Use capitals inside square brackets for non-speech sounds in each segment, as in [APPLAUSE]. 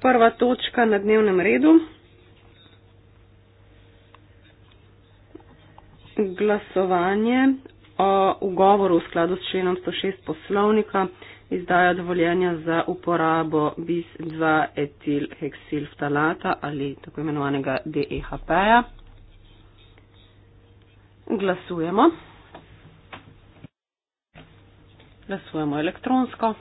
Prva točka na dnevnem redu. Glasovanje o ugovoru v skladu s členom 106 poslovnika izdaja dovoljenja za uporabo bis 2 etil heksil ftalata ali tako imenovanega DEHP-ja. Glasujemo. Glasujemo elektronsko.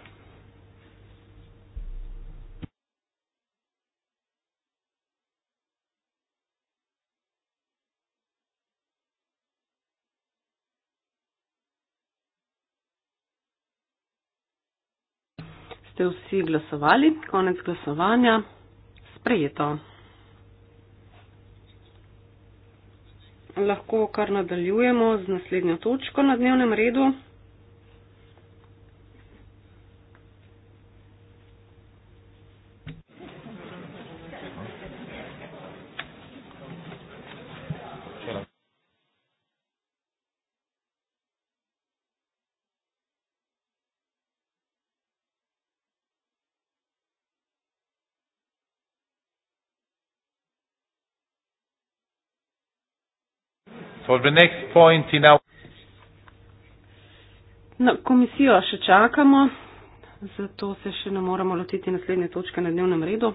ste vsi glasovali. Konec glasovanja. Sprejeto. Lahko kar nadaljujemo z naslednjo točko na dnevnem redu. For the next point in our... Na no, komisijo še čakamo, zato se še ne moramo lotiti naslednje točke na dnevnem redu.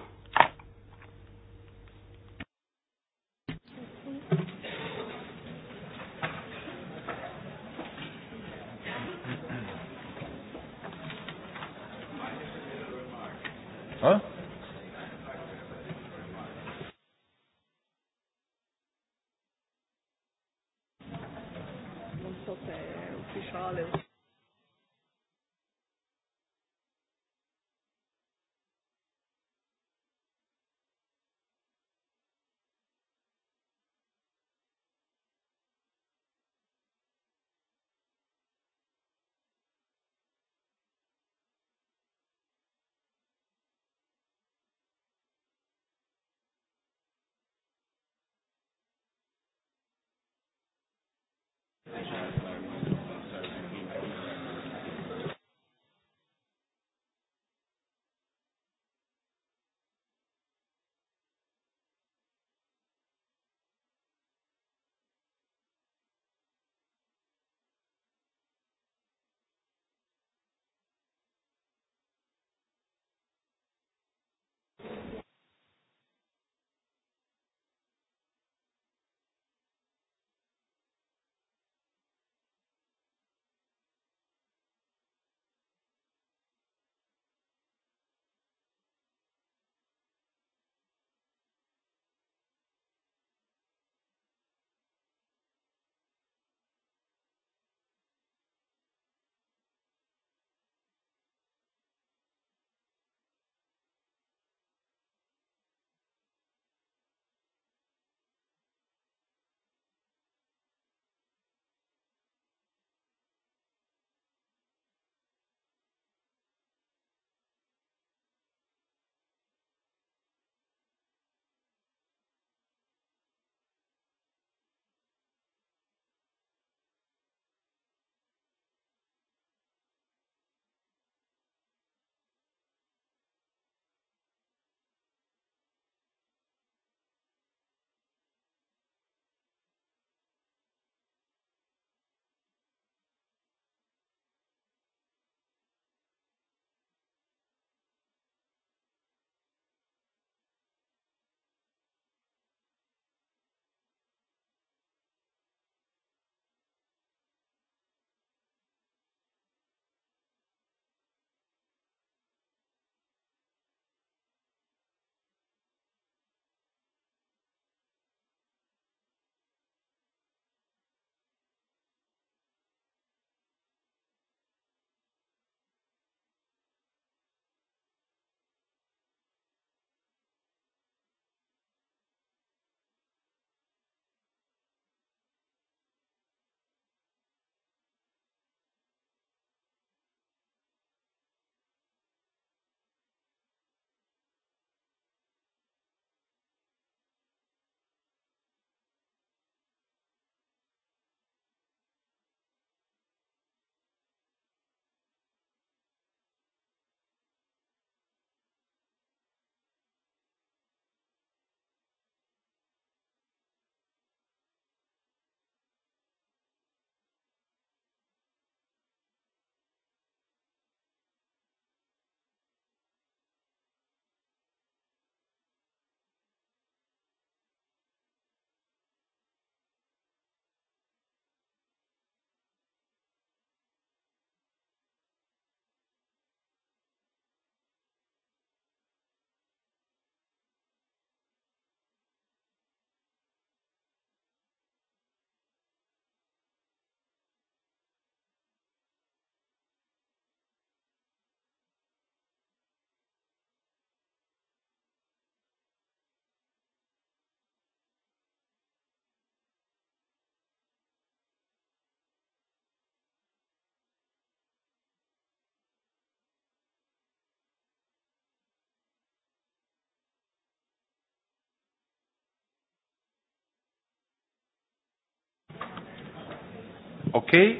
Okay.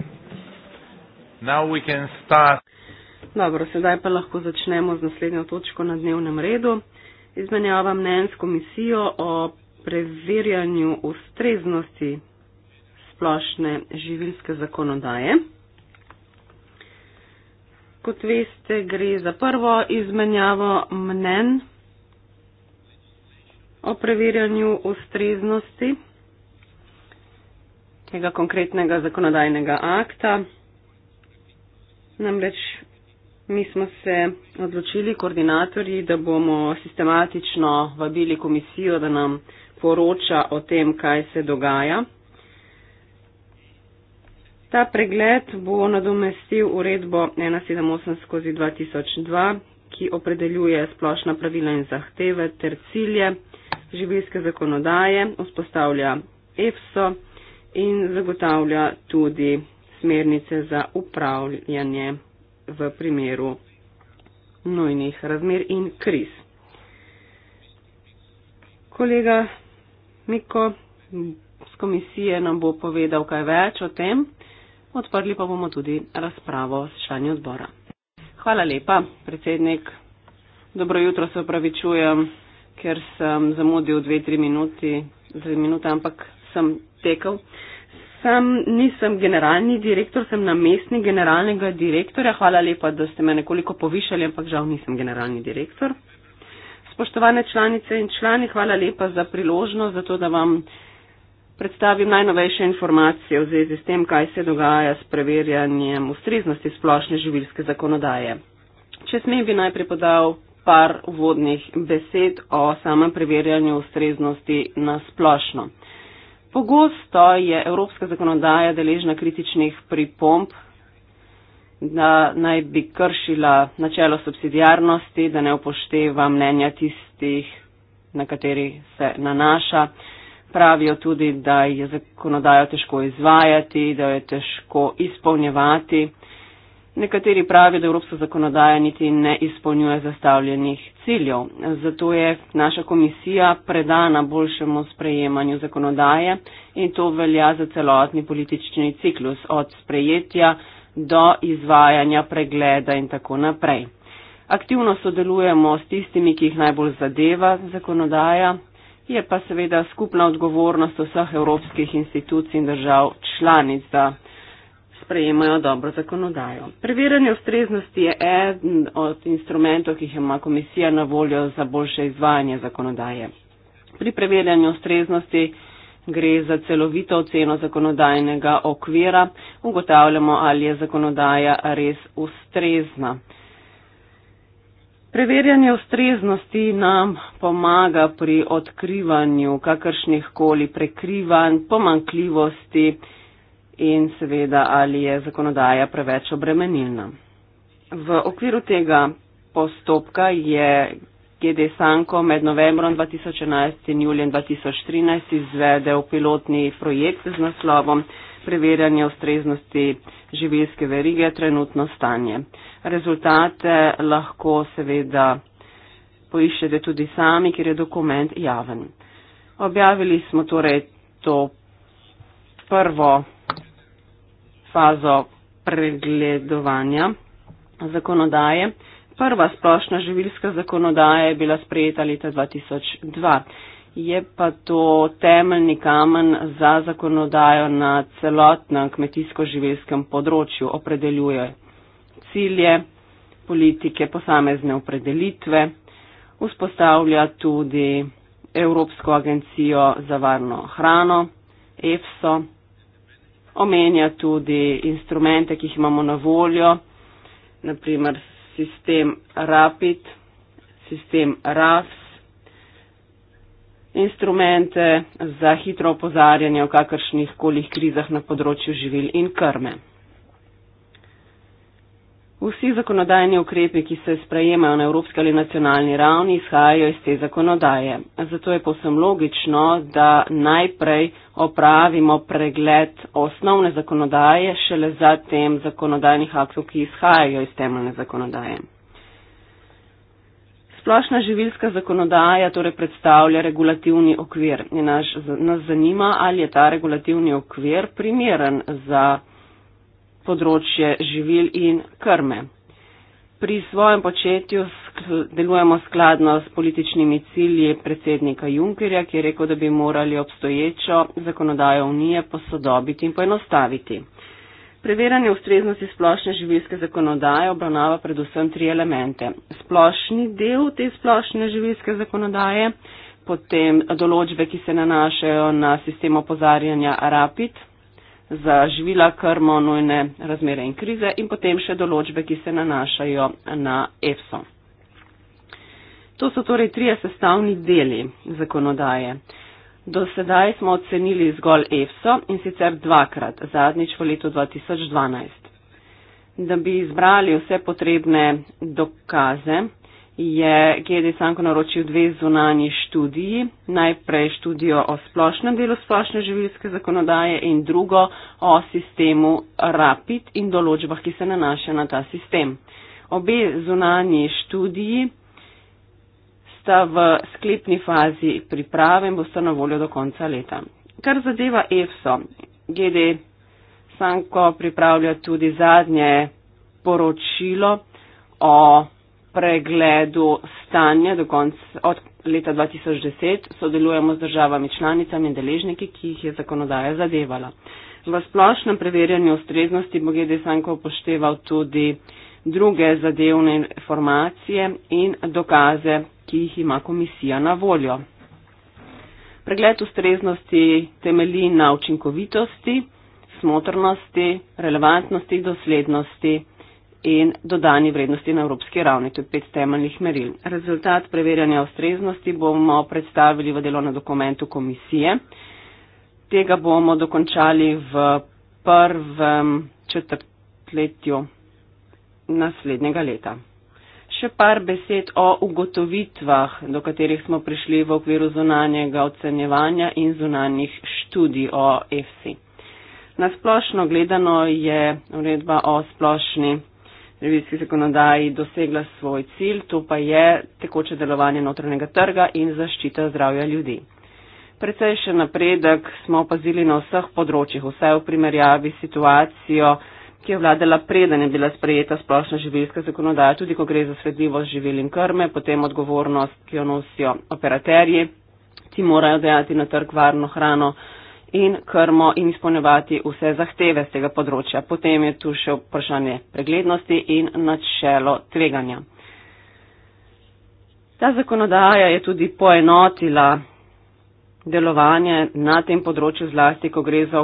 Now we can start. Dobro, sedaj pa lahko začnemo z naslednjo točko na dnevnem redu. Izmenjava mnen s komisijo o preverjanju ustreznosti splošne živilske zakonodaje. Kot veste, gre za prvo izmenjavo mnen o preverjanju ustreznosti tega konkretnega zakonodajnega akta. Namreč mi smo se odločili, koordinatorji, da bomo sistematično vabili komisijo, da nam poroča o tem, kaj se dogaja. Ta pregled bo nadomestil uredbo 178-2002, ki opredeljuje splošna pravila in zahteve ter cilje živilske zakonodaje, vzpostavlja EFSO in zagotavlja tudi smernice za upravljanje v primeru nujnih razmer in kriz. Kolega Miko z komisije nam bo povedal kaj več o tem, odprli pa bomo tudi razpravo s člani odbora. Hvala lepa, predsednik. Dobro jutro se opravičujem, ker sem zamudil dve, tri minuti, dve minute, ampak sem tekel. Sam nisem generalni direktor, sem namestnik generalnega direktorja. Hvala lepa, da ste me nekoliko povišali, ampak žal nisem generalni direktor. Spoštovane članice in člani, hvala lepa za priložnost, za to, da vam predstavim najnovejše informacije v zvezi s tem, kaj se dogaja s preverjanjem ustreznosti splošne živilske zakonodaje. Če smem, bi najprej podal par vodnih besed o samem preverjanju ustreznosti na splošno. Pogosto je evropska zakonodaja deležna kritičnih pripomp, da naj bi kršila načelo subsidijarnosti, da ne upošteva mnenja tistih, na kateri se nanaša. Pravijo tudi, da je zakonodajo težko izvajati, da jo je težko izpolnjevati. Nekateri pravijo, da evropska zakonodaja niti ne izpolnjuje zastavljenih ciljev. Zato je naša komisija predana boljšemu sprejemanju zakonodaje in to velja za celotni politični ciklus od sprejetja do izvajanja pregleda in tako naprej. Aktivno sodelujemo s tistimi, ki jih najbolj zadeva zakonodaja, je pa seveda skupna odgovornost vseh evropskih institucij in držav članic, da sprejemajo dobro zakonodajo. Preverjanje ustreznosti je eden od instrumentov, ki jih ima komisija na voljo za boljše izvajanje zakonodaje. Pri preverjanju ustreznosti gre za celovito oceno zakonodajnega okvira, ugotavljamo, ali je zakonodaja res ustrezna. Preverjanje ustreznosti nam pomaga pri odkrivanju kakršnih koli prekrivanj, pomankljivosti, in seveda, ali je zakonodaja preveč obremenilna. V okviru tega postopka je GD Sanko med novembrom 2011 in julijem 2013 izvedel pilotni projekt z naslovom Preverjanje ustreznosti živilske verige trenutno stanje. Rezultate lahko seveda poiščete tudi sami, ker je dokument javen. Objavili smo torej to prvo fazo pregledovanja zakonodaje. Prva splošna živilska zakonodaja je bila sprejeta leta 2002. Je pa to temeljni kamen za zakonodajo na celotnem kmetijsko-živilskem področju. Opredeljuje cilje, politike, posamezne opredelitve. Vzpostavlja tudi Evropsko agencijo za varno hrano, EFSO, omenja tudi instrumente, ki jih imamo na voljo, naprimer sistem Rapid, sistem RAFS, instrumente za hitro opozarjanje v kakršnih kolih krizah na področju živil in krme. Vsi zakonodajni ukrepi, ki se sprejemajo na evropski ali nacionalni ravni, izhajajo iz te zakonodaje. Zato je posem logično, da najprej opravimo pregled osnovne zakonodaje, šele zatem zakonodajnih aktov, ki izhajajo iz temeljne zakonodaje. Splošna živilska zakonodaja torej predstavlja regulativni okvir. Nas zanima, ali je ta regulativni okvir primeren za področje živil in krme. Pri svojem početju delujemo skladno s političnimi cilji predsednika Junkerja, ki je rekel, da bi morali obstoječo zakonodajo unije posodobiti in poenostaviti. Preverjanje ustreznosti splošne živilske zakonodaje obravnava predvsem tri elemente. Splošni del te splošne živilske zakonodaje, potem določbe, ki se nanašajo na sistem opozarjanja RAPID za živila, krmo, nujne razmere in krize in potem še določbe, ki se nanašajo na EFSO. To so torej trije sestavni deli zakonodaje. Do sedaj smo ocenili zgolj EFSO in sicer dvakrat, zadnjič v letu 2012. Da bi izbrali vse potrebne dokaze, je GD Sanko naročil dve zunanji študiji. Najprej študijo o splošnem delu splošne življenjske zakonodaje in drugo o sistemu RAPID in določbah, ki se nanašajo na ta sistem. Obe zunanji študiji sta v sklepni fazi priprave in bosta na voljo do konca leta. Kar zadeva EFSO, GD Sanko pripravlja tudi zadnje poročilo o pregledu stanja do konca od leta 2010 sodelujemo z državami članicami in deležniki, ki jih je zakonodaja zadevala. V splošnem preverjanju ustreznosti bo GD Sanko upošteval tudi druge zadevne informacije in dokaze, ki jih ima komisija na voljo. Pregled ustreznosti temelji na učinkovitosti, smotrnosti, relevantnosti, doslednosti in dodani vrednosti na evropski ravni. To je pet temeljnih meril. Rezultat preverjanja ustreznosti bomo predstavili v delovnem dokumentu komisije. Tega bomo dokončali v prvem četrtletju naslednjega leta. Še par besed o ugotovitvah, do katerih smo prišli v okviru zunanjega ocenjevanja in zunanjih študij o EFSI. Nasplošno gledano je uredba o splošni revizijski zakonodaji dosegla svoj cilj, to pa je tekoče delovanje notranjega trga in zaščita zdravja ljudi. Predvsej še napredek smo opazili na vseh področjih, vse v primerjavi s situacijo, ki je vladala preden je bila sprejeta splošna živilska zakonodaja, tudi ko gre za sledljivost živil in krme, potem odgovornost, ki jo nosijo operaterji, ki morajo dejati na trg varno hrano in krmo in izpolnjevati vse zahteve z tega področja. Potem je tu še vprašanje preglednosti in načelo tveganja. Ta zakonodaja je tudi poenotila delovanje na tem področju zlasti, ko gre za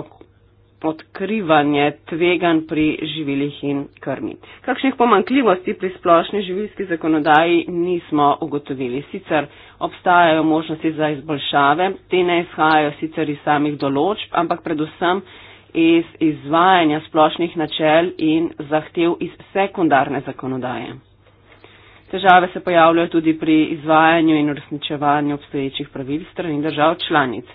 odkrivanje tvegan pri živilih in krmi. Kakšnih pomankljivosti pri splošni živilski zakonodaji nismo ugotovili. Sicer obstajajo možnosti za izboljšave, te ne izhajajo sicer iz samih določb, ampak predvsem iz izvajanja splošnih načel in zahtev iz sekundarne zakonodaje. Težave se pojavljajo tudi pri izvajanju in uresničevanju obstoječih pravil strani držav članic.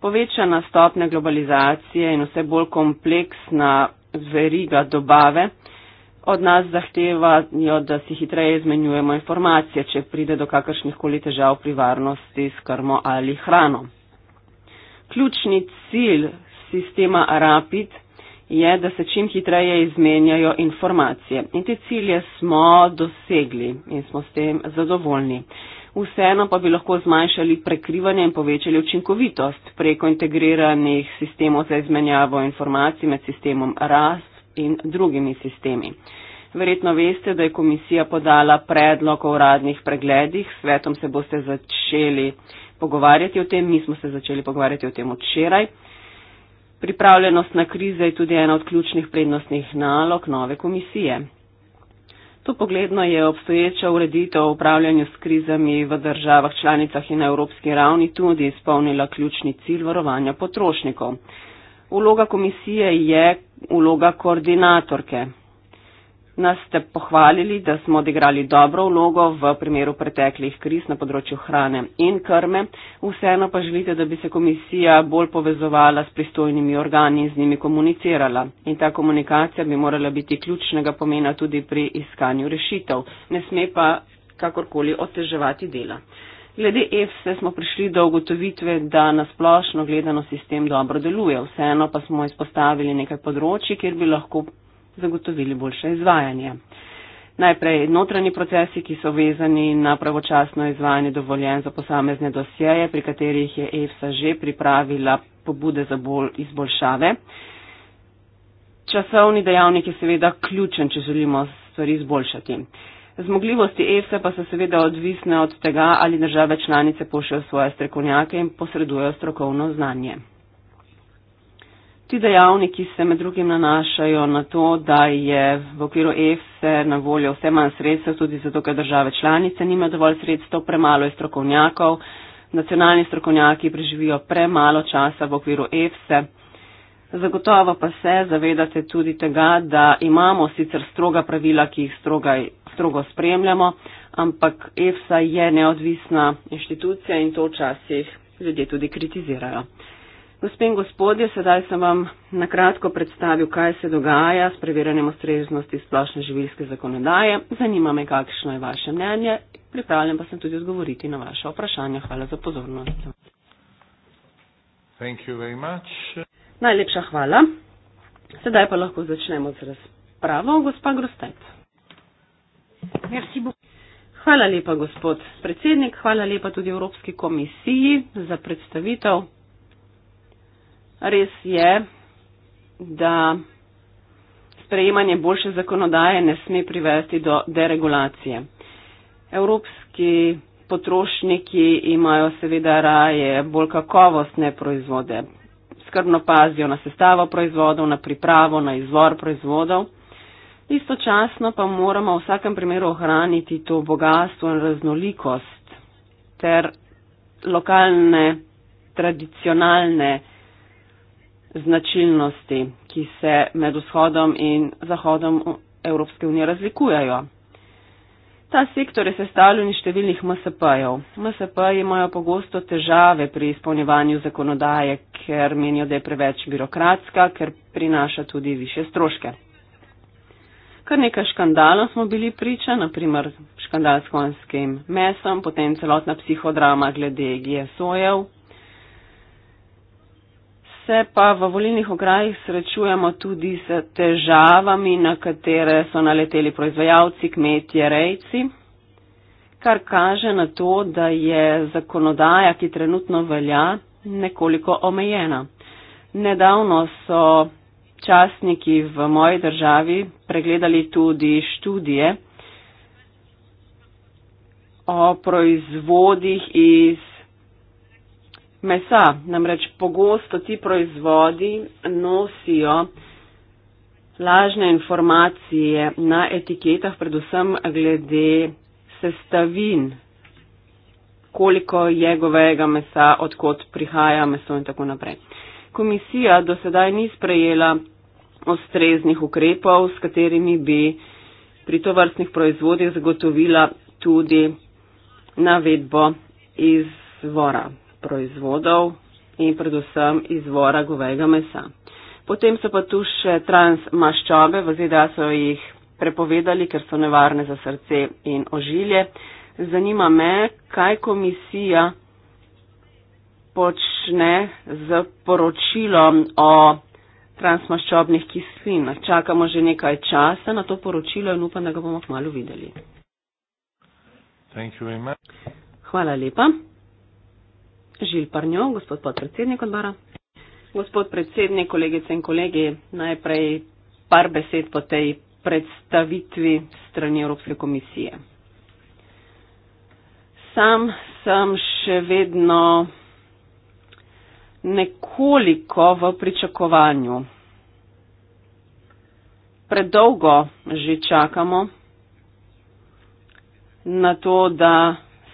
Povečana stopnja globalizacije in vse bolj kompleksna veriga dobave od nas zahtevajo, da si hitreje izmenjujemo informacije, če pride do kakršnih koli težav pri varnosti s krmo ali hrano. Ključni cilj sistema Rapid je, da se čim hitreje izmenjajo informacije. In te cilje smo dosegli in smo s tem zadovoljni vseeno pa bi lahko zmanjšali prekrivanje in povečali učinkovitost preko integriranih sistemov za izmenjavo informacij med sistemom RAS in drugimi sistemi. Verjetno veste, da je komisija podala predlog o uradnih pregledih, svetom se boste začeli pogovarjati o tem, mi smo se začeli pogovarjati o tem včeraj. Pripravljenost na krize je tudi ena od ključnih prednostnih nalog nove komisije. To pogledno je obstoječa ureditev o upravljanju s krizami v državah članicah in na evropski ravni tudi izpolnila ključni cilj varovanja potrošnikov. Uloga komisije je uloga koordinatorke. Nas ste pohvalili, da smo odigrali dobro vlogo v primeru preteklih kriz na področju hrane in krme. Vseeno pa želite, da bi se komisija bolj povezovala s pristojnimi organi in z njimi komunicirala. In ta komunikacija bi morala biti ključnega pomena tudi pri iskanju rešitev. Ne sme pa kakorkoli oteževati dela. Glede EFSE smo prišli do ugotovitve, da nasplošno gledano sistem dobro deluje. Vseeno pa smo izpostavili nekaj področji, kjer bi lahko zagotovili boljše izvajanje. Najprej notranji procesi, ki so vezani na pravočasno izvajanje dovoljen za posamezne dosjeje, pri katerih je EFSA že pripravila pobude za bolj izboljšave. Časovni dejavnik je seveda ključen, če želimo stvari izboljšati. Zmogljivosti EFSA pa so seveda odvisne od tega, ali države članice pošljajo svoje strokovnjake in posredujejo strokovno znanje. Ti dejavniki se med drugim nanašajo na to, da je v okviru EFSE e na voljo vse manj sredstev, tudi zato, ker države članice nima dovolj sredstev, premalo je strokovnjakov, nacionalni strokovnjaki preživijo premalo časa v okviru EFSE. E. Zagotovo pa se zavedate tudi tega, da imamo sicer stroga pravila, ki jih strogaj, strogo spremljamo, ampak EFSA e je neodvisna inštitucija in to včasih ljudje tudi kritizirajo. Gospe in gospodje, sedaj sem vam nakratko predstavil, kaj se dogaja s preverjanjem ustreznosti splošne življske zakonodaje. Zanima me, kakšno je vaše mnenje. Pripravljen pa sem tudi odgovoriti na vaše vprašanje. Hvala za pozornost. Najlepša hvala. Sedaj pa lahko začnemo z razpravo, gospa Grostec. Hvala lepa, gospod predsednik. Hvala lepa tudi Evropski komisiji za predstavitev Res je, da sprejemanje boljše zakonodaje ne sme privesti do deregulacije. Evropski potrošniki imajo seveda raje bolj kakovostne proizvode. Skrbno pazijo na sestavo proizvodov, na pripravo, na izvor proizvodov. Istočasno pa moramo v vsakem primeru ohraniti to bogatstvo in raznolikost ter lokalne, tradicionalne, značilnosti, ki se med vzhodom in zahodom Evropske unije razlikujejo. Ta sektor je sestavljen iz številnih MSP-jev. MSP-ji imajo pogosto težave pri izpolnjevanju zakonodaje, ker menijo, da je preveč birokratska, ker prinaša tudi više stroške. Kar nekaj škandalov smo bili priča, naprimer škandal s konjskim mesom, potem celotna psihodrama glede GSO-jev, se pa v volilnih okrajih srečujemo tudi s težavami, na katere so naleteli proizvajalci, kmetje, rejci, kar kaže na to, da je zakonodaja, ki trenutno velja, nekoliko omejena. Nedavno so časniki v moji državi pregledali tudi študije o proizvodih iz mesa. Namreč pogosto ti proizvodi nosijo lažne informacije na etiketah, predvsem glede sestavin, koliko je govejega mesa, odkot prihaja meso in tako naprej. Komisija do sedaj ni sprejela ostreznih ukrepov, s katerimi bi pri tovrstnih proizvodih zagotovila tudi navedbo izvora. Iz proizvodov in predvsem izvora govejega mesa. Potem so pa tu še transmaščobe, v ZDA so jih prepovedali, ker so nevarne za srce in ožilje. Zanima me, kaj komisija počne z poročilom o transmaščobnih kislinah. Čakamo že nekaj časa na to poročilo in upam, da ga bomo kmalo videli. Hvala lepa. Žil Parnjo, gospod podpredsednik odbora. Gospod predsednik, kolegice in kolegi, najprej par besed po tej predstavitvi strani Evropske komisije. Sam sem še vedno nekoliko v pričakovanju. Predolgo že čakamo na to, da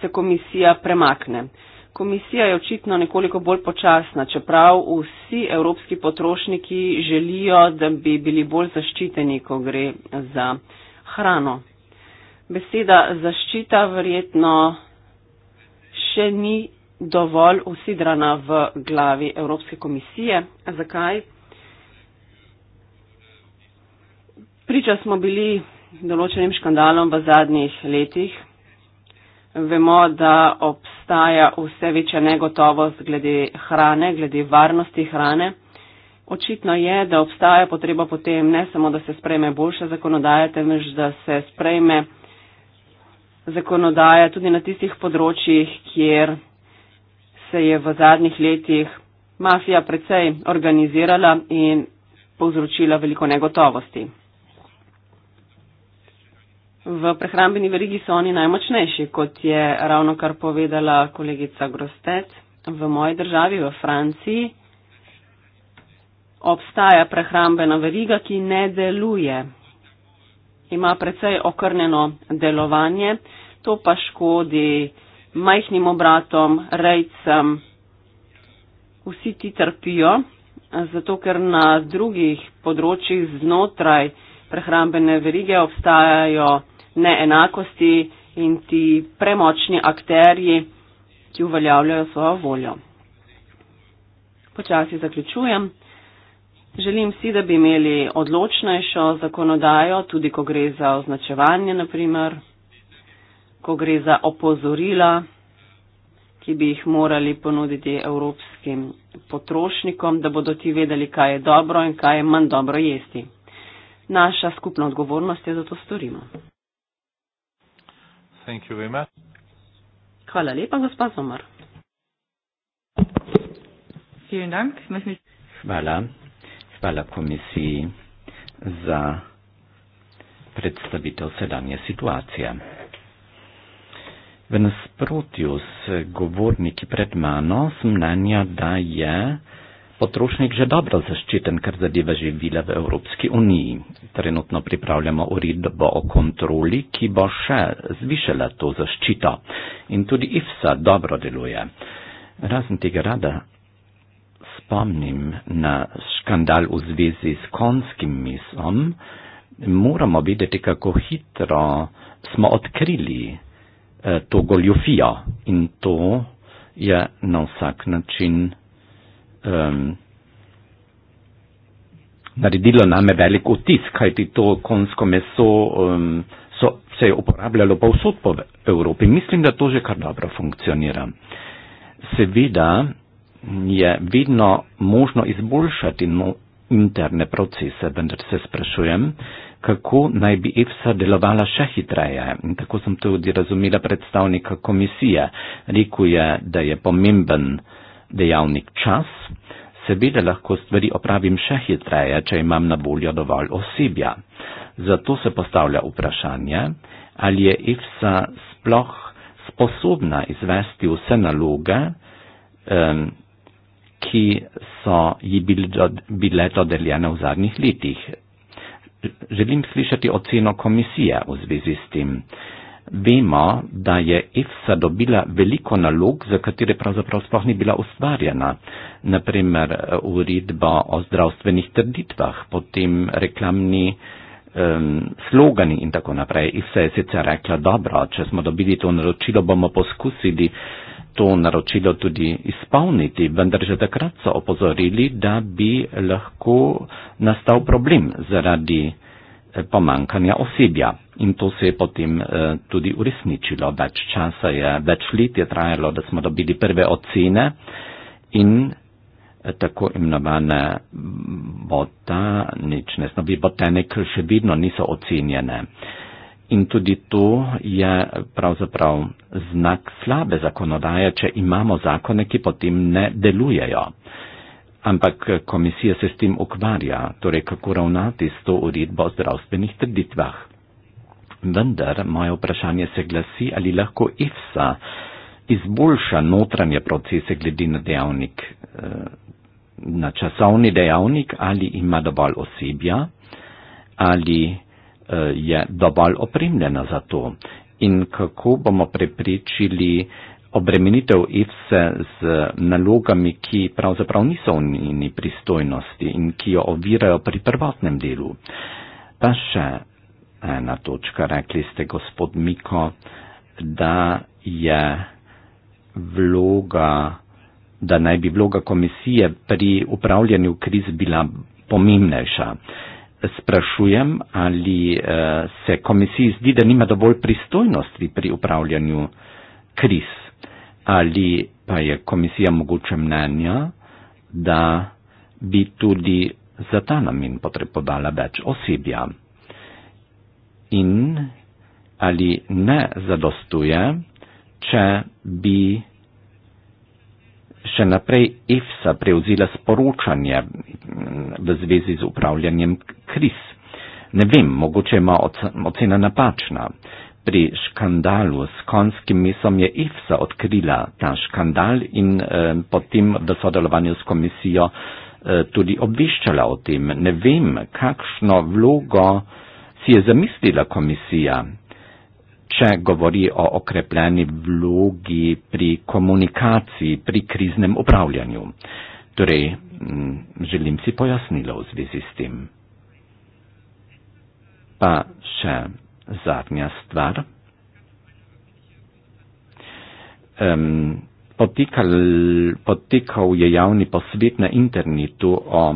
se komisija premakne komisija je očitno nekoliko bolj počasna, čeprav vsi evropski potrošniki želijo, da bi bili bolj zaščiteni, ko gre za hrano. Beseda zaščita verjetno še ni dovolj usidrana v glavi Evropske komisije. Zakaj? Priča smo bili določenim škandalom v zadnjih letih, Vemo, da obstaja vse večja negotovost glede hrane, glede varnosti hrane. Očitno je, da obstaja potreba potem ne samo, da se sprejme boljša zakonodaja, temveč da se sprejme zakonodaja tudi na tistih področjih, kjer se je v zadnjih letih mafija precej organizirala in povzročila veliko negotovosti. V prehrambeni verigi so oni najmočnejši, kot je ravno kar povedala kolegica Grostec. V moji državi, v Franciji, obstaja prehrambena veriga, ki ne deluje. Ima precej okrnjeno delovanje, to pa škodi majhnim obratom, rejcem. Vsi ti trpijo, zato ker na drugih področjih znotraj prehrambene verige obstajajo neenakosti in ti premočni akterji, ki uveljavljajo svojo voljo. Počasi zaključujem. Želim si, da bi imeli odločnejšo zakonodajo, tudi ko gre za označevanje, naprimer, ko gre za opozorila, ki bi jih morali ponuditi evropskim potrošnikom, da bodo ti vedeli, kaj je dobro in kaj je manj dobro jesti. Naša skupna odgovornost je, da to storimo. Thank you very much. Hvala lepa, gospod Zomar. Hvala. Hvala komisiji za predstavitev sedanje situacije. V nasprotju s govorniki pred mano, sem mnenja, da je potrošnik že dobro zaščiten, kar zadeva živila v Evropski uniji. Trenutno pripravljamo uredbo o kontroli, ki bo še zvišala to zaščito. In tudi IFSA dobro deluje. Razen tega rada spomnim na škandal v zvezi s konskim misom, moramo videti, kako hitro smo odkrili eh, to goljofijo in to je na vsak način um, naredilo name velik otis, kajti to konsko meso um, so, se je uporabljalo pa vsod po Evropi. Mislim, da to že kar dobro funkcionira. Seveda je ja, vedno možno izboljšati no, interne procese, vendar se sprašujem, kako naj bi EFSA delovala še hitreje. In tako sem tudi razumela predstavnika komisije. Rekuje, da je pomemben dejavnik čas, seveda lahko stvari opravim še hitreje, če imam na voljo dovolj osebja. Zato se postavlja vprašanje, ali je IFSA sploh sposobna izvesti vse naloge, ki so ji bile dodeljene v zadnjih letih. Želim slišati oceno komisije v zvezi s tem vemo, da je EFSA dobila veliko nalog, za katere pravzaprav sploh ni bila ustvarjena. Naprimer, uredba o zdravstvenih trditvah, potem reklamni um, slogani in tako naprej. EFSA je sicer rekla, dobro, če smo dobili to naročilo, bomo poskusili to naročilo tudi izpolniti, vendar že takrat so opozorili, da bi lahko nastal problem zaradi Eh, pomankanja osebja. In to se je potem eh, tudi uresničilo. Več časa je, več let je trajalo, da smo dobili prve ocene in eh, tako imenovane botanične snovi, botanik še vedno niso ocenjene. In tudi to je pravzaprav znak slabe zakonodaje, če imamo zakone, ki potem ne delujejo ampak eh, komisija se s tem ukvarja, torej kako ravnati s to uredbo o zdravstvenih trditvah. Vendar moje vprašanje se glasi, ali lahko IFSA izboljša notranje procese glede na dejavnik, eh, na časovni dejavnik, ali ima dovolj osebja, ali eh, je dovolj opremljena za to in kako bomo preprečili, obremenitev IFSE z nalogami, ki pravzaprav niso v njeni pristojnosti in ki jo ovirajo pri prvotnem delu. Pa še ena točka, rekli ste gospod Miko, da je vloga, da naj bi vloga komisije pri upravljanju kriz bila pomembnejša. Sprašujem, ali eh, se komisiji zdi, da nima dovolj pristojnosti pri upravljanju kriz ali pa je komisija mogoče mnenja, da bi tudi za ta namen potrebovala več osebja in ali ne zadostuje, če bi še naprej EFSA prevzela sporočanje mm, v zvezi z upravljanjem kriz. Ne vem, mogoče ima ocena napačna. Pri škandalu s konskim misom je IFSA odkrila ta škandal in eh, potem v sodelovanju s komisijo eh, tudi obveščala o tem. Ne vem, kakšno vlogo si je zamislila komisija, če govori o okrepljeni vlogi pri komunikaciji, pri kriznem upravljanju. Torej, hm, želim si pojasnilo v zvezi s tem. Pa še zadnja stvar. Um, potikal, potikal je javni posvet na internetu o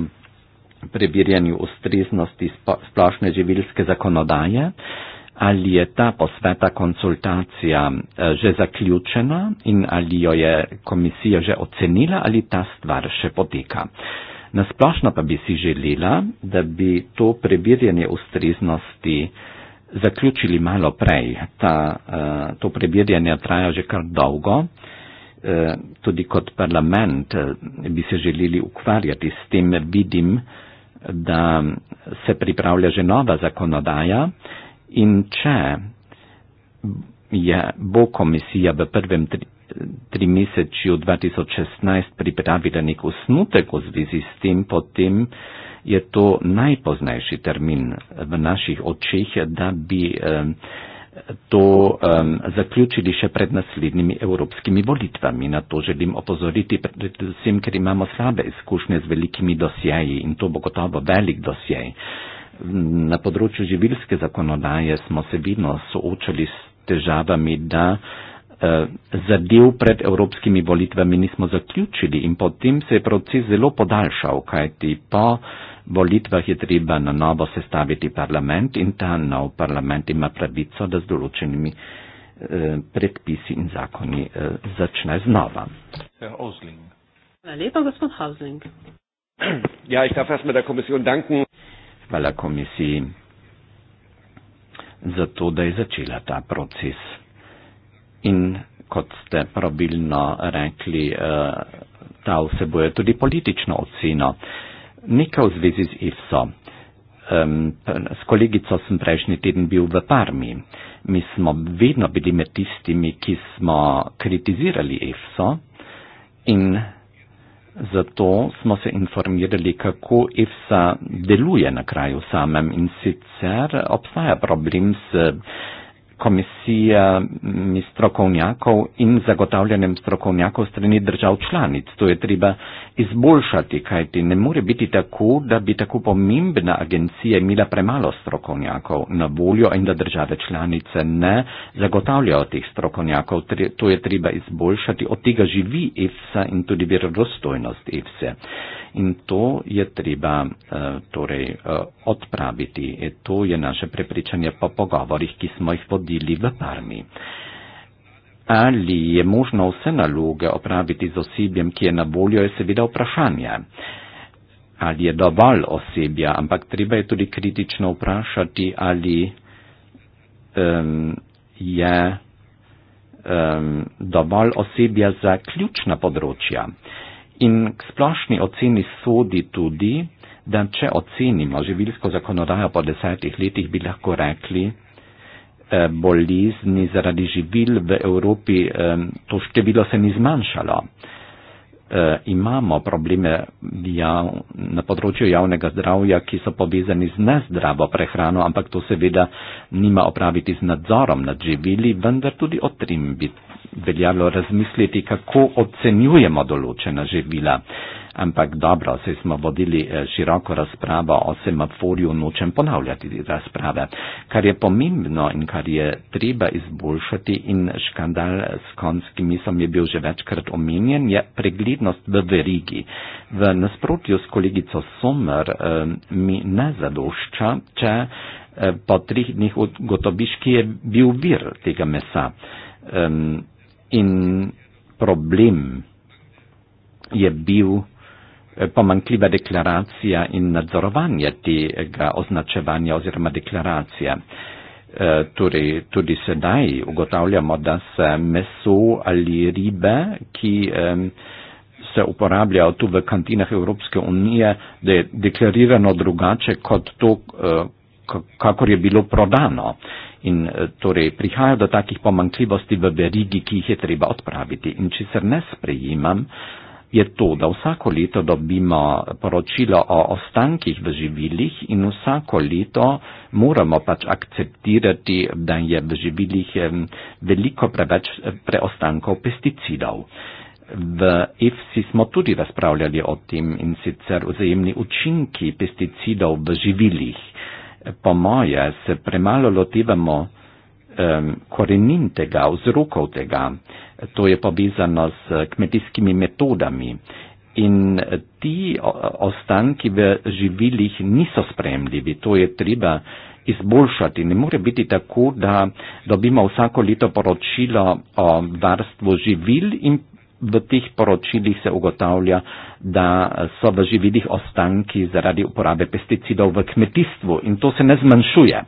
preverjanju ustreznosti splošne živilske zakonodaje, ali je ta posveta konsultacija eh, že zaključena in ali jo je komisija že ocenila ali ta stvar še poteka. Nasplošno pa bi si želela, da bi to preverjanje ustreznosti uh, zaključili malo prej. Ta, eh, to prebirjanje traja že kar dolgo. Eh, tudi kot parlament eh, bi se želeli ukvarjati s tem. Vidim, da se pripravlja že nova zakonodaja in če je, bo komisija v prvem tri, tri meseči 2016 pripravila nek osnutek v zvezi s tem, potem je to najpoznejši termin v naših očeh, da bi to um, zaključili še pred naslednjimi evropskimi volitvami. Na to želim opozoriti predvsem, ker imamo slabe izkušnje z velikimi dosjeji in to bo gotovo velik dosjej. Na področju živilske zakonodaje smo se vidno soočali s težavami, da eh, zadev pred evropskimi volitvami nismo zaključili in potem se je proces zelo podaljšal, kajti po volitvah je treba na novo sestaviti parlament in ta nov parlament ima pravico, da z določenimi eh, predpisi in zakoni eh, začne znova. [CLEARS THROAT] Ja, Hvala komisiji za to, da je začela ta proces. In kot ste pravilno rekli, eh, ta vsebuje tudi politično oceno. Nekaj v zvezi z IFSO. Um, s kolegico sem prejšnji teden bil v Parmi. Mi smo vedno bili med tistimi, ki smo kritizirali IFSO in zato smo se informirali, kako IFSA deluje na kraju samem in sicer obstaja problem s komisijami mm, strokovnjakov in zagotavljanjem strokovnjakov strani držav članic. To je treba izboljšati, kajti ne more biti tako, da bi tako pomembna agencija imela premalo strokovnjakov na voljo in da države članice ne zagotavljajo teh strokovnjakov. To je treba izboljšati. Od tega živi EFSA in tudi verodostojnost EFSA. In to je treba eh, torej, eh, odpraviti. E to je naše prepričanje po pogovorih, ki smo jih vodili v Parmi. Ali je možno vse naloge opraviti z osebjem, ki je na voljo, je seveda vprašanje. Ali je dovolj osebja, ampak treba je tudi kritično vprašati, ali um, je um, dovolj osebja za ključna področja. In k splošni oceni sodi tudi, da če ocenimo živilsko zakonodajo po desetih letih, bi lahko rekli, Eh, bolezni zaradi živil v Evropi, eh, to število se ni zmanjšalo. Eh, imamo probleme jav, na področju javnega zdravja, ki so povezani z nezdravo prehrano, ampak to seveda nima opraviti z nadzorom nad živili, vendar tudi o tem bi veljalo razmisliti, kako ocenjujemo določena živila ampak dobro, se smo vodili eh, široko razpravo o semaforju, nočem ponavljati razprave. Kar je pomembno in kar je treba izboljšati in škandal s konskim mislom je bil že večkrat omenjen, je preglednost v verigi. V nasprotju s kolegico Somer eh, mi ne zadošča, če eh, po trih dneh ugotoviš, ki je bil vir tega mesa. In problem je bil Eh, pomankljiva deklaracija in nadzorovanje tega označevanja oziroma deklaracije. Eh, tudi, torej, tudi sedaj ugotavljamo, da se meso ali ribe, ki se uporabljajo tu v kantinah Evropske unije, da je deklarirano drugače kot to, eh, kakor je bilo prodano. In torej prihaja do takih pomankljivosti v verigi, ki jih je treba odpraviti. In če se ne sprejimam, je to, da vsako leto dobimo poročilo o ostankih v živilih in vsako leto moramo pač akceptirati, da je v živilih eh, veliko preveč eh, preostankov pesticidov. V EFSI smo tudi razpravljali o tem in sicer vzajemni učinki pesticidov v živilih. Po moje se premalo lotevamo um, korenin tega, vzrokov tega to je povezano s kmetijskimi metodami. In ti ostanki v živilih niso spremljivi, to je treba izboljšati. Ne more biti tako, da dobimo vsako leto poročilo o varstvu živil in v teh poročilih se ugotavlja, da so v živilih ostanki zaradi uporabe pesticidov v kmetijstvu in to se ne zmanjšuje,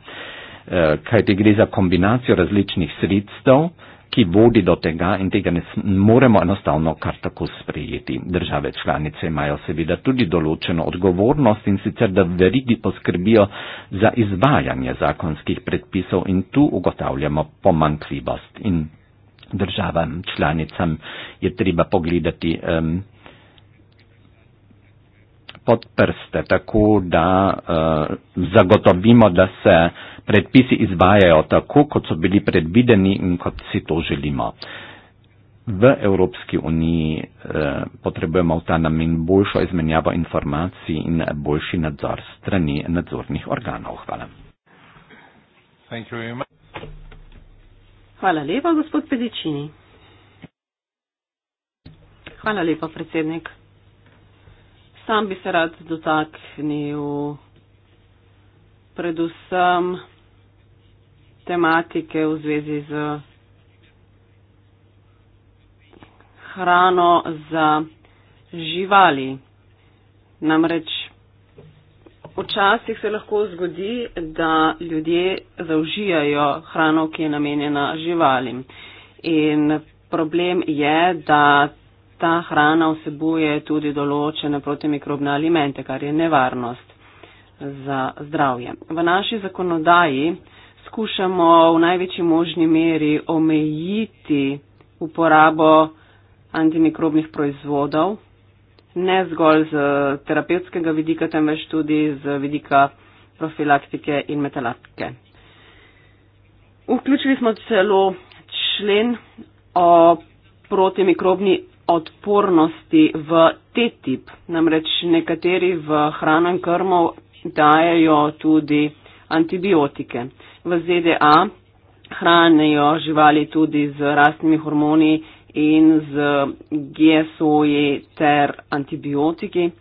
eh, kajti gre za kombinacijo različnih sredstev ki vodi do tega in tega ne moremo enostavno kar tako sprejeti. Države članice imajo seveda tudi določeno odgovornost in sicer, da verigi poskrbijo za izvajanje zakonskih predpisov in tu ugotavljamo pomankljivost in državam članicam je treba pogledati um, pod prste, tako da uh, zagotovimo, da se predpisi izvajajo tako, kot so bili predvideni in kot si to želimo. V Evropski uniji eh, potrebujemo v ta namen boljšo izmenjavo informacij in boljši nadzor strani nadzornih organov. Hvala. Hvala lepa, gospod Pedičini. Hvala lepa, predsednik. Sam bi se rad dotaknil predvsem tematike v zvezi z hrano za živali. Namreč včasih se lahko zgodi, da ljudje zaužijajo hrano, ki je namenjena živalim. In problem je, da ta hrana vsebuje tudi določene protimikrobne alimente, kar je nevarnost za zdravje. V naši zakonodaji skušamo v največji možni meri omejiti uporabo antimikrobnih proizvodov, ne zgolj z terapevtskega vidika, temveč tudi z vidika profilaktike in metalatike. Vključili smo celo člen o protimikrobni odpornosti v T-tip, namreč nekateri v hrano in krmo dajajo tudi antibiotike v ZDA hranijo živali tudi z rastnimi hormoni in z GSO-ji e ter antibiotiki.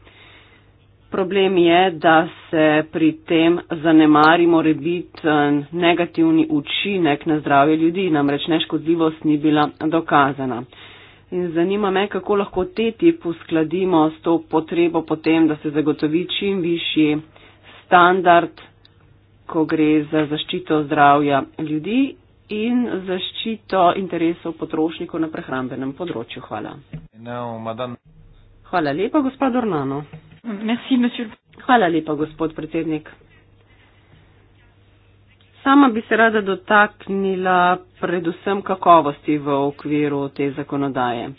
Problem je, da se pri tem zanemari morebiten negativni učinek na zdravje ljudi, namreč neškodljivost ni bila dokazana. In zanima me, kako lahko te tip uskladimo s to potrebo potem, da se zagotovi čim višji standard ko gre za zaščito zdravja ljudi in zaščito interesov potrošnikov na prehrambenem področju. Hvala. No, Hvala lepa, gospod Ornano. Merci, Hvala lepa, gospod predsednik. Sama bi se rada dotaknila predvsem kakovosti v okviru te zakonodaje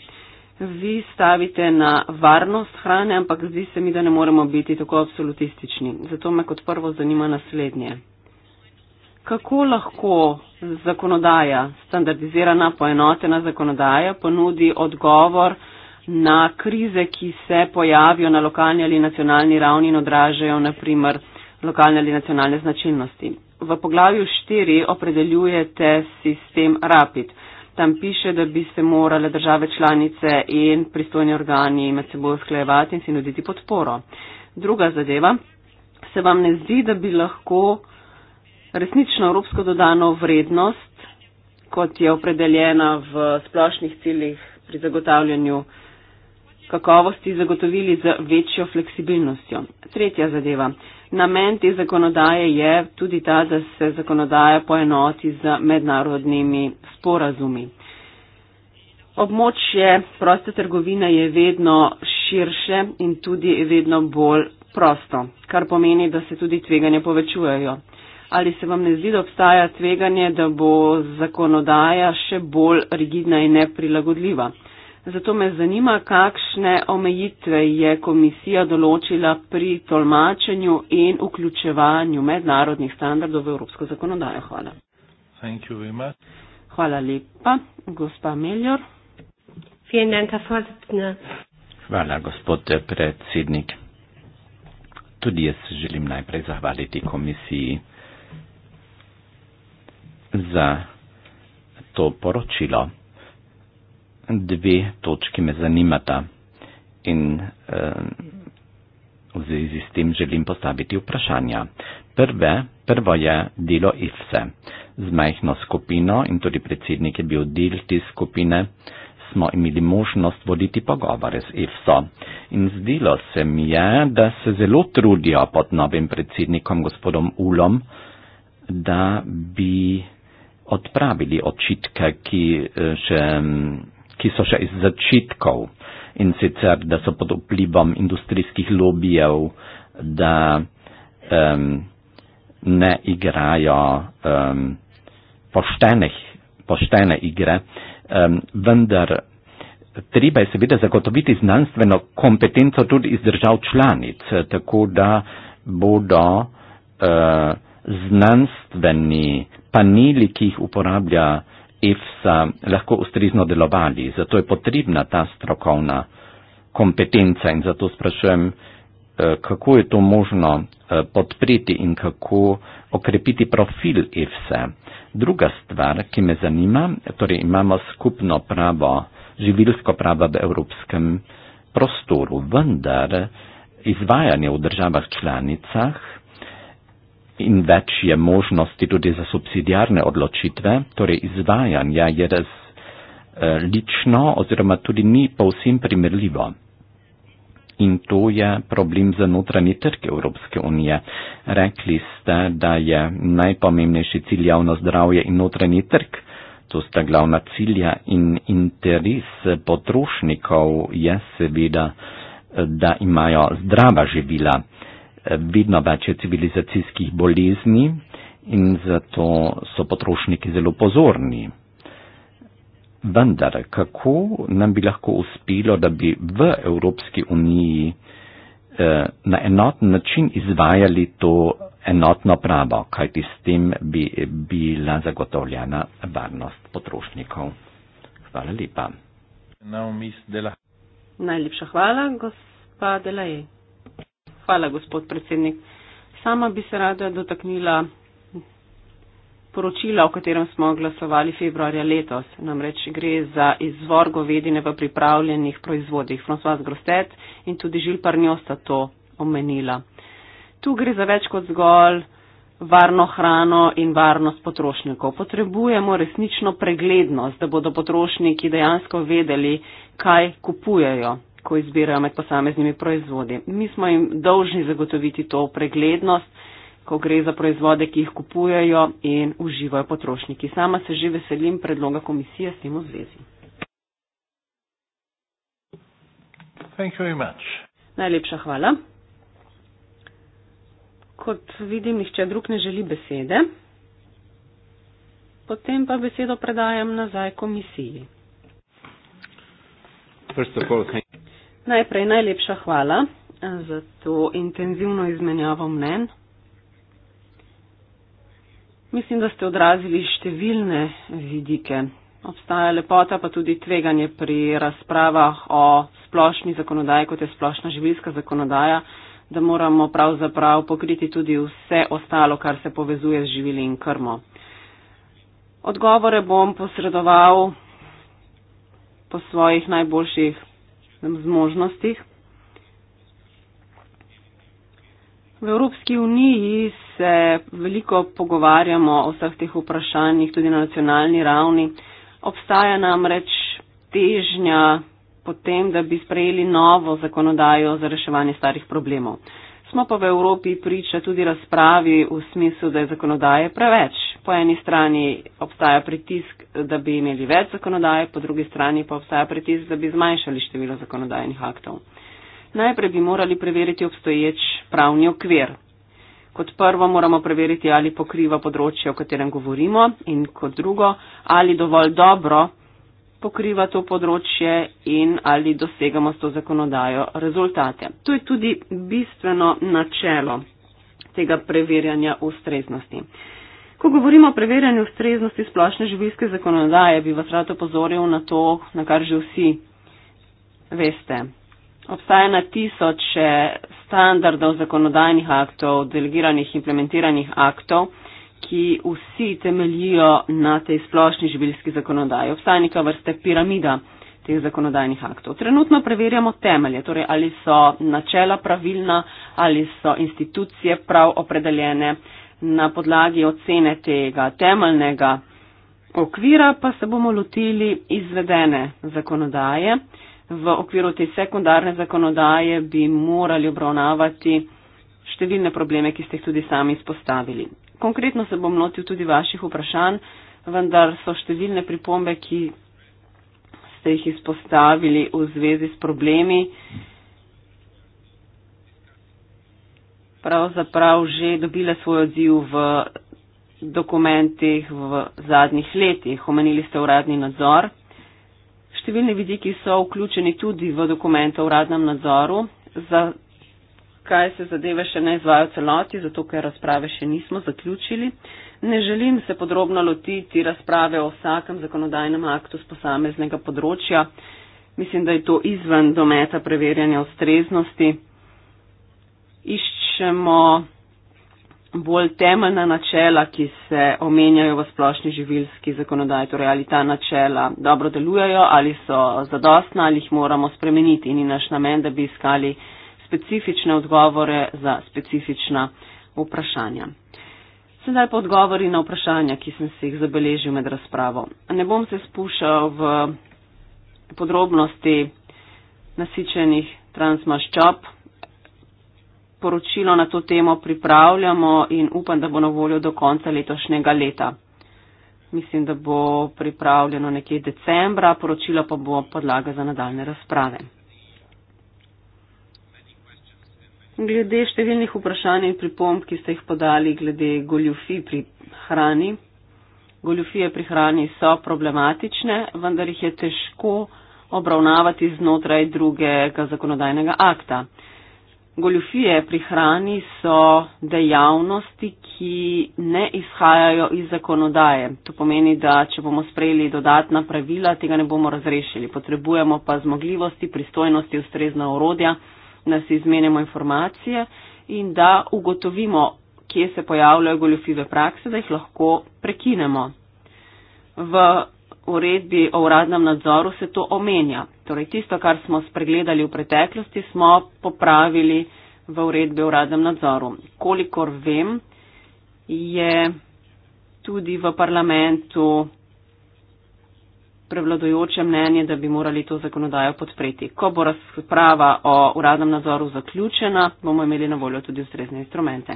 vi stavite na varnost hrane, ampak zdi se mi, da ne moremo biti tako absolutistični. Zato me kot prvo zanima naslednje. Kako lahko zakonodaja, standardizirana, poenotena zakonodaja, ponudi odgovor na krize, ki se pojavijo na lokalni ali nacionalni ravni in odražajo naprimer lokalne ali nacionalne značilnosti? V poglavju 4 opredeljujete sistem RAPID tam piše, da bi se morale države članice in pristojni organi med seboj usklajevati in si nuditi podporo. Druga zadeva, se vam ne zdi, da bi lahko resnično evropsko dodano vrednost, kot je opredeljena v splošnih ciljih pri zagotavljanju kakovosti zagotovili z večjo fleksibilnostjo. Tretja zadeva. Namen te zakonodaje je tudi ta, da se zakonodaja poenoti z mednarodnimi sporazumi. Območje proste trgovine je vedno širše in tudi vedno bolj prosto, kar pomeni, da se tudi tveganja povečujejo. Ali se vam ne zdi, da obstaja tveganje, da bo zakonodaja še bolj rigidna in neprilagodljiva? Zato me zanima, kakšne omejitve je komisija določila pri tolmačenju in vključevanju mednarodnih standardov v evropsko zakonodajo. Hvala. Hvala lepa, gospa Meljor. Hvala, gospod predsednik. Tudi jaz želim najprej zahvaliti komisiji za to poročilo dve točki me zanimata in eh, v zvezi s tem želim postaviti vprašanja. Prve, prvo je delo IFSE. Z majhno skupino in tudi predsednik je bil del te skupine, smo imeli možnost voditi pogovore z IFSO. In zdelo se mi je, da se zelo trudijo pod novim predsednikom gospodom Ulom, da bi odpravili očitke, ki že eh, ki so še iz začetkov in sicer, da so pod vplivom industrijskih lobijev, da um, ne igrajo um, poštenih, poštene igre, um, vendar treba je seveda zagotoviti znanstveno kompetenco tudi iz držav članic, tako da bodo uh, znanstveni paneli, ki jih uporablja uh, EFSA lahko ustrezno delovali. Zato je potrebna ta strokovna kompetenca in zato sprašujem, eh, kako je to možno eh, podpreti in kako okrepiti profil EFSA. Druga stvar, ki me zanima, torej imamo skupno pravo, živilsko pravo v evropskem prostoru, vendar izvajanje v državah članicah in več je možnosti tudi za subsidijarne odločitve, torej izvajanja je res eh, lično oziroma tudi ni povsem primerljivo. In to je problem za notranji trg Evropske unije. Rekli ste, da je najpomembnejši cilj javno zdravje in notranji trg. To sta glavna cilja in interes potrošnikov je seveda, eh, da imajo zdrava živila vedno več je civilizacijskih bolezni in zato so potrošniki zelo pozorni. Vendar, kako nam bi lahko uspelo, da bi v Evropski uniji eh, na enoten način izvajali to enotno pravo, kajti s tem bi bila zagotovljena varnost potrošnikov. Hvala lepa. Najlepša hvala, gospa Delaje. Hvala, gospod predsednik. Sama bi se rada dotaknila poročila, o katerem smo glasovali februarja letos. Namreč gre za izvor govedine v pripravljenih proizvodih. François Grostet in tudi Žil Parnjo sta to omenila. Tu gre za več kot zgolj varno hrano in varnost potrošnikov. Potrebujemo resnično preglednost, da bodo potrošniki dejansko vedeli, kaj kupujejo ko izbirajo med posameznimi proizvodi. Mi smo jim dolžni zagotoviti to preglednost, ko gre za proizvode, ki jih kupujajo in uživajo potrošniki. Sama se že veselim predloga komisije s tem v zvezi. Najlepša hvala. Kot vidim, nihče drug ne želi besede. Potem pa besedo predajam nazaj komisiji. First of all, Najprej najlepša hvala eh, za to intenzivno izmenjavo mnen. Mislim, da ste odrazili številne vidike. Obstaja lepota, pa tudi tveganje pri razpravah o splošni zakonodaji, kot je splošna živilska zakonodaja, da moramo pravzaprav pokriti tudi vse ostalo, kar se povezuje z živili in krmo. Odgovore bom posredoval po svojih najboljših zmožnostih. V Evropski uniji se veliko pogovarjamo o vseh teh vprašanjih, tudi na nacionalni ravni. Obstaja namreč težnja potem, da bi sprejeli novo zakonodajo za reševanje starih problemov smo pa v Evropi priča tudi razpravi v smislu, da je zakonodaje preveč. Po eni strani obstaja pritisk, da bi imeli več zakonodaje, po drugi strani pa obstaja pritisk, da bi zmanjšali število zakonodajnih aktov. Najprej bi morali preveriti obstoječ pravni okvir. Kot prvo moramo preveriti, ali pokriva področje, o katerem govorimo, in kot drugo, ali dovolj dobro pokriva to področje in ali dosegamo s to zakonodajo rezultate. To je tudi bistveno načelo tega preverjanja ustreznosti. Ko govorimo o preverjanju ustreznosti splošne živilske zakonodaje, bi vas rad opozoril na to, na kar že vsi veste. Obstaja na tisoče standardov zakonodajnih aktov, delegiranih, implementiranih aktov, ki vsi temeljijo na tej splošni živilski zakonodaji. Obstaja neka vrste piramida teh zakonodajnih aktov. Trenutno preverjamo temelje, torej ali so načela pravilna, ali so institucije prav opredeljene. Na podlagi ocene tega temeljnega okvira pa se bomo lotili izvedene zakonodaje. V okviru te sekundarne zakonodaje bi morali obravnavati številne probleme, ki ste jih tudi sami izpostavili. Konkretno se bom lotil tudi vaših vprašanj, vendar so številne pripombe, ki ste jih izpostavili v zvezi s problemi, pravzaprav že dobile svoj odziv v dokumentih v zadnjih letih. Omenili ste uradni nadzor. Številni vidiki so vključeni tudi v dokumente o uradnem nadzoru. Za kaj se zadeve še ne izvajo celoti, zato ker razprave še nismo zaključili. Ne želim se podrobno lotiti razprave o vsakem zakonodajnem aktu z posameznega področja. Mislim, da je to izven dometa preverjanja ustreznosti. Iščemo bolj temeljna načela, ki se omenjajo v splošni živilski zakonodaji, torej ali ta načela dobro delujejo, ali so zadostna, ali jih moramo spremeniti. Ni naš namen, da bi iskali specifične odgovore za specifična vprašanja. Sedaj pa odgovori na vprašanja, ki sem si jih zabeležil med razpravo. Ne bom se spuščal v podrobnosti nasičenih transmaščob. Poročilo na to temo pripravljamo in upam, da bo na voljo do konca letošnjega leta. Mislim, da bo pripravljeno nekje decembra, poročilo pa bo podlaga za nadaljne razprave. glede številnih vprašanj in pripomb, ki ste jih podali glede goljufi pri hrani. Goljufije pri hrani so problematične, vendar jih je težko obravnavati znotraj drugega zakonodajnega akta. Goljufije pri hrani so dejavnosti, ki ne izhajajo iz zakonodaje. To pomeni, da če bomo sprejeli dodatna pravila, tega ne bomo razrešili. Potrebujemo pa zmogljivosti, pristojnosti, ustrezna orodja da si izmenjamo informacije in da ugotovimo, kje se pojavljajo goljofive prakse, da jih lahko prekinemo. V uredbi o uradnem nadzoru se to omenja. Torej, tisto, kar smo spregledali v preteklosti, smo popravili v uredbi o uradnem nadzoru. Kolikor vem, je tudi v parlamentu prevladojoče mnenje, da bi morali to zakonodajo podpreti. Ko bo razprava o uradnem nadzoru zaključena, bomo imeli na voljo tudi ustrezne instrumente.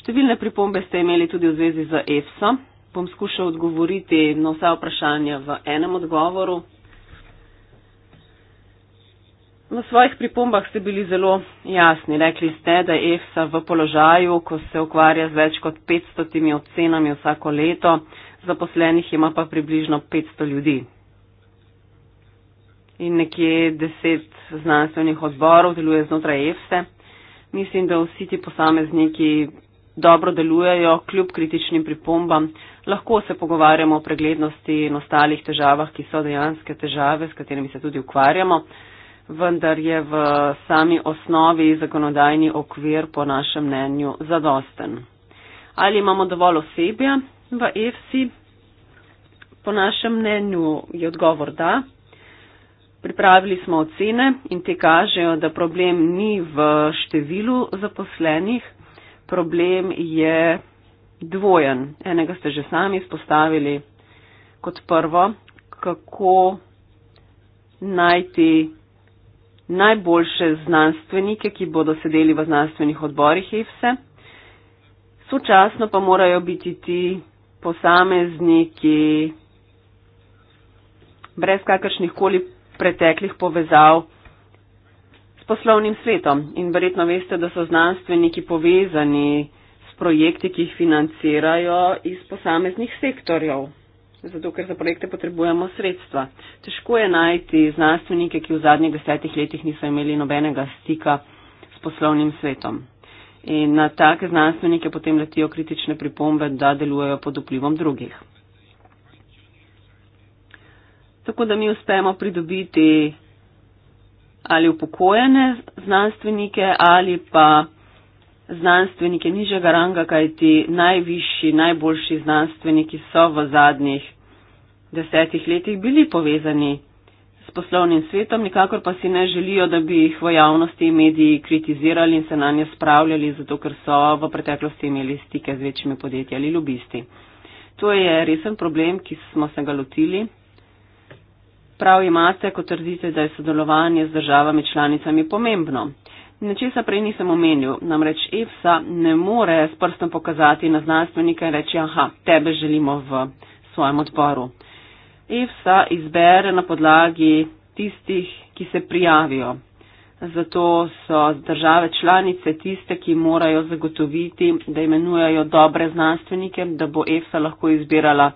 Številne pripombe ste imeli tudi v zvezi z EFSA. Bom skušal odgovoriti na vsa vprašanja v enem odgovoru. V svojih pripombah ste bili zelo jasni. Rekli ste, da je EFSA v položaju, ko se ukvarja z več kot 500 ocenami vsako leto, zaposlenih ima pa približno 500 ljudi. In nekje 10 znanstvenih odborov deluje znotraj EFSE. Mislim, da vsi ti posamezniki dobro delujejo, kljub kritičnim pripombam. Lahko se pogovarjamo o preglednosti in ostalih težavah, ki so dejanske težave, s katerimi se tudi ukvarjamo, vendar je v sami osnovi zakonodajni okvir po našem mnenju zadosten. Ali imamo dovolj osebja, V EFSI, po našem mnenju, je odgovor da. Pripravili smo ocene in te kažejo, da problem ni v številu zaposlenih, problem je dvojen. Enega ste že sami izpostavili kot prvo, kako najti najboljše znanstvenike, ki bodo sedeli v znanstvenih odborih EFSE. E. Sočasno pa morajo biti ti posamezniki brez kakršnih koli preteklih povezav s poslovnim svetom. In verjetno veste, da so znanstveniki povezani s projekti, ki jih financirajo iz posameznih sektorjev. Zato, ker za projekte potrebujemo sredstva. Težko je najti znanstvenike, ki v zadnjih desetih letih niso imeli nobenega stika s poslovnim svetom in na take znanstvenike potem letijo kritične pripombe, da delujejo pod vplivom drugih. Tako da mi uspemo pridobiti ali upokojene znanstvenike ali pa znanstvenike nižjega ranga, kajti najvišji, najboljši znanstveniki so v zadnjih desetih letih bili povezani poslovnim svetom, nikakor pa si ne želijo, da bi jih v javnosti mediji kritizirali in se na nje spravljali, zato ker so v preteklosti imeli stike z večjimi podjetji ali lobisti. To je resen problem, ki smo se ga lotili. Prav imate, ko trdite, da je sodelovanje z državami članicami pomembno. Nečesa prej nisem omenil, namreč EFSA ne more s prstom pokazati na znanstvenika in reči, aha, tebe želimo v svojem odboru. EFSA izbere na podlagi tistih, ki se prijavijo. Zato so države članice tiste, ki morajo zagotoviti, da imenujajo dobre znanstvenike, da bo EFSA lahko izbirala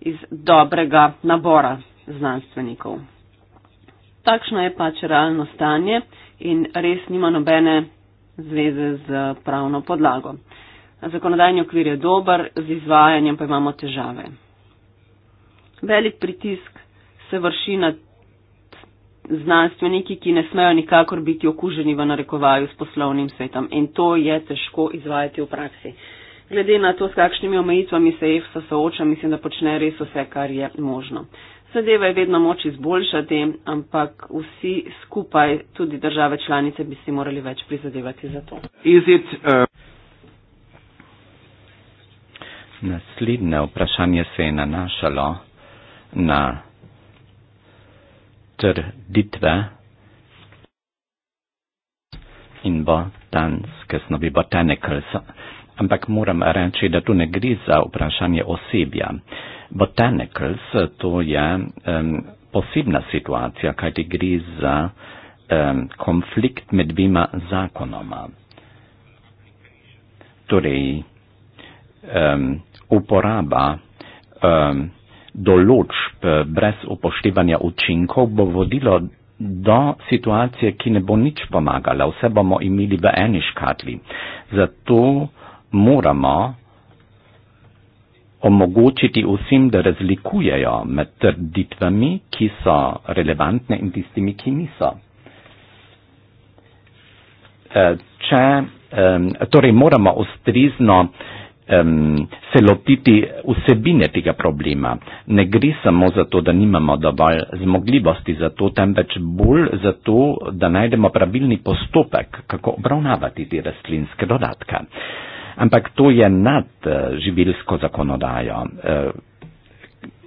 iz dobrega nabora znanstvenikov. Takšno je pač realno stanje in res nima nobene zveze z pravno podlago. Zakonodajni okvir je dober, z izvajanjem pa imamo težave velik pritisk se vrši na znanstveniki, ki ne smejo nikakor biti okuženi v narekovaju s poslovnim svetom in to je težko izvajati v praksi. Glede na to, s kakšnimi omejitvami se EFSA sooča, mislim, da počne res vse, kar je možno. Sedeva je vedno moč izboljšati, ampak vsi skupaj, tudi države članice, bi si morali več prizadevati za to. It, uh... Naslednje vprašanje se je nanašalo na trditve in botanske snovi, botanicals. Ampak moram reči, da tu ne gre za vprašanje osebja. Botanicals to je um, posebna situacija, kaj ti gre za um, konflikt med dvima zakonoma. Torej, um, uporaba um, določb eh, brez upoštevanja učinkov bo vodilo do situacije, ki ne bo nič pomagala. Vse bomo imeli v eni škatli. Zato moramo omogočiti vsem, da razlikujejo med trditvami, ki so relevantne in tistimi, ki niso. Eh, če, torej moramo ustrizno um, se lotiti vsebine tega problema. Ne gre samo za to, da nimamo dovolj zmogljivosti za to, temveč bolj za to, da najdemo pravilni postopek, kako obravnavati te rastlinske dodatke. Ampak to je nad eh, živilsko zakonodajo. Eh,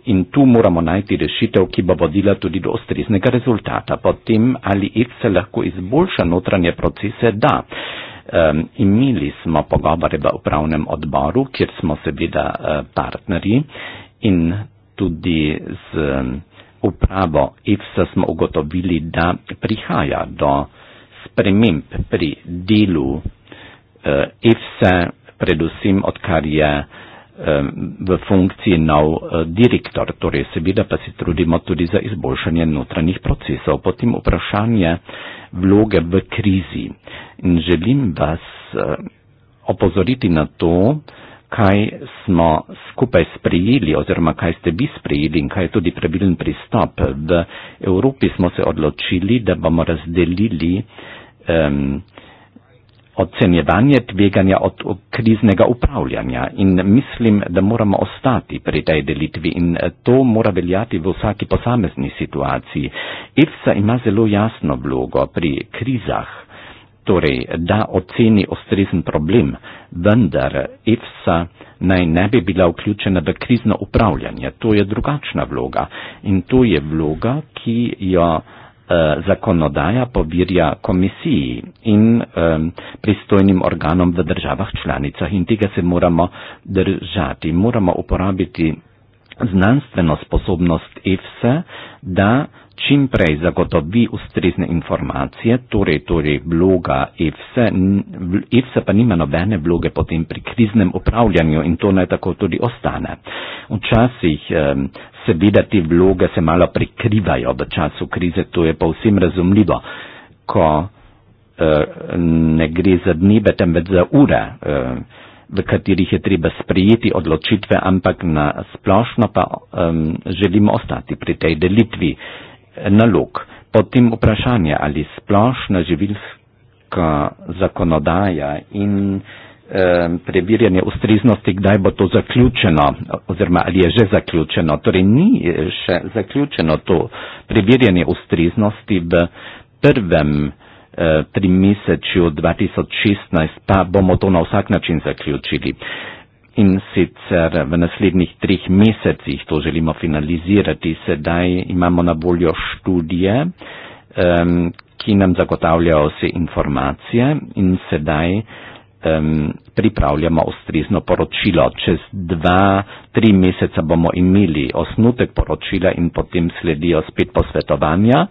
in tu moramo najti rešitev, ki bo vodila tudi do ustreznega rezultata. Potem ali IC lahko izboljša notranje procese, da. Um, imeli smo pogovore v upravnem odboru, kjer smo seveda uh, partnerji in tudi z upravo IFSA smo ugotovili, da prihaja do sprememb pri delu uh, e, IFSA, predvsem odkar je um, v funkciji nov uh, direktor. Torej seveda pa se trudimo tudi za izboljšanje notranjih procesov. Potem vprašanje. Uh, vloge v krizi. In želim vas eh, opozoriti na to, kaj smo skupaj sprejeli oziroma kaj ste vi sprejeli in kaj je tudi pravilen pristop. V Evropi smo se odločili, da bomo razdelili um, ocenjevanje tveganja od kriznega upravljanja in mislim, da moramo ostati pri tej delitvi in eh, to mora veljati v vsaki posamezni situaciji. EFSA ima zelo jasno vlogo pri krizah, torej da oceni ostrezen problem, vendar EFSA naj ne bi bila vključena v krizno upravljanje. To je drugačna vloga in to je vloga, ki jo Eh, zakonodaja pobirja komisiji in eh, pristojnim organom v državah članicah in tega se moramo držati. Moramo uporabiti znanstveno sposobnost EFSA, da čim prej zagotovi ustrezne informacije, torej, torej bloga EFSA. EFSA pa nima nobene bloge potem pri kriznem upravljanju in to naj tako tudi ostane. Včasih eh, seveda te vloge se malo prikrivajo v času krize, to je pa vsem razumljivo, ko eh, ne gre za dneve, temveč za ure, eh, v katerih je treba sprejeti odločitve, ampak na splošno pa eh, želimo ostati pri tej delitvi eh, nalog. Potem vprašanje, ali splošna živilska zakonodaja in eh, preverjanje ustreznosti, kdaj bo to zaključeno oziroma ali je že zaključeno. Torej ni e, še zaključeno to preverjanje ustreznosti v prvem e, trimesečju 2016, pa bomo to na vsak način zaključili. In sicer v naslednjih treh mesecih to želimo finalizirati. Sedaj imamo na voljo študije, ki nam zagotavljajo vse informacije in sedaj um, pripravljamo ustrezno poročilo. Čez dva, tri meseca bomo imeli osnutek poročila in potem sledijo spet posvetovanja,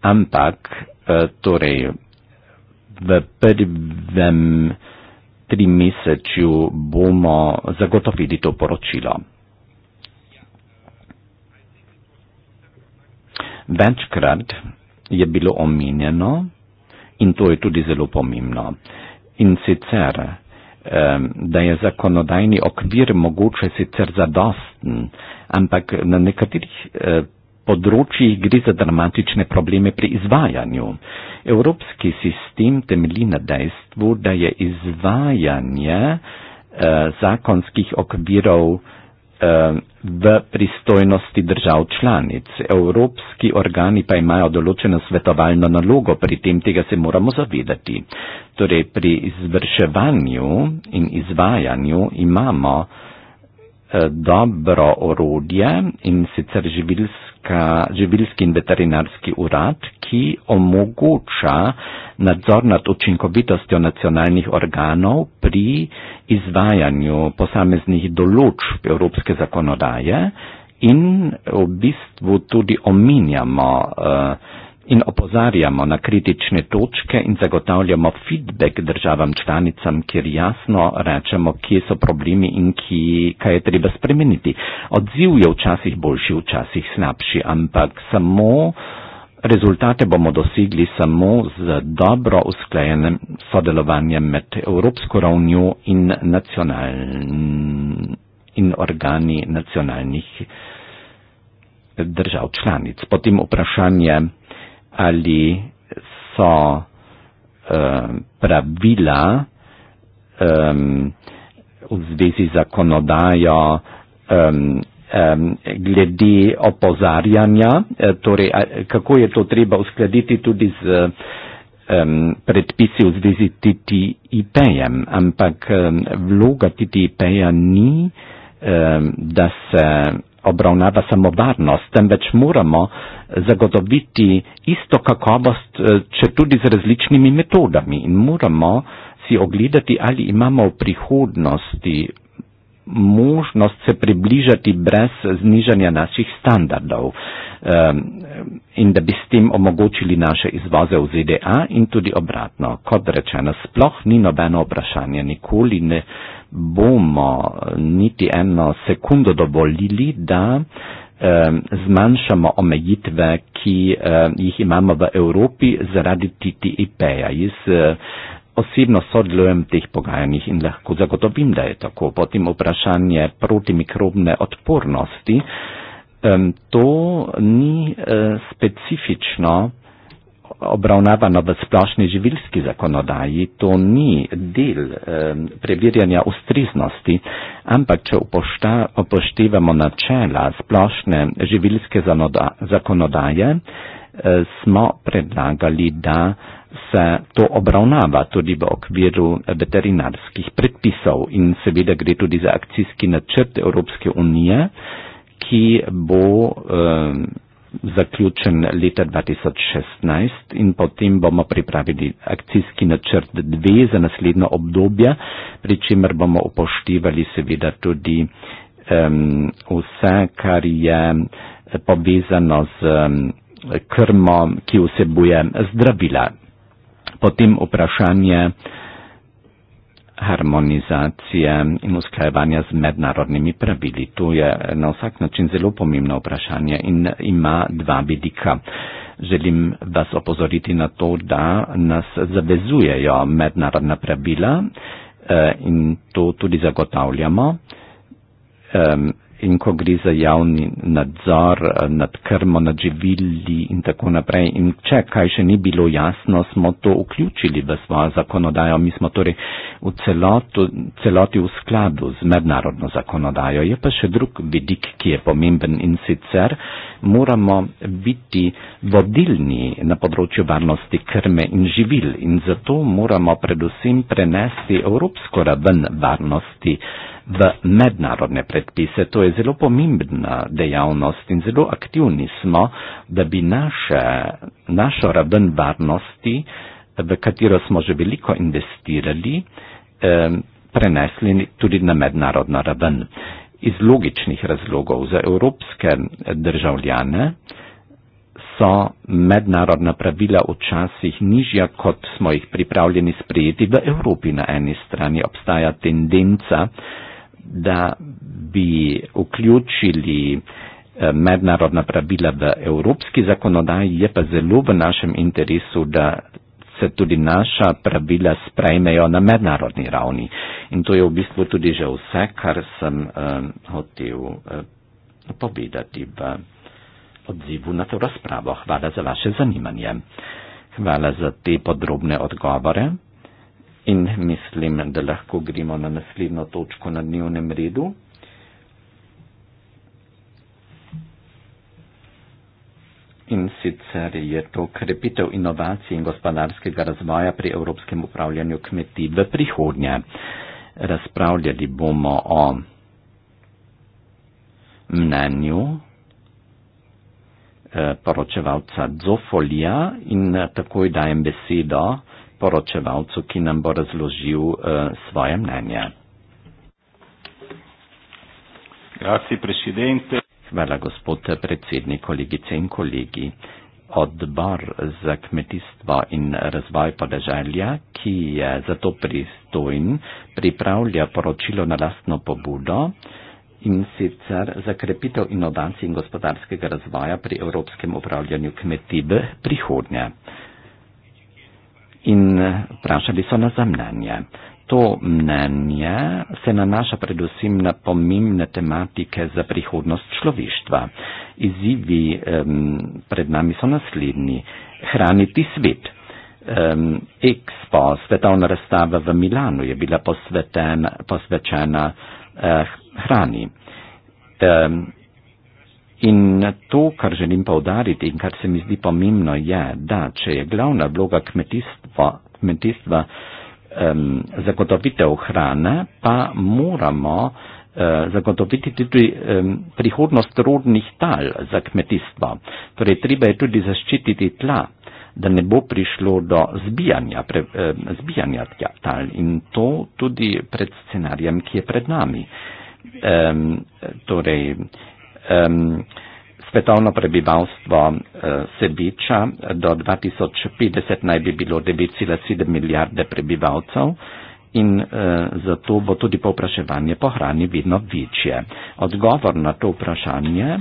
ampak uh, torej v prvem tri meseču bomo zagotovili to poročilo. Večkrat je bilo omenjeno in to je tudi zelo pomembno. Uh, in sicer, da je zakonodajni okvir mogoče sicer zadosten, ampak na nekaterih eh, področjih gre za dramatične probleme pri izvajanju. Evropski sistem temelji na dejstvu, da je izvajanje eh, zakonskih okvirov Eh, v pristojnosti držav članic. Evropski organi pa imajo določeno svetovalno nalogo, pri tem tega se moramo zavedati. Torej, pri izvrševanju in izvajanju imamo uh, dobro orodje in sicer živilska, živilski in veterinarski urad, ki omogoča nadzor nad učinkovitostjo nacionalnih organov pri izvajanju posameznih določb evropske zakonodaje in v bistvu tudi ominjamo uh, eh, in opozarjamo na kritične točke in zagotavljamo feedback državam članicam, kjer jasno rečemo, kje so problemi in ki, kaj je treba spremeniti. Odziv je včasih boljši, včasih slabši, ampak samo rezultate bomo dosegli samo z dobro usklajenim sodelovanjem med Evropsko ravnjo in, in organi nacionalnih držav članic. Potem vprašanje ali so eh, pravila v zvezi z zakonodajo glede opozarjanja, eh, torej kako je to treba uskladiti tudi z predpisi v zvezi TTIP-jem, ampak vloga TTIP-ja ni Ehm, da se obravnava samo varnost, temveč moramo zagotoviti isto kakovost, e, če tudi z različnimi metodami. In moramo si ogledati, ali imamo v prihodnosti možnost se približati brez znižanja naših standardov ehm, in da bi s tem omogočili naše izvoze v ZDA in tudi obratno. Kot rečeno, sploh ni nobeno vprašanje, nikoli ne bomo eh, niti eno sekundo dovolili, da ehm, zmanjšamo omejitve, ki eh, jih imamo v Evropi zaradi TTIP-ja. Jaz eh, osebno sodelujem v teh pogajanjih in lahko zagotovim, da je tako. Potem vprašanje protimikrobne odpornosti. To ni e, specifično obravnavano v splošni živilski zakonodaji, to ni del preverjanja ustriznosti, ampak če upoštevamo načela splošne živilske zakonodaje, e, smo predlagali, da se to obravnava tudi v okviru veterinarskih predpisov in seveda gre tudi za akcijski načrt Evropske unije, ki bo eh, zaključen leta 2016 in potem bomo pripravili akcijski načrt 2 za naslednjo obdobje, pri čemer bomo upoštevali seveda tudi eh, vse, kar je eh, povezano z. Eh, krmo, ki vsebuje zdravila potem vprašanje harmonizacije in usklajevanja z mednarodnimi pravili. To je na vsak način zelo pomembno vprašanje in ima dva vidika. Želim vas opozoriti na to, da nas zavezujejo mednarodna pravila eh, in to tudi zagotavljamo in ko gre za javni nadzor eh, nad krmo, nad živili in tako naprej. In če kaj še ni bilo jasno, smo to vključili v svojo zakonodajo. Mi smo torej v celotu, celoti v skladu z mednarodno zakonodajo. Je pa še drug vidik, ki je pomemben in sicer moramo biti vodilni na področju varnosti krme in živil in zato moramo predvsem prenesti evropsko raven varnosti v mednarodne predpise. To je zelo pomembna dejavnost in zelo aktivni smo, da bi naše, našo raven varnosti, v katero smo že veliko investirali, prenesli tudi na mednarodno raven. Iz logičnih razlogov za evropske državljane so mednarodna pravila včasih nižja, kot smo jih pripravljeni sprejeti. V Evropi na eni strani obstaja tendenca, da bi vključili eh, mednarodna pravila v evropski zakonodaji, je pa zelo v našem interesu, da se tudi naša pravila sprejmejo na mednarodni ravni. In to je v bistvu tudi že vse, kar sem uh, hotel uh, povedati v odzivu na to razpravo. Hvala za vaše zanimanje. Hvala za te podrobne odgovore. In mislim, da lahko gremo na naslednjo točko na dnevnem redu. In sicer je to krepitev inovacij in gospodarskega razvoja pri evropskem upravljanju kmetij v prihodnje. Razpravljali bomo o mnenju eh, poročevalca Zofolija in takoj dajem besedo poročevalcu, ki nam bo razložil uh, svoje mnenje. Hvala, gospod predsednik, kolegice in kolegi. Odbor za kmetijstvo in razvoj podeželja, ki je za to pristojn, pripravlja poročilo na lastno pobudo in sicer za krepitev inovacij in gospodarskega razvoja pri evropskem upravljanju kmetij v prihodnje in eh, vprašali so nas za mnenje. To mnenje se nanaša predvsem na pomembne tematike za prihodnost človeštva. Izzivi um, pred nami so naslednji. Hraniti svet. Um, Expo, svetovna razstava v Milanu je bila posvečena uh, hrani. Um, In to, kar želim povdariti in kar se mi zdi pomembno, je, da če je glavna vloga kmetijstva, kmetijstva um, zagotovitev hrane, pa moramo eh, zagotoviti tudi um, prihodnost rodnih tal za kmetijstvo. Torej, treba je tudi zaščititi tla, da ne bo prišlo do zbijanja, pre, um, zbijanja tal in to tudi pred scenarijem, ki je pred nami. Um, torej, um, svetovno prebivalstvo uh, e, se viča, do 2050 naj bi bilo 9,7 milijarde prebivalcev in uh, zato bo tudi povpraševanje po hrani vedno večje. Odgovor na to vprašanje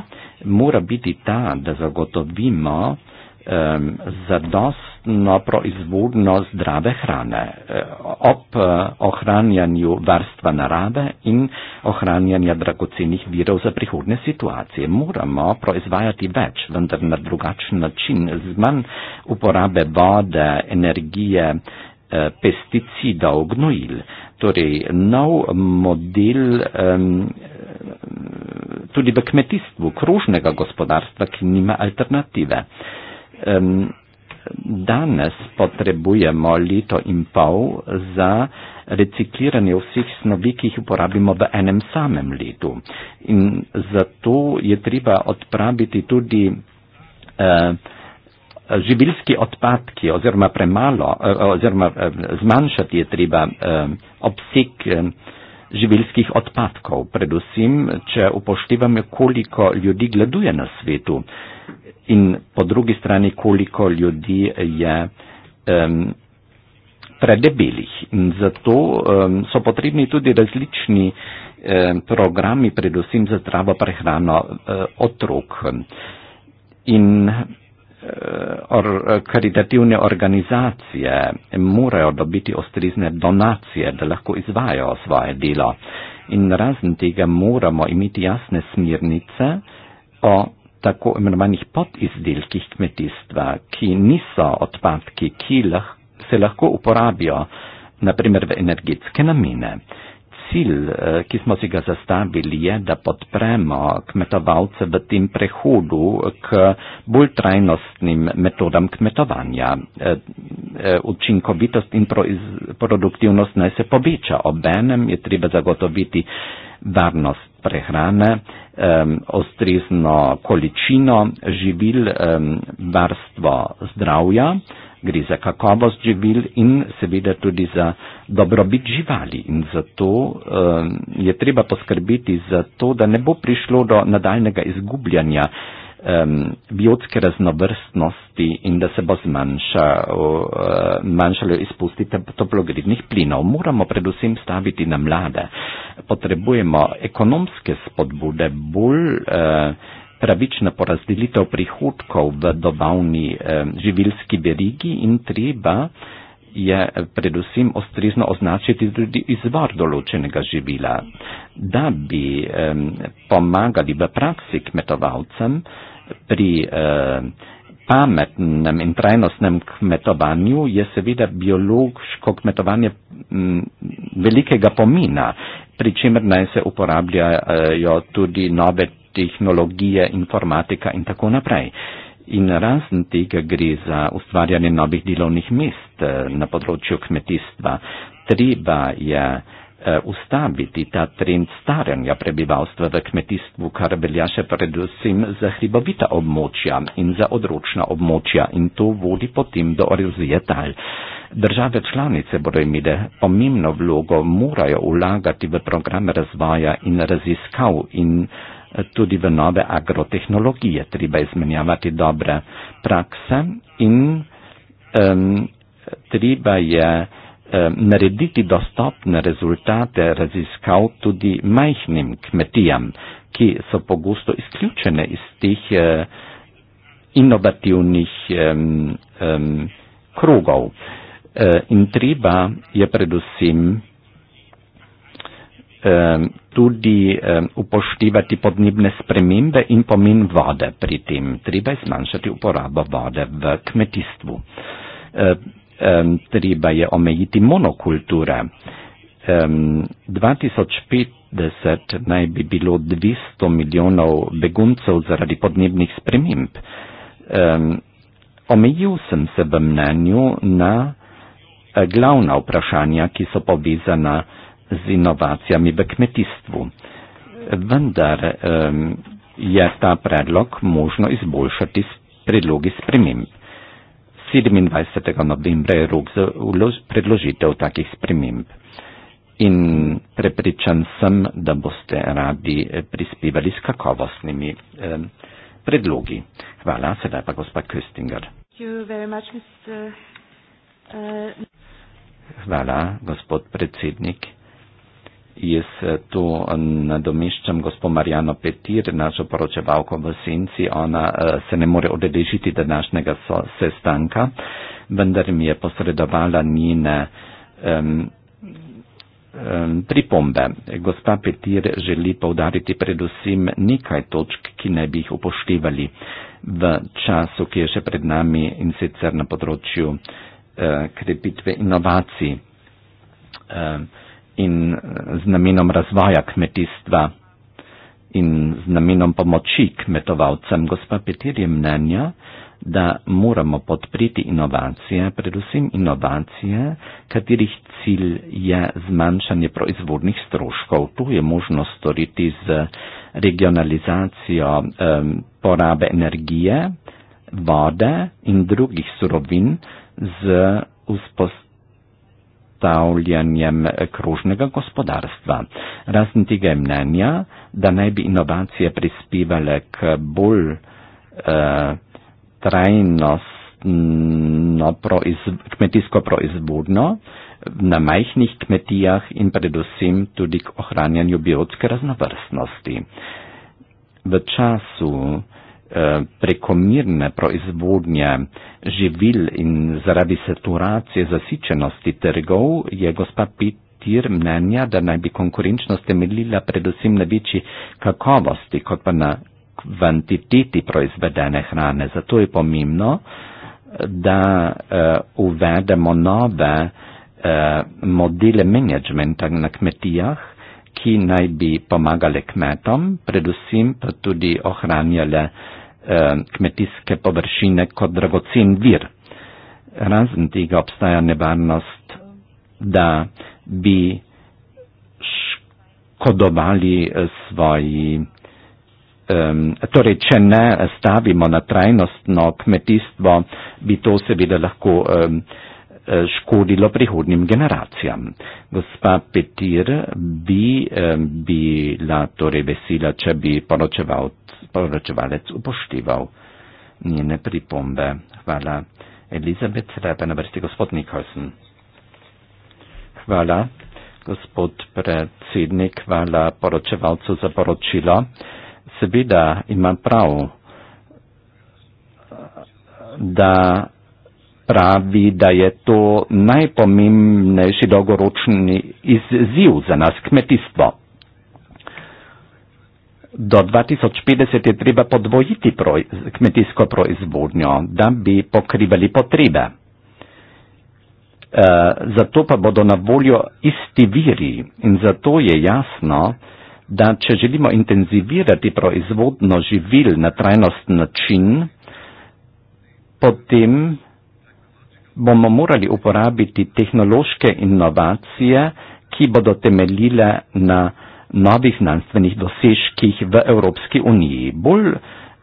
mora biti ta, da zagotovimo um, zadost dostopno proizvodno zdrave hrane eh, ob eh, ohranjanju varstva narave in ohranjanja dragocenih virov za prihodne situacije. Moramo proizvajati več, vendar na drugačen način, z manj uporabe vode, energije, eh, pesticidov, gnojil. Torej, nov model um, tudi v kmetijstvu, krožnega gospodarstva, ki nima alternative. Um, danes potrebujemo lito in pol za recikliranje vseh snovi, ki jih uporabimo v enem samem litu. In zato je treba odpraviti tudi eh, živilski odpadki oziroma premalo, eh, oziroma eh, zmanjšati je treba eh, obseg. Eh, živilskih odpadkov, predvsem, če upoštevamo, koliko ljudi gleduje na svetu in po drugi strani, koliko ljudi je um, predebelih. In zato um, so potrebni tudi različni um, programi, predvsem za zdravo prehrano um, otrok. In Eh, or, eh, karitativne organizacije morajo dobiti ostrizne donacije, da lahko izvajo svoje delo. In razen tega moramo imeti jasne smirnice o tako imenovanih podizdelkih kmetijstva, ki niso odpadki, ki lah, se lahko uporabijo, naprimer, v energetske namene. Uh, cilj, eh, ki smo si ga zastavili, je, da podpremo kmetovalce v tem prehodu k bolj trajnostnim metodam kmetovanja. Eh, eh, učinkovitost in produktivnost naj se poveča. Obenem je treba zagotoviti varnost prehrane, ustrezno količino živil, varstvo zdravja, gre za kakovost živil in seveda tudi za dobrobit živali. In zato je treba poskrbeti za to, da ne bo prišlo do nadaljnega izgubljanja um, biotske raznovrstnosti in da se bo eh, zmanjšalo izpusti toplogrednih plinov. Moramo predvsem staviti na mlade. Potrebujemo ekonomske spodbude, bolj uh, pravična porazdelitev prihodkov v dobavni eh, živilski verigi in treba je eh, predvsem ostrezno označiti tudi izvor določenega živila. Da bi eh, pomagali v praksi kmetovalcem, eh, pri eh, pametnem in trajnostnem kmetovanju je seveda biološko kmetovanje mm, velikega pomina, pri čemer naj se uporabljajo tudi nove tehnologije, informatika in tako naprej. In razen tega gre za ustvarjanje novih delovnih mest eh, na področju kmetijstva. Treba je. Eh, ustaviti ta trend staranja prebivalstva v kmetijstvu, kar velja še predvsem za hribovita območja in za odročna območja in to vodi potem do erozije tal. Države članice bodo imele pomembno vlogo, morajo vlagati v programe razvoja in raziskav in eh, tudi v nove agrotehnologije. Treba izmenjavati dobre prakse in um, treba je Eh, narediti dostopne rezultate raziskav tudi majhnim kmetijam, ki so pogosto izključene iz tih eh, inovativnih krogov. Eh, in treba je predvsem tudi upoštevati podnebne spremembe in pomen vode pri tem. Treba je zmanjšati uporabo vode v kmetijstvu um, treba je omejiti monokulture. Um, 2050 naj bi bilo 200 milijonov beguncev zaradi podnebnih sprememb. Um, omejil sem se v mnenju na eh, glavna vprašanja, ki so povezana z inovacijami v kmetijstvu. Vendar um, je ta predlog možno izboljšati s predlogi sprememb. 27. novembra je rok za predložitev takih sprememb. In prepričan sem, da boste radi eh, prispevali s kakovostnimi eh, predlogi. Hvala, sedaj pa gospa Köstinger. Much, Mr. Uh, eh, Hvala, gospod predsednik. Jaz eh, tu eh, nadomeščam gospod Marjano Petir, našo poročevalko v Senci. Ona eh, se ne more odeležiti današnjega sestanka, vendar mi je posredovala njene um, um, pripombe. Gospa Petir želi povdariti predvsem nekaj točk, ki ne bi jih upoštevali v času, ki je še pred nami in sicer na področju uh, krepitve inovacij. Uh, in eh, z namenom razvoja kmetijstva in z namenom pomoči kmetovalcem. Gospa Petir je mnenja, da moramo podpriti inovacije, predvsem inovacije, katerih cilj je zmanjšanje proizvodnih stroškov. To je možno storiti z regionalizacijo um, porabe energije, vode in drugih surovin z vzpostavitvijo zastavljanjem kružnega gospodarstva. Razen tega je mnenja, da naj bi inovacije prispevale k bolj eh, trajnostno proiz, kmetijsko proizvodno na majhnih kmetijah in predvsem tudi k ohranjanju biotske raznovrstnosti. V času prekomirne proizvodnje živil in zaradi saturacije zasičenosti trgov je gospa Pitir mnenja, da naj bi konkurenčnost temeljila predvsem na večji kakovosti, kot pa na kvantiteti proizvedene hrane. Zato je pomembno, da uh, uvedemo nove uh, modele menedžmenta na kmetijah, ki naj bi pomagale kmetom, predvsem pa tudi ohranjale uh, Eh, kmetijske površine kot dragocen vir. Razen tega obstaja nevarnost, da bi škodovali eh, svoji. Torej, če ne stavimo na trajnostno kmetijstvo, bi to seveda lahko eh, škodilo prihodnim generacijam. Gospa Petir bi bila torej vesela, če bi poročeval poročevalec upošteval njene pripombe. Hvala. Elizabeth, sedaj pa na vrsti gospod Nikolsen. Hvala, gospod predsednik, hvala poročevalcu za poročilo. Seveda ima prav, da pravi, da je to najpomembnejši dolgoročni izziv za nas kmetijstvo. Do 2050 je treba podvojiti proiz, kmetijsko proizvodnjo, da bi pokrivali potrebe. E, zato pa bodo na voljo isti viri in zato je jasno, da če želimo intenzivirati proizvodno živil na trajnost način, potem bomo morali uporabiti tehnološke inovacije, ki bodo temeljile na novih znanstvenih dosežkih v Evropski uniji. Bolj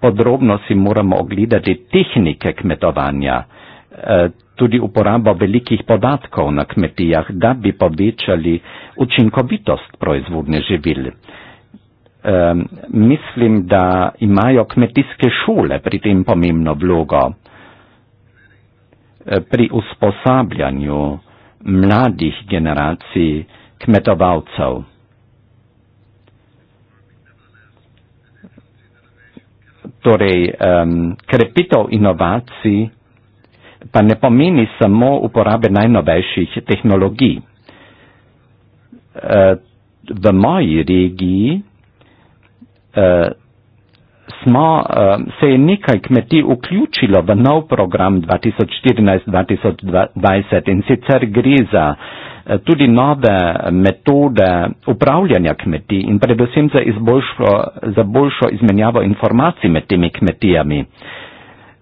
podrobno si moramo ogledati tehnike kmetovanja, eh, tudi uporabo velikih podatkov na kmetijah, da bi povečali učinkovitost proizvodne živil. Mislim, da imajo kmetijske šole pri tem pomembno vlogo eh, pri usposabljanju mladih generacij kmetovalcev. torej um, krepitev inovacij pa ne pomeni samo uporabe najnovejših tehnologij. Uh, v moji regiji uh, smo, uh, se je nekaj kmetij vključilo v nov program 2014-2020 in sicer gre za uh, Eh, tudi nove metode upravljanja kmetij in predvsem za, izboljšo, za boljšo izmenjavo informacij med temi kmetijami.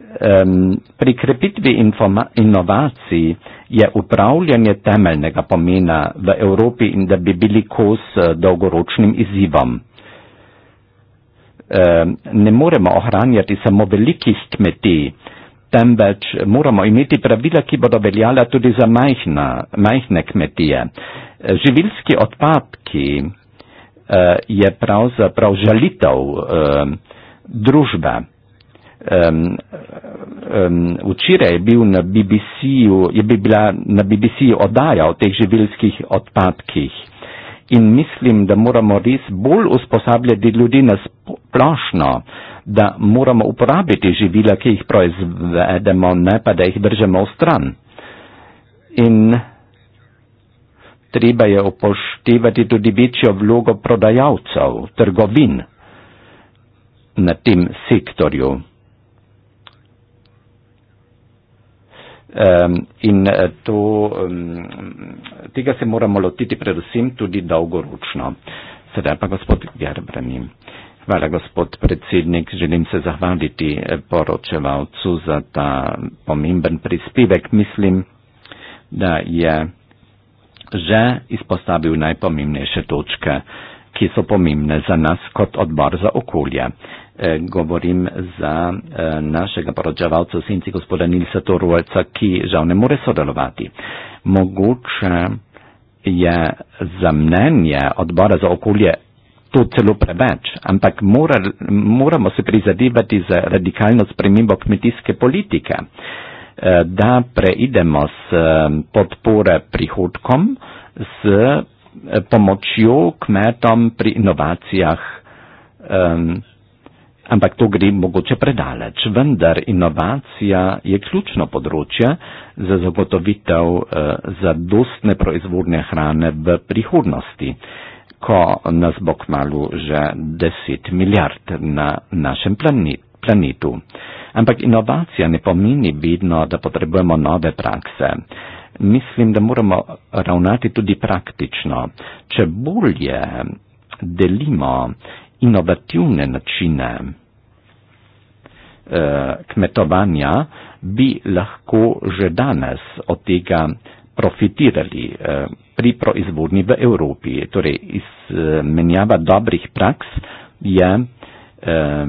Um, pri krepitvi inovacij je upravljanje temeljnega pomena v Evropi in da bi bili kos eh, dolgoročnim izzivom. Um, ne moremo ohranjati samo velikih kmetij, temveč moramo imeti pravila, ki bodo veljala tudi za majhna, majhne kmetije. Živilski odpadki eh, je pravzaprav žalitev eh, družbe. Um, um, včeraj je, bil na je bila na BBC-ju oddaja o teh živilskih odpadkih in mislim, da moramo res bolj usposabljati ljudi na splošno, da moramo uporabiti živila, ki jih proizvedemo, ne pa da jih držemo v stran. In treba je upoštevati tudi večjo vlogo prodajalcev, trgovin na tem sektorju. Um, in eh, to, um, tega se moramo lotiti predvsem tudi dolgoročno. Sedaj pa gospod Gerbrani. Hvala gospod predsednik, želim se zahvaliti eh, poročevalcu za ta pomemben prispevek. Mislim, da je že izpostavil najpomembnejše točke ki so pomembne za nas kot odbor za okolje. E, govorim za e, našega poročevalca v senci gospoda Nilsa Torujca, ki žal ne more sodelovati. Mogoče je za mnenje odbora za okolje to celo preveč, ampak mora, moramo se prizadevati za radikalno spremembo kmetijske politike, e, da preidemo s podpore prihodkom, s Eh, pomočjo kmetom pri inovacijah, um, ampak to gre mogoče predaleč. Vendar inovacija je ključno področje za zagotovitev uh, zadostne proizvodne hrane v prihodnosti, ko nas bo kmalo že 10 milijard na našem planet, planetu. Ampak inovacija ne pomeni vedno, da potrebujemo nove prakse. Uh, mislim, da moramo ravnati tudi praktično. Če bolje delimo inovativne načine eh, kmetovanja, bi lahko že danes od tega profitirali eh, pri proizvodnji v Evropi. Torej, izmenjava dobrih praks je. Eh,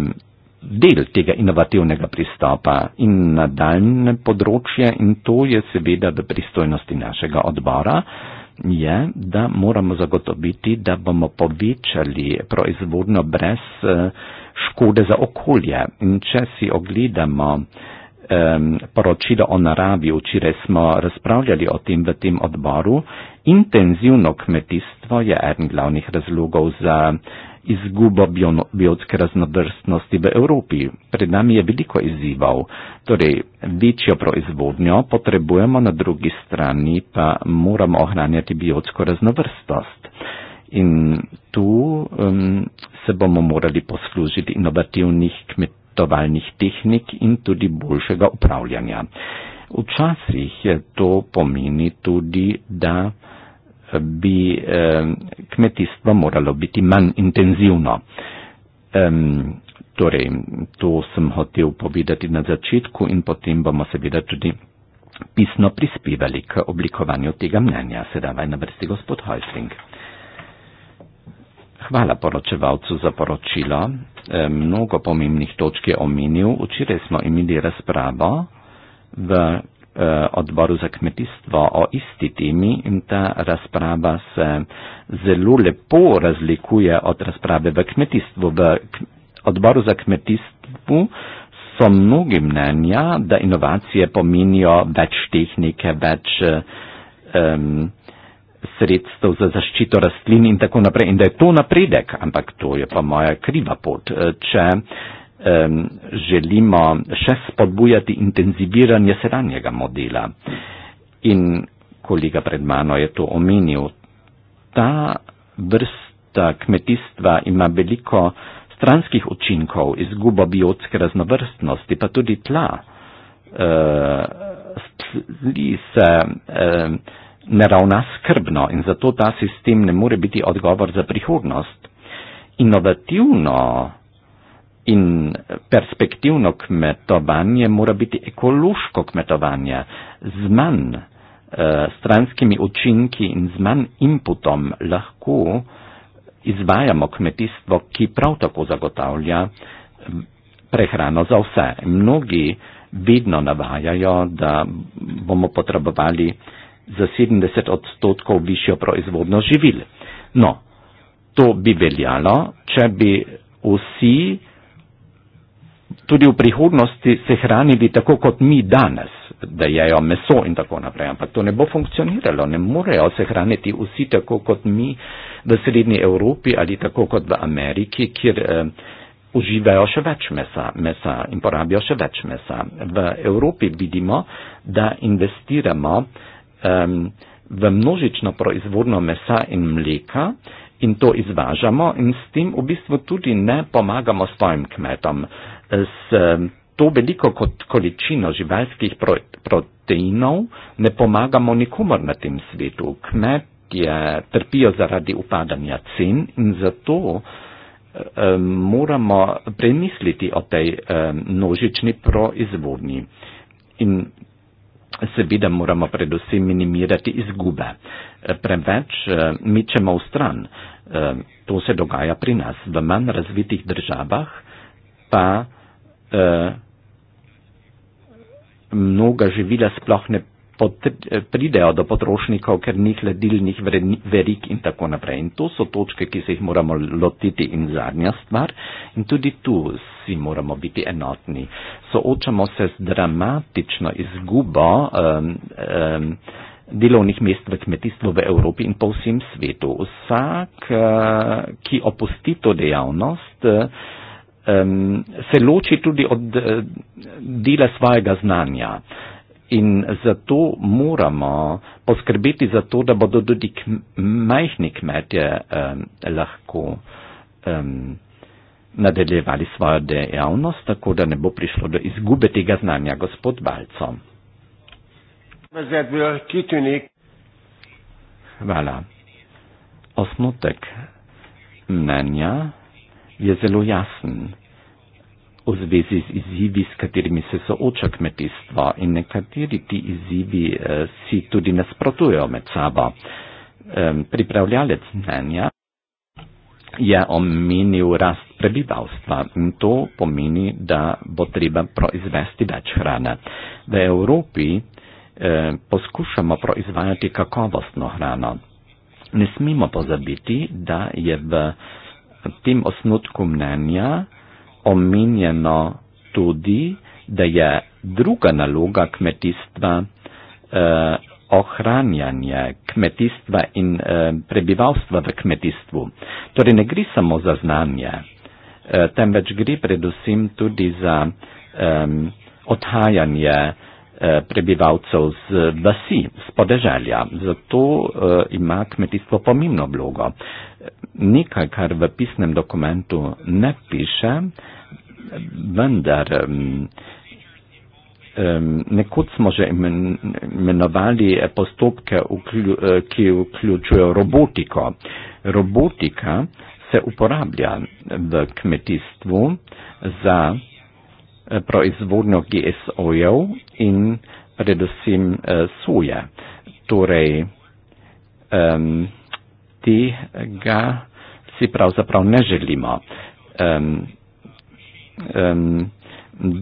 del tega inovativnega pristopa in nadaljne področje, in to je seveda v pristojnosti našega odbora, je, da moramo zagotoviti, da bomo povečali proizvodno brez eh, škode za okolje. In če si ogledamo um, poročilo o naravi, včeraj smo razpravljali o tem v tem odboru, intenzivno kmetijstvo je eden glavnih razlogov za izgubo biotske raznovrstnosti v Evropi. Pred nami je veliko izzivov, torej večjo proizvodnjo potrebujemo, na drugi strani pa moramo ohranjati biotsko raznovrstnost. In tu um, se bomo morali poslužiti inovativnih kmetovalnih tehnik in tudi boljšega upravljanja. Včasih to pomeni tudi, da bi kmetijstvo moralo biti manj intenzivno. Torej, to sem hotel povedati na začetku in potem bomo seveda tudi pisno prispevali k oblikovanju tega mnenja. Sedaj vaj na vrsti gospod Heusling. Hvala poročevalcu za poročilo. E, mnogo pomembnih točk je omenil. Včeraj smo imeli razpravo v Eh, odboru za kmetijstvo o isti temi in ta razprava se zelo lepo razlikuje od razprave v kmetijstvu. V odboru za kmetijstvo so mnogi mnenja, da inovacije pomenijo več tehnike, več um, sredstev za zaščito rastlin in tako naprej in da je to napredek, ampak to je pa moja kriva pot. Eh, če želimo še spodbujati intenziviranje sedanjega modela. In kolega pred mano je to omenil, ta vrsta kmetijstva ima veliko stranskih učinkov, izgubo biotske raznovrstnosti, pa tudi tla. E, Sli se e, ne ravna skrbno in zato ta sistem ne more biti odgovor za prihodnost. Inovativno In perspektivno kmetovanje mora biti ekološko kmetovanje z manj uh, stranskimi učinki in z manj inputom lahko izvajamo kmetijstvo, ki prav tako zagotavlja eh, prehrano za vse. Mnogi vedno navajajo, da bomo potrebovali za 70 odstotkov višjo proizvodnost živil. No, to bi veljalo, če bi vsi tudi v prihodnosti se hranili tako kot mi danes, da jejo meso in tako naprej. Ampak to ne bo funkcioniralo, ne morejo se hraniti vsi tako kot mi v srednji Evropi ali tako kot v Ameriki, kjer eh, uživajo še več mesa, mesa in porabijo še več mesa. V Evropi vidimo, da investiramo eh, v množično proizvodno mesa in mleka. In to izvažamo in s tem v bistvu tudi ne pomagamo svojim kmetom s to veliko kot količino živalskih proteinov ne pomagamo nikomor na tem svetu. Kmetje trpijo zaradi upadanja cen in zato moramo premisliti o tej množični proizvodnji. In seveda moramo predvsem minimirati izgube. Preveč mičemo v stran. To se dogaja pri nas. V manj razvitih državah pa Eh, mnoga živila sploh ne eh, pridejo do potrošnikov, ker ni hladilnih verik in tako naprej. In to so točke, ki se jih moramo lotiti in zadnja stvar. In tudi tu si moramo biti enotni. Soočamo se z dramatično izgubo um, um, delovnih mest v kmetijstvu v Evropi in po vsem svetu. Vsak, uh, ki opusti to dejavnost, uh, um, se loči tudi od eh, dela svojega znanja. In zato moramo poskrbeti za to, da bodo tudi majhni kmetje um, lahko um, nadaljevali svojo dejavnost, tako da ne bo prišlo do izgube tega znanja, gospod Balco. Hvala. Osnutek mnenja je zelo jasen v zvezi z izzivi, s katerimi se sooča kmetijstvo in nekateri ti izzivi eh, si tudi nasprotujo med sabo. Eh, pripravljalec mnenja je omenil rast prebivalstva in to pomeni, da bo treba proizvesti več hrane. V Evropi eh, poskušamo proizvajati kakovostno hrano. Ne smemo pozabiti, da je v eh, tem osnutku mnenja omenjeno tudi, da je druga naloga kmetijstva eh, ohranjanje kmetijstva in eh, prebivalstva v kmetijstvu. Torej ne gre samo za znanje, eh, temveč gre predvsem tudi za eh, odhajanje eh, Eh, prebivalcev z vasi, z podeželja. Zato eh, ima kmetijstvo pomembno vlogo. Nekaj, kar v pisnem dokumentu ne piše, vendar nekud smo že imenovali postopke, eh, ki vključujejo robotiko. Robotika se uporablja v kmetijstvu za Eh, proizvodnjo GSO-jev in predvsem eh, soja. Torej, um, tega si pravzaprav ne želimo. Um, um,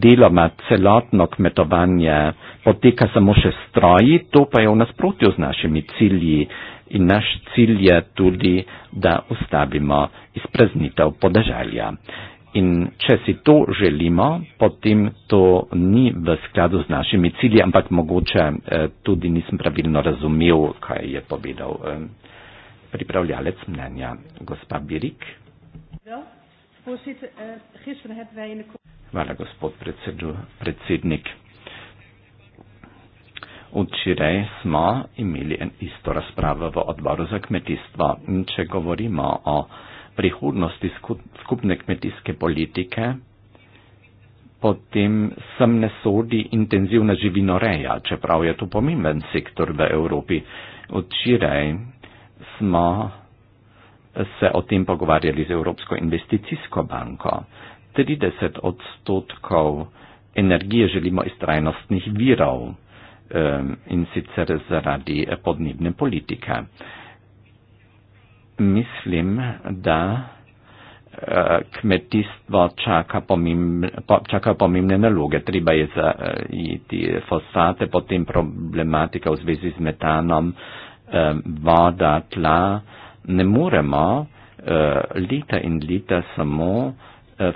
deloma celotno kmetovanje poteka samo še stroji, to pa je v nasprotju z našimi cilji in naš cilj je tudi, da ustavimo izpreznitev podežalja. In če si to želimo, potem to ni v skladu z našimi cilji, ampak mogoče eh, tudi nisem pravilno razumel, kaj je povedal eh, pripravljalec mnenja, gospa Birik. Hvala, gospod predsednik. Včeraj smo imeli isto razpravo v odboru za kmetijstvo. Če govorimo o prihodnosti skupne kmetijske politike, potem sem ne sodi intenzivna živinoreja, čeprav je to pomemben sektor v Evropi. Včeraj smo se o tem pogovarjali z Evropsko investicijsko banko. 30 odstotkov energije želimo iz trajnostnih virov ehm, in sicer zaradi podnebne politike mislim, da eh, kmetijstvo čaka, pomembne, čaka pomembne naloge. Treba je zajiti fosate, potem problematika v zvezi z metanom, eh, voda, tla. Ne moremo eh, leta in leta samo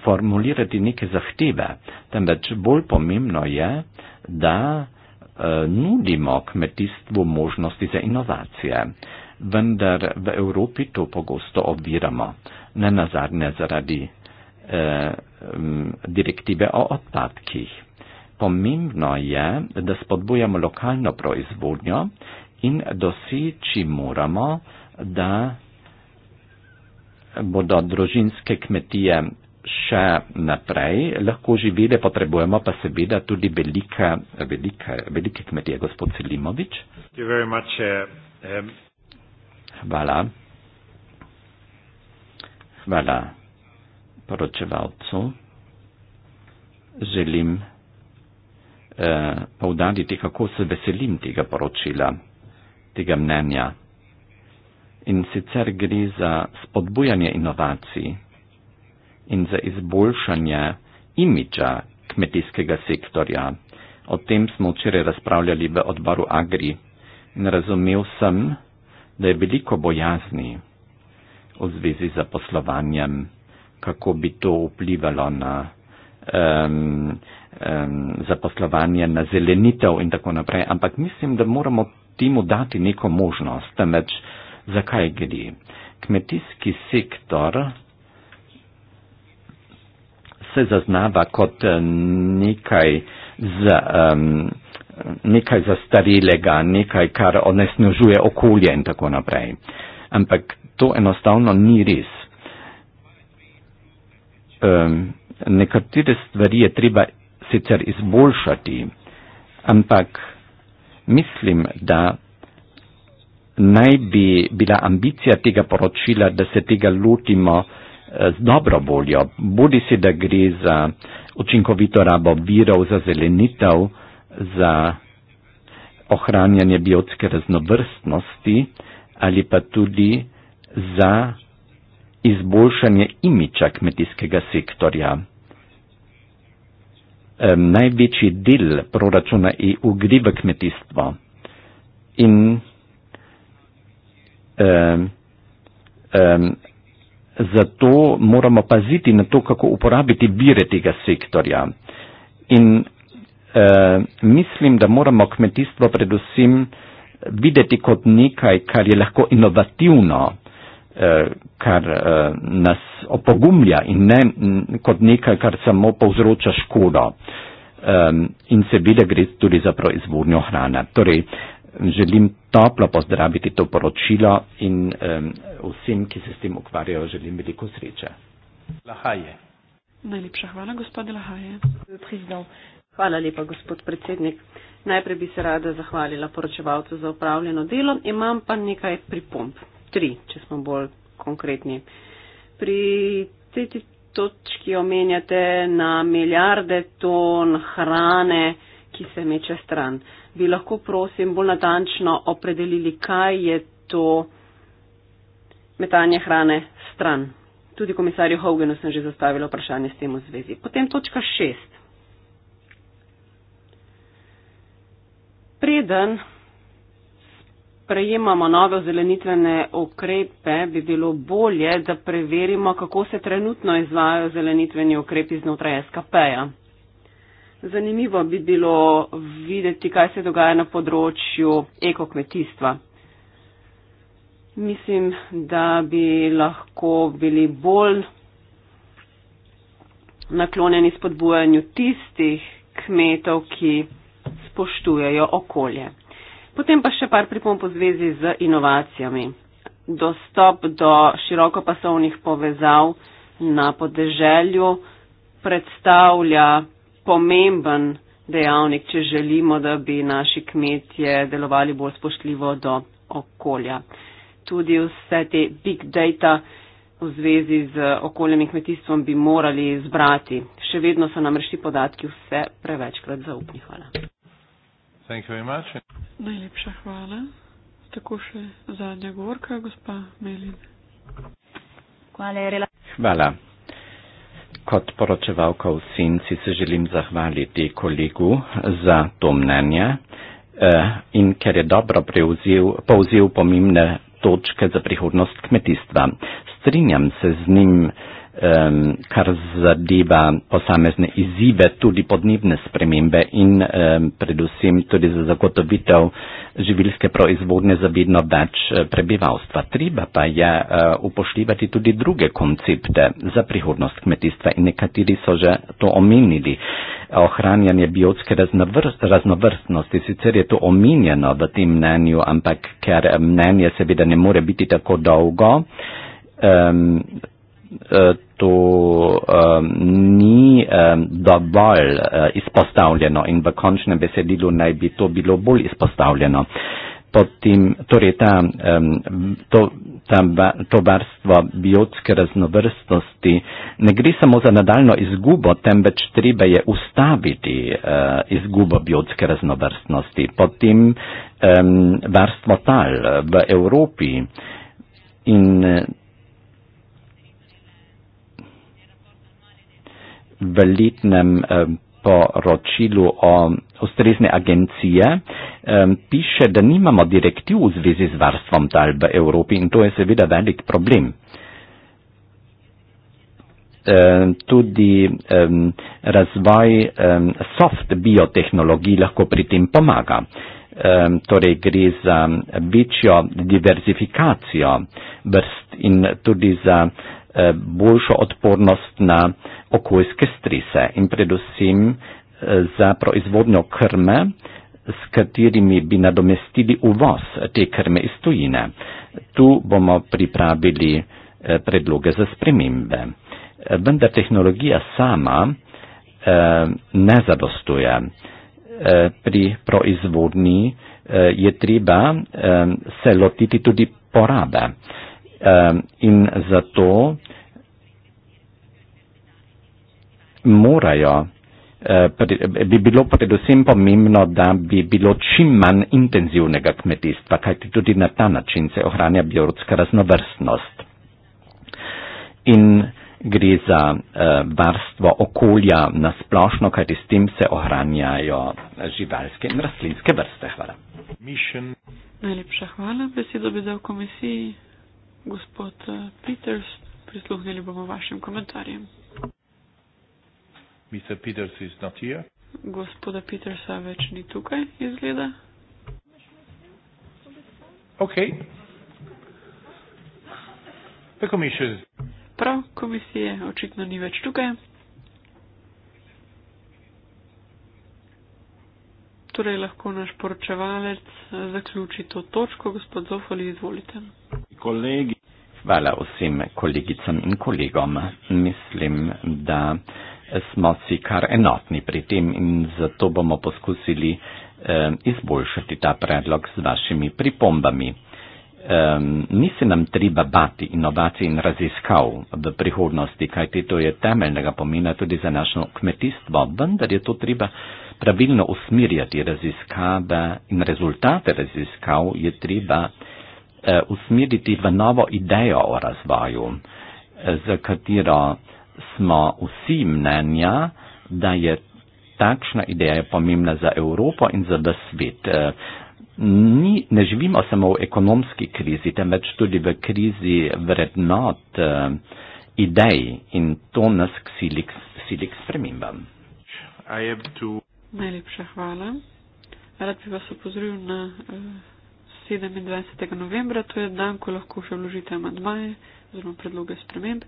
formulirati neke zahteve, temveč bolj pomembno je, da nudimo kmetijstvu možnosti za inovacije vendar v Evropi to pogosto obviramo, ne nazadnje zaradi eh, direktive o odpadkih. Pomembno je, da spodbujamo lokalno proizvodnjo in doseči moramo, da bodo družinske kmetije še naprej lahko živele, potrebujemo pa seveda tudi velike, velike, velike kmetije, gospod Selimovič chvala, chvala poročevalcu. Želim eh, povdariti, kako se veselim tega poročila, tega mnenja. In sicer gre za spodbujanje inovacij in za izboljšanje imidža kmetijskega sektorja. O tem smo včeraj razpravljali v odboru Agri in razumel sem, da je veliko bojazni v zvezi z zaposlovanjem, kako bi to vplivalo na um, um, zaposlovanje, na zelenitev in tako naprej. Ampak mislim, da moramo temu dati neko možnost, temveč zakaj gre. Kmetijski sektor se zaznava kot eh, nekaj z. Um, nekaj zastarilega, nekaj, kar onesnažuje okolje in tako naprej. Ampak to enostavno ni res. Um, nekatere stvari je treba sicer izboljšati, ampak mislim, da naj bi bila ambicija tega poročila, da se tega lotimo eh, z dobro voljo, bodi si, da gre za učinkovito rabo virov, za zelenitev, za ohranjanje biotske raznovrstnosti ali pa tudi za izboljšanje imiča kmetijskega sektorja. Um, največji del proračuna EU gre v kmetijstvo in um, um, zato moramo paziti na to, kako uporabiti vire tega sektorja. In Eh, mislim, da moramo kmetijstvo predvsem videti kot nekaj, kar je lahko inovativno, eh, kar eh, nas opogumlja in ne m, kot nekaj, kar samo povzroča škodo. Eh, in seveda gre tudi za proizvodnjo hrana. Torej, želim toplo pozdraviti to poročilo in eh, vsem, ki se s tem ukvarjajo, želim veliko sreče. Lahaje. Najlepša hvala, gospod Lahaje. Prizdal. Hvala lepa, gospod predsednik. Najprej bi se rada zahvalila poročevalcu za upravljeno delo, imam pa nekaj pripomp. Tri, če smo bolj konkretni. Pri tretji točki omenjate na milijarde ton hrane, ki se meče stran. Bi lahko prosim bolj natančno opredelili, kaj je to metanje hrane stran. Tudi komisarju Hogenu sem že zastavila vprašanje s tem v zvezi. Potem točka šest. Preden prejemamo nove zelenitvene okrepe, bi bilo bolje, da preverimo, kako se trenutno izvajajo zelenitveni okrepi znotraj SKP-ja. Zanimivo bi bilo videti, kaj se dogaja na področju ekokmetijstva. Mislim, da bi lahko bili bolj naklonjeni spodbujanju tistih kmetov, ki spoštujejo okolje. Potem pa še par pripomp v zvezi z inovacijami. Dostop do širokopasovnih povezav na podeželju predstavlja pomemben dejavnik, če želimo, da bi naši kmetje delovali bolj spoštljivo do okolja. Tudi vse te big data v zvezi z okoljem in kmetijstvom bi morali zbrati. Še vedno so namreč ti podatki vse prevečkrat zaupni. Hvala. Thank you very much. Najlepša hvala. Tako še zadnja govorka, gospa Melin. Hvala. Kot poročevalka v Sinci se želim zahvaliti kolegu za to mnenje eh, in ker je dobro preuzil, povzil pomembne točke za prihodnost kmetijstva. Strinjam se z njim um, kar zadeva posamezne izzive, tudi podnebne spremembe in um, predvsem tudi za zagotovitev živilske proizvodne za vedno več e, prebivalstva. Treba pa je uh, upoštevati tudi druge koncepte za prihodnost kmetijstva in nekateri so že to omenili. Ohranjanje biotske raznovrstnosti, sicer je to omenjeno v tem mnenju, ampak ker e, mnenje seveda ne more biti tako dolgo, um, Eh, to eh, ni eh, dovolj izpostavljeno in v končnem besedilu naj bi to bilo bolj izpostavljeno. Potem, torej ta, to, ta, to varstvo biotske raznovrstnosti ne gre samo za nadaljno izgubo, temveč treba je ustaviti eh, izgubo biotske raznovrstnosti. Potem eh, varstvo tal v Evropi in v letnem eh, poročilu o ustrezne agencije eh, piše, da nimamo direktiv v zvezi z varstvom tal v Evropi in to je seveda velik problem. Eh, tudi razvoj soft biotehnologij lahko pri tem pomaga. Torej gre za večjo diverzifikacijo vrst in tudi za Eh, boljšo odpornost na okoljske strese in predvsem eh, za proizvodnjo krme, s katerimi bi nadomestili uvoz te krme iz tujine. Tu bomo pripravili eh, predloge za spremembe. Vendar tehnologija sama ne zadostuje. Pri proizvodnji je treba se lotiti tudi porabe in zato morajo, eh, bi bilo predvsem pomembno, da bi bilo čim manj intenzivnega kmetijstva, kajti tudi na ta način se ohranja biotska raznovrstnost. In gre za eh, varstvo okolja na splošno, kajti s tem se ohranjajo živalske in rastlinske vrste. Hvala. Najlepša hvala. Besedo bi dal komisiji. Gospod eh, Peters, prisluhnili bomo vašim komentarjem. Mr. Peters is not here. Gospoda Petersa več ni tukaj, izgleda. Ok. The commission. Prav, komisije očitno ni več tukaj. Torej lahko naš poročevalec eh, zaključi to točko. Gospod Zofoli, izvolite kolegi. Hvala vsem kolegicam in kolegom. Mislim, da smo si kar enotni pri tem in zato bomo poskusili eh, izboljšati ta predlog z vašimi pripombami. Eh, ni se nam treba bati inovacij in raziskav v prihodnosti, kajti to je temeljnega pomena tudi za našo kmetijstvo, vendar je to treba pravilno usmirjati raziskave in rezultate raziskav je treba. Eh, Eh, usmeriti v novo idejo o razvoju, eh, za katero smo vsi mnenja, da je takšna ideja pomembna za Evropo in za svet. Eh, ni, ne živimo samo v ekonomski krizi, temveč tudi v krizi vrednot, idej in to nas k silik, silik spremembam. To... Najlepša hvala. Rad bi vas opozoril na. Uh... 27. novembra, to je dan, ko lahko še vložite amadmaje oziroma predloge sprememb.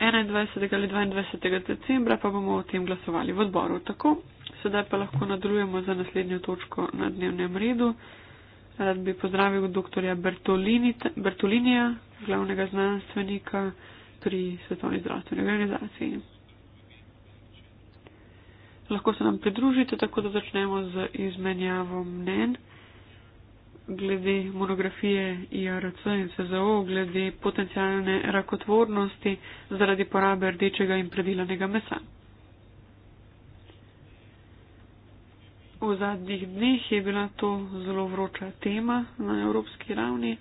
21. ali 22. decembra pa bomo o tem glasovali v odboru. Tako, sedaj pa lahko nadaljujemo za naslednjo točko na dnevnem redu. Rad bi pozdravil dr. Bertolinija, glavnega znanstvenika pri Svetovni zdravstveni organizaciji. Lahko se nam pridružite, tako da začnemo z izmenjavo mnen glede monografije IRC in SZO, glede potencijalne rakotvornosti zaradi porabe rdečega in predelanega mesa. V zadnjih dneh je bila to zelo vroča tema na evropski ravni.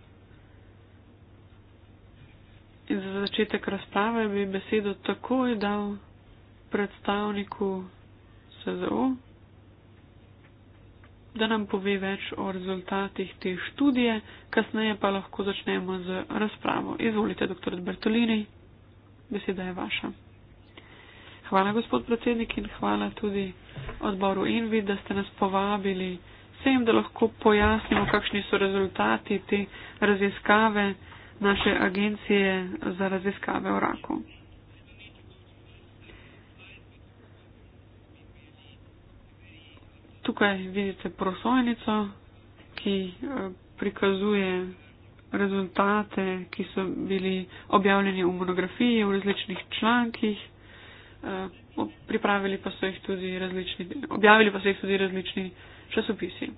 In za začetek razprave bi besedo takoj dal predstavniku SZO, da nam pove več o rezultatih te študije, kasneje pa lahko začnemo z razpravo. Izvolite, dr. Bertolini, beseda je vaša. Hvala, gospod predsednik, in hvala tudi odboru Invid, da ste nas povabili sem, da lahko pojasnimo, kakšni so rezultati te raziskave naše agencije za raziskave o raku. Tukaj vidite prosojnico, ki eh, prikazuje rezultate, ki so bili objavljeni v monografiji, v različnih člankih, eh, pripravili pa so jih tudi različni, objavili pa so jih tudi različni časopisi.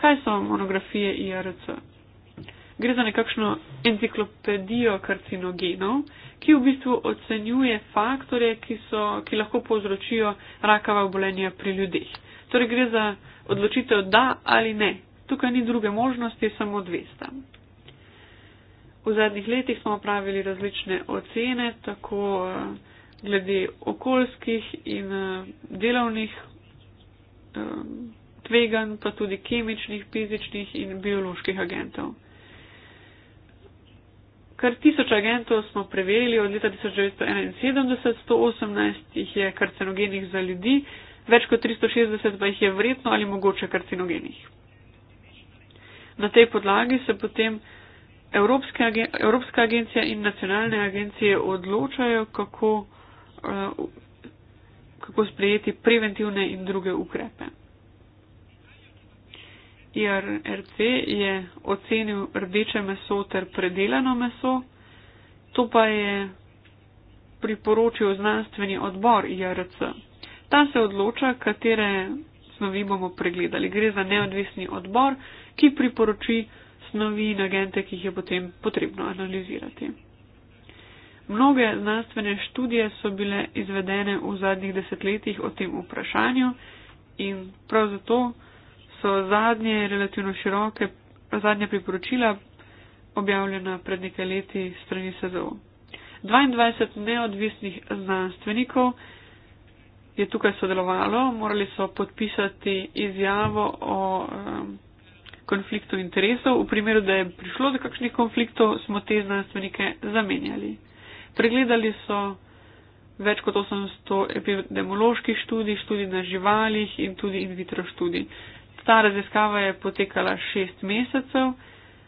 Kaj so monografije IRC? Gre za nekakšno enciklopedijo karcinogenov, ki v bistvu ocenjuje faktore, ki, so, ki lahko povzročijo rakava obolenja pri ljudeh. Torej gre za odločitev da ali ne. Tukaj ni druge možnosti, samo dvesta. V zadnjih letih smo opravili različne ocene, tako eh, glede okoljskih in eh, delovnih eh, tvegan, pa tudi kemičnih, fizičnih in bioloških agentov. Kar tisoč agentov smo preverili od leta 1971, 118 jih je karcinogenih za ljudi, več kot 360 pa jih je vredno ali mogoče karcinogenih. Na tej podlagi se potem Evropske, Evropska agencija in nacionalne agencije odločajo, kako, eh, kako sprejeti preventivne in druge ukrepe. IRRC je ocenil rdeče meso ter predelano meso, to pa je priporočil znanstveni odbor IRC. Ta se odloča, katere snovi bomo pregledali. Gre za neodvisni odbor, ki priporoči snovi in agente, ki jih je potem potrebno analizirati. Mnoge znanstvene študije so bile izvedene v zadnjih desetletjih o tem vprašanju in prav zato so zadnje relativno široke, zadnje priporočila objavljena pred nekaj leti strani SZO. 22 neodvisnih znanstvenikov je tukaj sodelovalo, morali so podpisati izjavo o um, konfliktu interesov. V primeru, da je prišlo do kakšnih konfliktov, smo te znanstvenike zamenjali. Pregledali so več kot 800 epidemioloških študij, študij na živalih in tudi in vitro študij. Ta raziskava je potekala šest mesecev.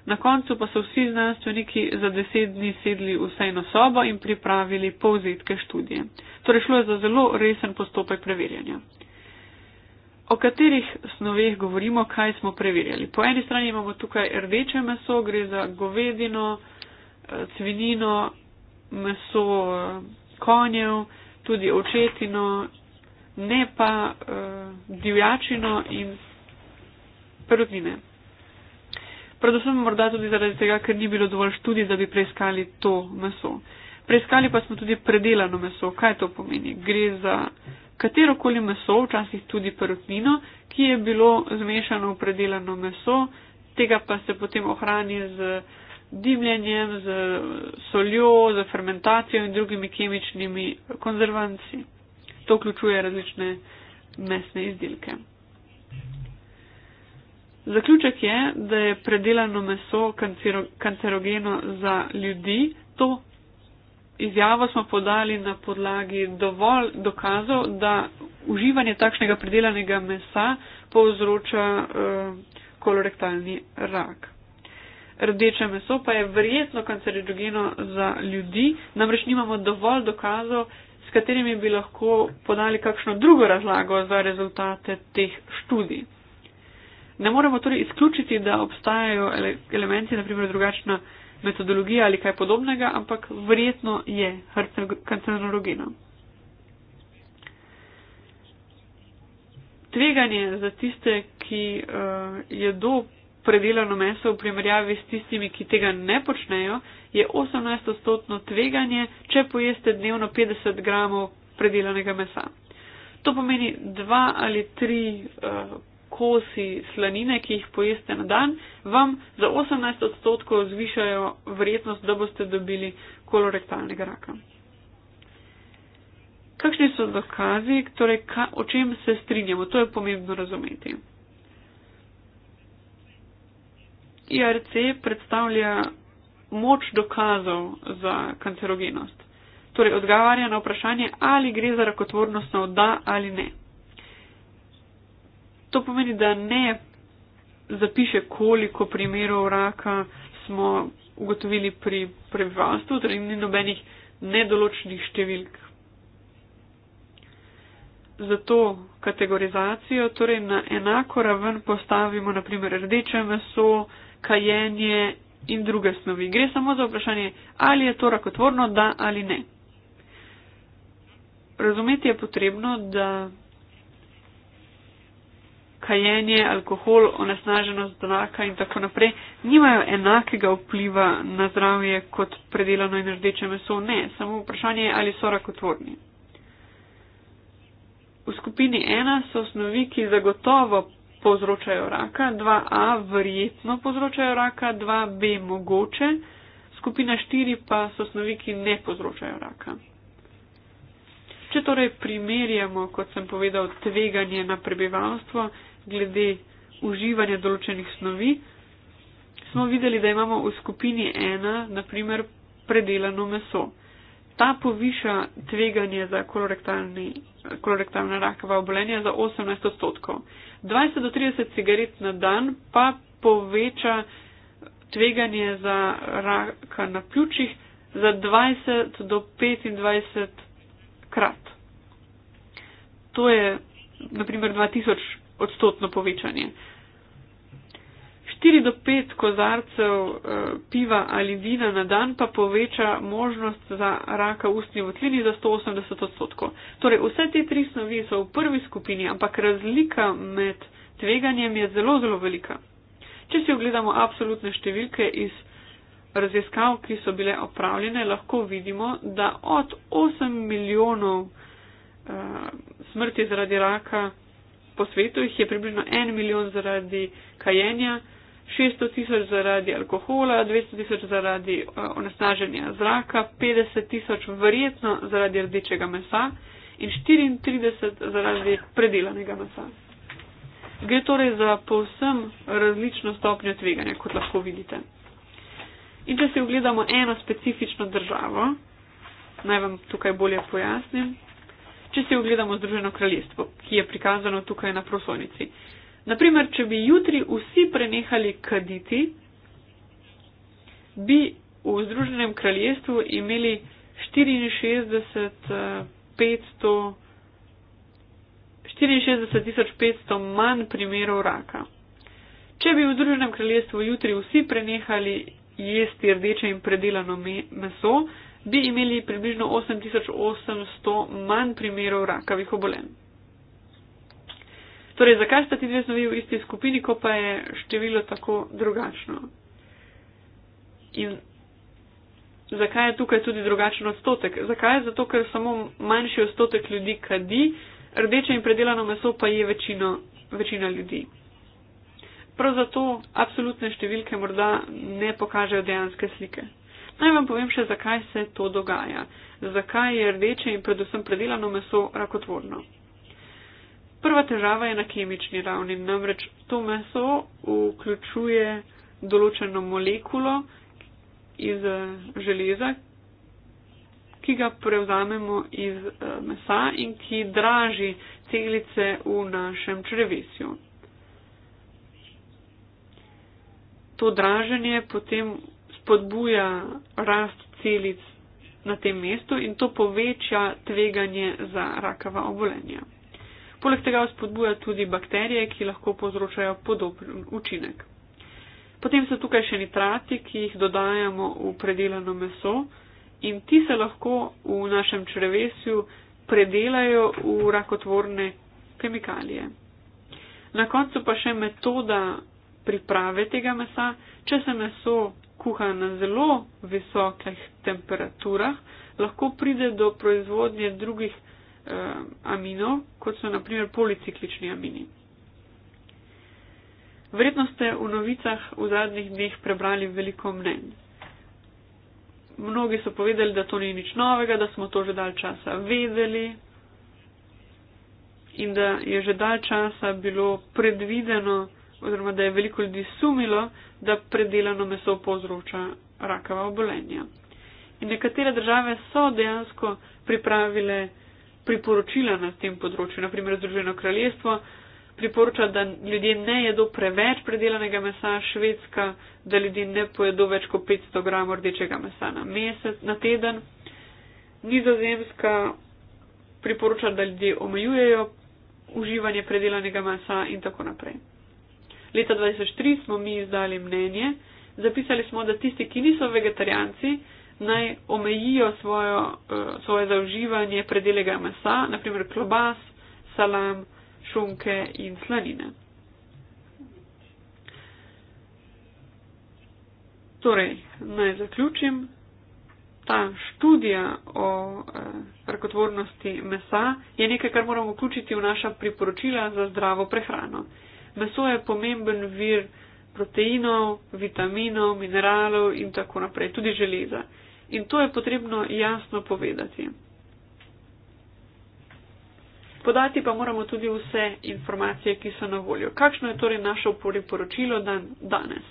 Na koncu pa so vsi znanstveniki za deset dni sedli vsaj na sobo in pripravili povzetke študije. Torej šlo je za zelo resen postopek preverjanja. O katerih snoveh govorimo, kaj smo preverjali? Po eni strani imamo tukaj rdeče meso, gre za govedino, eh, cvinino, meso eh, konjev, tudi očetino, ne pa eh, divjačino in prvotine predvsem morda tudi zaradi tega, ker ni bilo dovolj študij, da bi preiskali to meso. Preiskali pa smo tudi predelano meso. Kaj to pomeni? Gre za katerokoli meso, včasih tudi prvotnino, ki je bilo zmešano v predelano meso, tega pa se potem ohrani z dimljenjem, z soljo, z fermentacijo in drugimi kemičnimi konzervanci. To vključuje različne mesne izdelke. Zaključek je, da je predelano meso kancero, kancerogeno za ljudi. To izjavo smo podali na podlagi dovolj dokazov, da uživanje takšnega predelanega mesa povzroča uh, kolorektalni rak. Rdeče meso pa je verjetno kancerogeno za ljudi, namreč nimamo dovolj dokazov, s katerimi bi lahko podali kakšno drugo razlago za rezultate teh študij. Ne moremo torej izključiti, da obstajajo ele elementi, naprimer drugačna metodologija ali kaj podobnega, ampak verjetno je karcinogena. Tveganje za tiste, ki uh, jedo predelano meso v primerjavi s tistimi, ki tega ne počnejo, je 18-stotno tveganje, če pojeste dnevno 50 gramov predelanega mesa. To pomeni dva ali tri uh, kosi slanine, ki jih pojeste na dan, vam za 18 odstotkov zvišajo vrednost, da boste dobili kolorektalnega raka. Kakšni so dokazi, torej ka, o čem se strinjamo? To je pomembno razumeti. IRC predstavlja moč dokazov za kancerogenost. Torej odgovarja na vprašanje, ali gre za rakotvornostno da ali ne. To pomeni, da ne zapiše, koliko primerov raka smo ugotovili pri prebivalstvu, torej ni nobenih nedoločnih številk. Za to kategorizacijo torej na enako raven postavimo naprimer rdeče meso, kajenje in druge snovi. Gre samo za vprašanje, ali je to rakotvorno, da ali ne. Razumeti je potrebno, da kajenje, alkohol, onesnaženost donaka in tako naprej, nimajo enakega vpliva na zdravje kot predelano in rdeče meso. Ne, samo vprašanje je, ali so rakotvorni. V skupini 1 so snovi, ki zagotovo povzročajo raka, 2A verjetno povzročajo raka, 2B mogoče, skupina 4 pa so snovi, ki ne povzročajo raka. Če torej primerjamo, kot sem povedal, tveganje na prebivalstvo, glede uživanja določenih snovi, smo videli, da imamo v skupini ena, naprimer, predelano meso. Ta poviša tveganje za kolorektalna rakava obolenja za 18 odstotkov. 20 do 30 cigaret na dan pa poveča tveganje za raka na pljučih za 20 do 25 krat. To je, naprimer, 2000 odstotno povečanje. 4 do 5 kozarcev eh, piva ali vina na dan pa poveča možnost za raka ustni votlini za 180 odstotkov. Torej, vse te tri snovi so v prvi skupini, ampak razlika med tveganjem je zelo, zelo velika. Če si ogledamo absolutne številke iz raziskav, ki so bile opravljene, lahko vidimo, da od 8 milijonov uh, smrti zaradi raka po svetu jih je približno en milijon zaradi kajenja, 600 tisoč zaradi alkohola, 200 tisoč zaradi eh, onesnaženja zraka, 50 tisoč verjetno zaradi rdečega mesa in 34 zaradi predelanega mesa. Gre torej za povsem različno stopnjo tveganja, kot lahko vidite. In če si ogledamo eno specifično državo, naj vam tukaj bolje pojasnim če si ogledamo Združeno kraljestvo, ki je prikazano tukaj na prosojnici. Naprimer, če bi jutri vsi prenehali kaditi, bi v Združenem kraljestvu imeli 64500 64 eh, manj primerov raka. Če bi v Združenem kraljestvu jutri vsi prenehali jesti rdeče in predelano meso, bi imeli približno 8800 manj primerov rakavih obolenj. Torej, zakaj sta ti dve snovi v isti skupini, ko pa je število tako drugačno? In zakaj je tukaj tudi drugačen odstotek? Zakaj? Zato, ker samo manjši odstotek ljudi kadi, rdeče in predelano meso pa je večino, večina ljudi. Prav zato absolutne številke morda ne pokažejo dejanske slike. Naj vam povem še, zakaj se to dogaja. Zakaj je rdeče in predvsem predelano meso rakotvorno? Prva težava je na kemični ravni. Namreč to meso vključuje določeno molekulo iz eh, železa, ki ga prevzamemo iz eh, mesa in ki draži celice v našem črevesju. To draženje potem spodbuja rast celic na tem mestu in to poveča tveganje za rakava obolenja. Poleg tega spodbuja tudi bakterije, ki lahko povzročajo podoben učinek. Potem so tukaj še nitrati, ki jih dodajamo v predelano meso in ti se lahko v našem črevesju predelajo v rakotvorne kemikalije. Na koncu pa še metoda priprave tega mesa. Če se meso kuha na zelo visokih temperaturah, lahko pride do proizvodnje drugih eh, aminov, kot so naprimer policiklični amini. Verjetno ste v novicah v zadnjih dneh prebrali veliko mnen. Mnogi so povedali, da to ni nič novega, da smo to že dal časa vedeli in da je že dal časa bilo predvideno, oziroma da je veliko ljudi sumilo, da predelano meso povzroča rakava obolenja. In nekatere države so dejansko pripravile priporočila na tem področju, naprimer Združeno kraljestvo priporoča, da ljudje ne jedo preveč predelanega mesa, Švedska, da ljudje ne pojedo več kot 500 gramov rdečega mesa na mesec, na teden, Nizozemska priporoča, da ljudje omejujejo uživanje predelanega mesa in tako naprej. Leta 2003 smo mi izdali mnenje, zapisali smo, da tisti, ki niso vegetarijanci, naj omejijo svojo, eh, svoje zauživanje predelega mesa, naprimer klobas, salam, šunke in slanine. Torej, naj zaključim. Ta študija o eh, rakotvornosti mesa je nekaj, kar moramo vključiti v naša priporočila za zdravo prehrano. Meso je pomemben vir proteinov, vitaminov, mineralov in tako naprej, tudi železa. In to je potrebno jasno povedati. Podati pa moramo tudi vse informacije, ki so na voljo. Kakšno je torej naše priporočilo dan danes?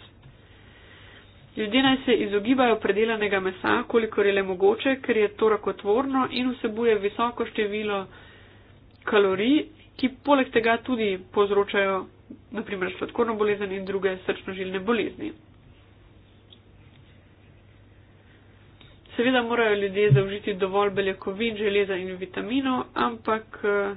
Ljudje naj se izogibajo predelanega mesa, kolikor je le mogoče, ker je to rakotvorno in vsebuje visoko število kalorij, ki poleg tega tudi povzročajo naprimer sladkorno bolezen in druge srčnožilne bolezni. Seveda morajo ljudje zaužiti dovolj beljakovin, železa in vitaminov, ampak eh,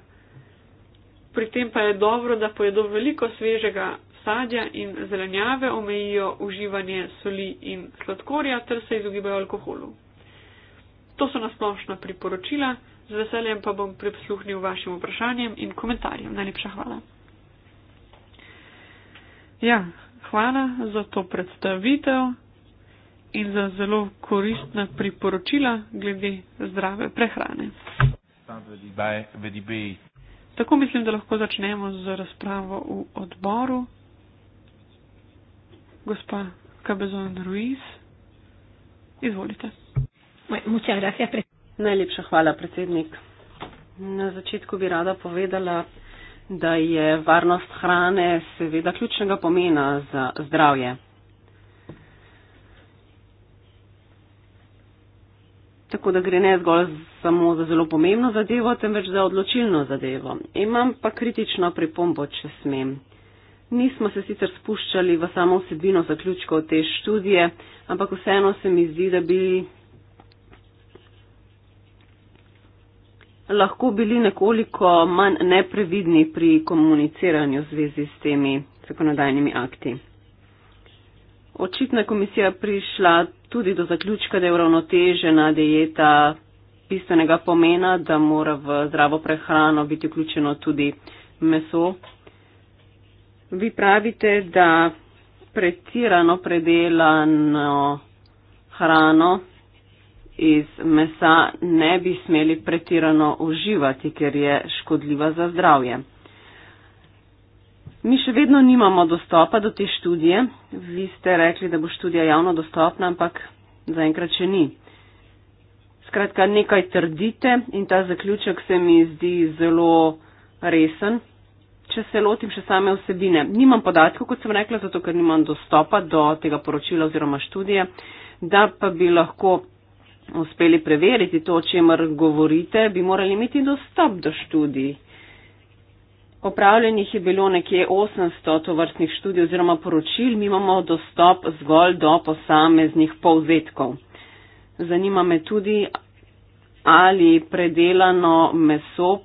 pri tem pa je dobro, da pojedo veliko svežega sadja in zelenjave, omejijo uživanje soli in sladkorja ter se izogibajo alkoholu. To so nasplošna priporočila, z veseljem pa bom prepsluhnil vašim vprašanjem in komentarjem. Najlepša hvala. Ja, hvala za to predstavitev in za zelo koristna priporočila glede zdrave prehrane. Tako mislim, da lahko začnemo z razpravo v odboru. Gospa Cabezon Ruiz, izvolite. Najlepša hvala, predsednik. Na začetku bi rada povedala, da je varnost hrane seveda ključnega pomena za zdravje. Tako da gre ne zgolj samo za zelo pomembno zadevo, temveč za odločilno zadevo. Imam pa kritično pripombo, če smem. Nismo se sicer spuščali v samo vsebino zaključkov te študije, ampak vseeno se mi zdi, da bi lahko bili nekoliko manj neprevidni pri komuniciranju v zvezi s temi zakonodajnimi akti. Očitna komisija prišla tudi do zaključka, da je uravnotežena dieta bistvenega pomena, da mora v zdravo prehrano biti vključeno tudi meso. Vi pravite, da pretirano predelano hrano iz mesa ne bi smeli pretirano uživati, ker je škodljiva za zdravje. Mi še vedno nimamo dostopa do te študije. Vi ste rekli, da bo študija javno dostopna, ampak zaenkrat še ni. Skratka, nekaj trdite in ta zaključek se mi zdi zelo resen. Če se lotim še same vsebine, nimam podatkov, kot sem rekla, zato ker nimam dostopa do tega poročila oziroma študije, da pa bi lahko uspeli preveriti to, o čemer govorite, bi morali imeti dostop do študij. Opravljenih je bilo nekje 800 tovrstnih študij oziroma poročil, mi imamo dostop zgolj do posameznih povzetkov. Zanima me tudi, ali predelano meso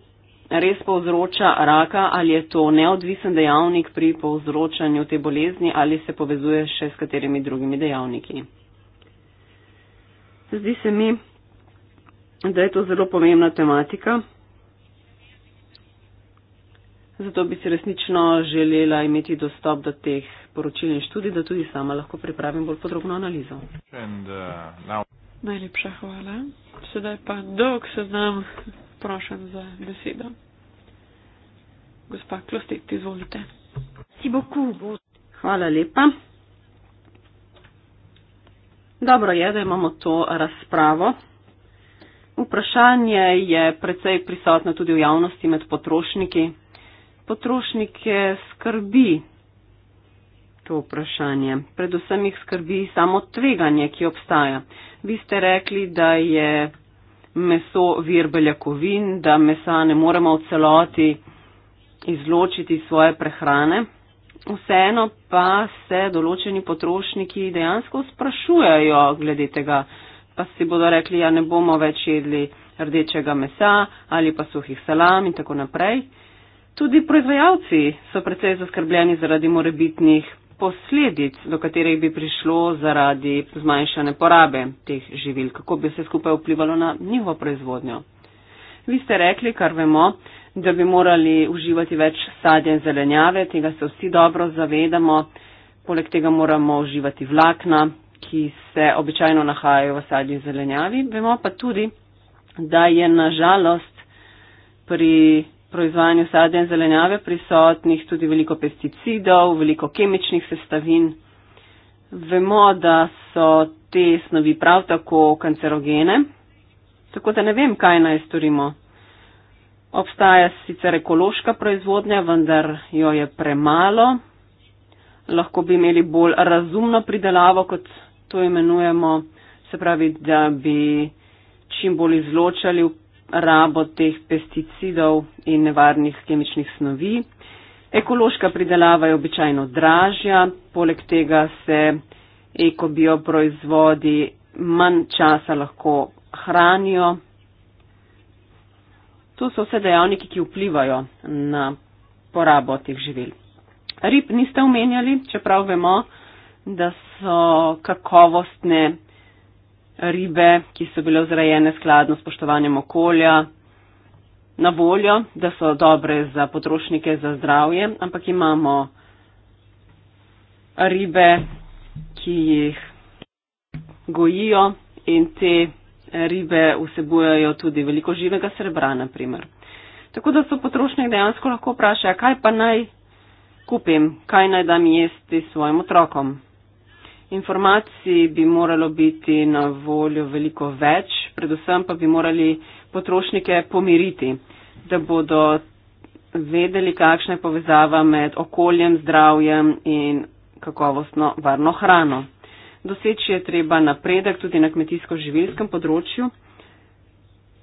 res povzroča raka, ali je to neodvisen dejavnik pri povzročanju te bolezni, ali se povezuje še s katerimi drugimi dejavniki. Zdi se mi, da je to zelo pomembna tematika. Zato bi si resnično želela imeti dostop do teh poročil in študij, da tudi sama lahko pripravim bolj podrobno analizo. And, uh, now... Najlepša hvala. Sedaj pa dolg seznam prošen za besedo. Gospa Klostet, izvolite. Hvala lepa. Dobro je, da imamo to razpravo. Vprašanje je precej prisotno tudi v javnosti med potrošniki. Potrošnike skrbi to vprašanje. Predvsem jih skrbi samo tveganje, ki obstaja. Vi ste rekli, da je meso vir beljakovin, da mesa ne moremo v celoti izločiti svoje prehrane vseeno pa se določeni potrošniki dejansko sprašujejo glede tega, pa si bodo rekli, ja ne bomo več jedli rdečega mesa ali pa suhih salam in tako naprej. Tudi proizvajalci so precej zaskrbljeni zaradi morebitnih posledic, do katerih bi prišlo zaradi zmanjšane porabe teh živil, kako bi se skupaj vplivalo na njihovo proizvodnjo. Vi ste rekli, kar vemo, da bi morali uživati več sadja in zelenjave, tega se vsi dobro zavedamo. Poleg tega moramo uživati vlakna, ki se običajno nahajajo v sadju in zelenjavi. Vemo pa tudi, da je nažalost pri proizvajanju sadja in zelenjave prisotnih tudi veliko pesticidov, veliko kemičnih sestavin. Vemo, da so te snovi prav tako kancerogene. Tako da ne vem, kaj naj storimo. Obstaja sicer ekološka proizvodnja, vendar jo je premalo. Lahko bi imeli bolj razumno pridelavo, kot to imenujemo, se pravi, da bi čim bolj izločali rabo teh pesticidov in nevarnih kemičnih snovi. Ekološka pridelava je običajno dražja, poleg tega se ekobioproizvodi manj časa lahko hranijo, Tu so vse dejavniki, ki vplivajo na porabo teh živil. Rib niste omenjali, čeprav vemo, da so kakovostne ribe, ki so bile vzrajene skladno s poštovanjem okolja, na voljo, da so dobre za potrošnike, za zdravje, ampak imamo ribe, ki jih gojijo in te ribe vsebujejo tudi veliko živega srebra, naprimer. Tako da so potrošnik dejansko lahko vprašajo, kaj pa naj kupim, kaj naj dam jesti svojim otrokom. Informacij bi moralo biti na voljo veliko več, predvsem pa bi morali potrošnike pomiriti, da bodo vedeli, kakšna je povezava med okoljem, zdravjem in kakovostno varno hrano. Doseči je treba napredek tudi na kmetijsko-živilskem področju.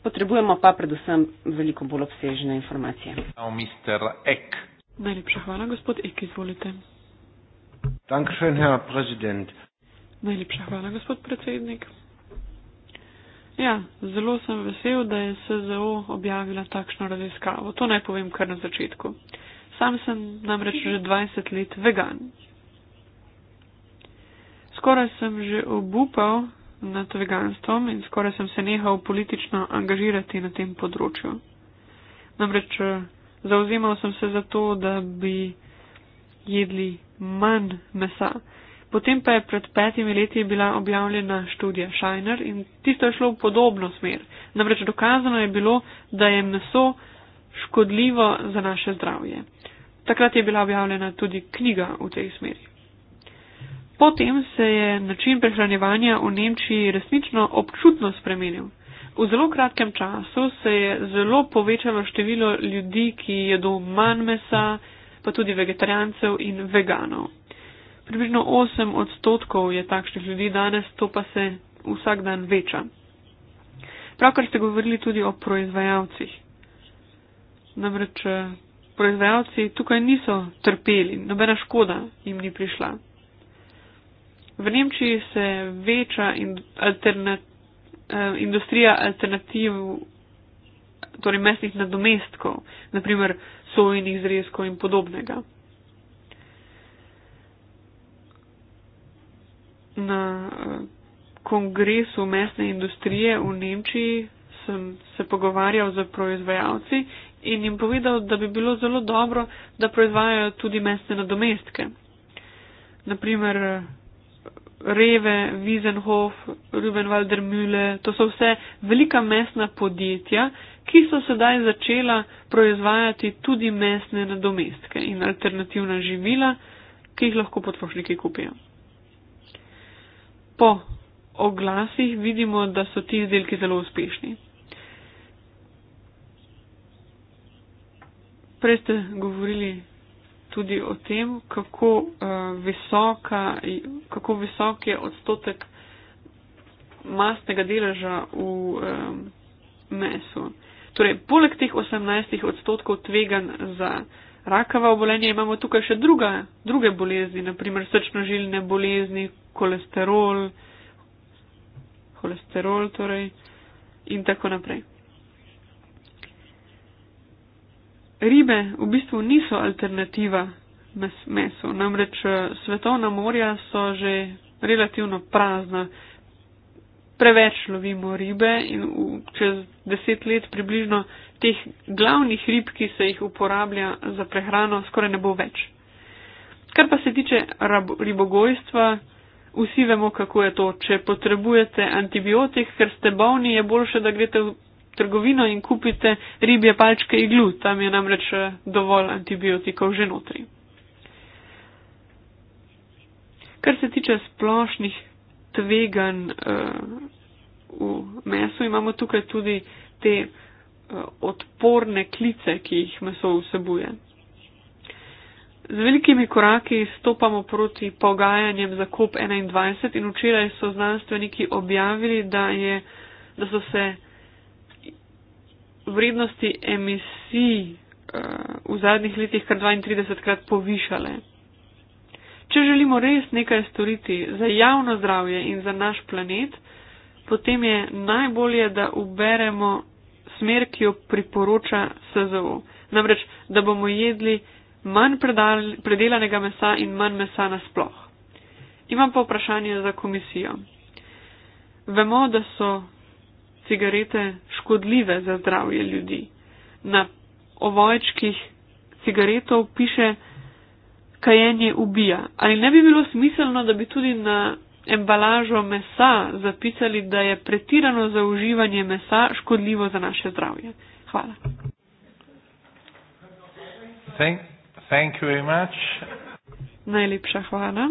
Potrebujemo pa predvsem veliko bolj obsežne informacije. Najlepša hvala, gospod Ek, izvolite. Dankšen, herr prezident. Najlepša hvala, gospod predsednik. Ja, zelo sem vesel, da je SZO objavila takšno raziskavo. To naj povem kar na začetku. Sam sem namreč že 20 let vegan skoraj sem že obupal nad veganstvom in skoraj sem se nehal politično angažirati na tem področju. Namreč eh, zauzemal sem se za to, da bi jedli manj mesa. Potem pa je pred petimi leti bila objavljena študija Shiner in tisto je šlo v podobno smer. Namreč dokazano je bilo, da je meso škodljivo za naše zdravje. Takrat je bila objavljena tudi knjiga v tej smeri. Potem se je način prehranjevanja v Nemčiji resnično občutno spremenil. V zelo kratkem času se je zelo povečalo število ljudi, ki jedo manj mesa, pa tudi vegetarijancev in veganov. Približno 8 odstotkov je takšnih ljudi danes, to pa se vsak dan veča. Pravkar ste govorili tudi o proizvajalcih. Namreč eh, proizvajalci tukaj niso trpeli, nobena škoda jim ni prišla. V Nemčiji se veča in alterna, uh, eh, industrija alternativ, torej mesnih nadomestkov, naprimer sojnih zrezkov in podobnega. Na eh, kongresu mesne industrije v Nemčiji sem se pogovarjal z proizvajalci in jim povedal, da bi bilo zelo dobro, da proizvajajo tudi mesne nadomestke. Naprimer, Reve, Wiesenhof, Ruben Waldermühle, to so vse velika mesna podjetja, ki so sedaj začela proizvajati tudi mesne nadomestke in alternativna živila, ki jih lahko potrošniki kupijo. Po oglasih vidimo, da so ti izdelki zelo uspešni. Prej ste govorili tudi o tem, kako, uh, visoka, kako visok je odstotek masnega deleža v um, mesu. Torej, poleg teh 18 odstotkov tvegan za rakava obolenja imamo tukaj še druga, druge bolezni, naprimer srčnožilne bolezni, kolesterol, kolesterol torej, in tako naprej. ribe v bistvu niso alternativa mes, mesu. Namreč eh, svetovna morja so že relativno prazna. Preveč lovimo ribe in v, čez deset let približno teh glavnih rib, ki se jih uporablja za prehrano, skoraj ne bo več. Kar pa se tiče ribogojstva, vsi vemo, kako je to. Če potrebujete antibiotik, ker ste bolni, je boljše, da greste trgovino in kupite ribje palčke iglu, tam je namreč eh, dovolj antibiotikov že notri. Kar se tiče splošnih tvegan uh, eh, v mesu, imamo tukaj tudi te uh, odporne klice, ki jih meso vsebuje. Z velikimi koraki stopamo proti pogajanjem za COP21 in včeraj so znanstveniki objavili, da, je, da so se vrednosti emisij eh, v zadnjih letih kar 32 krat povišale. Če želimo res nekaj storiti za javno zdravje in za naš planet, potem je najbolje, da uberemo smer, ki jo priporoča SZO. Namreč, da bomo jedli manj predelanega mesa in manj mesa nasploh. Imam pa vprašanje za komisijo. Vemo, da so cigarete škodljive za zdravje ljudi. Na ovojčkih cigaretov piše, kajenje ubija. Ali ne bi bilo smiselno, da bi tudi na embalažo mesa zapisali, da je pretirano zauživanje mesa škodljivo za naše zdravje? Hvala. Thank, thank you very much. Najlepša hvala.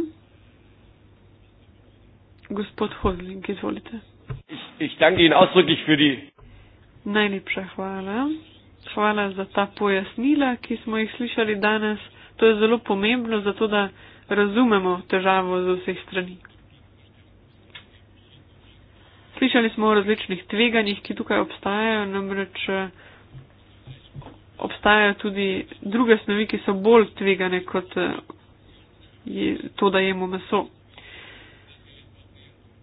Gospod Hodling, izvolite. Ich, ich danke Ihnen ausdrücklich für die. Najlepša hvala. Hvala za ta pojasnila, ki smo jih slišali danes. To je zelo pomembno, zato da razumemo težavo z vseh strani. Slišali smo o različnih tveganjih, ki tukaj obstajajo, namreč eh, obstajajo tudi druge snovi, ki so bolj tvegane kot eh, to, da jemo meso.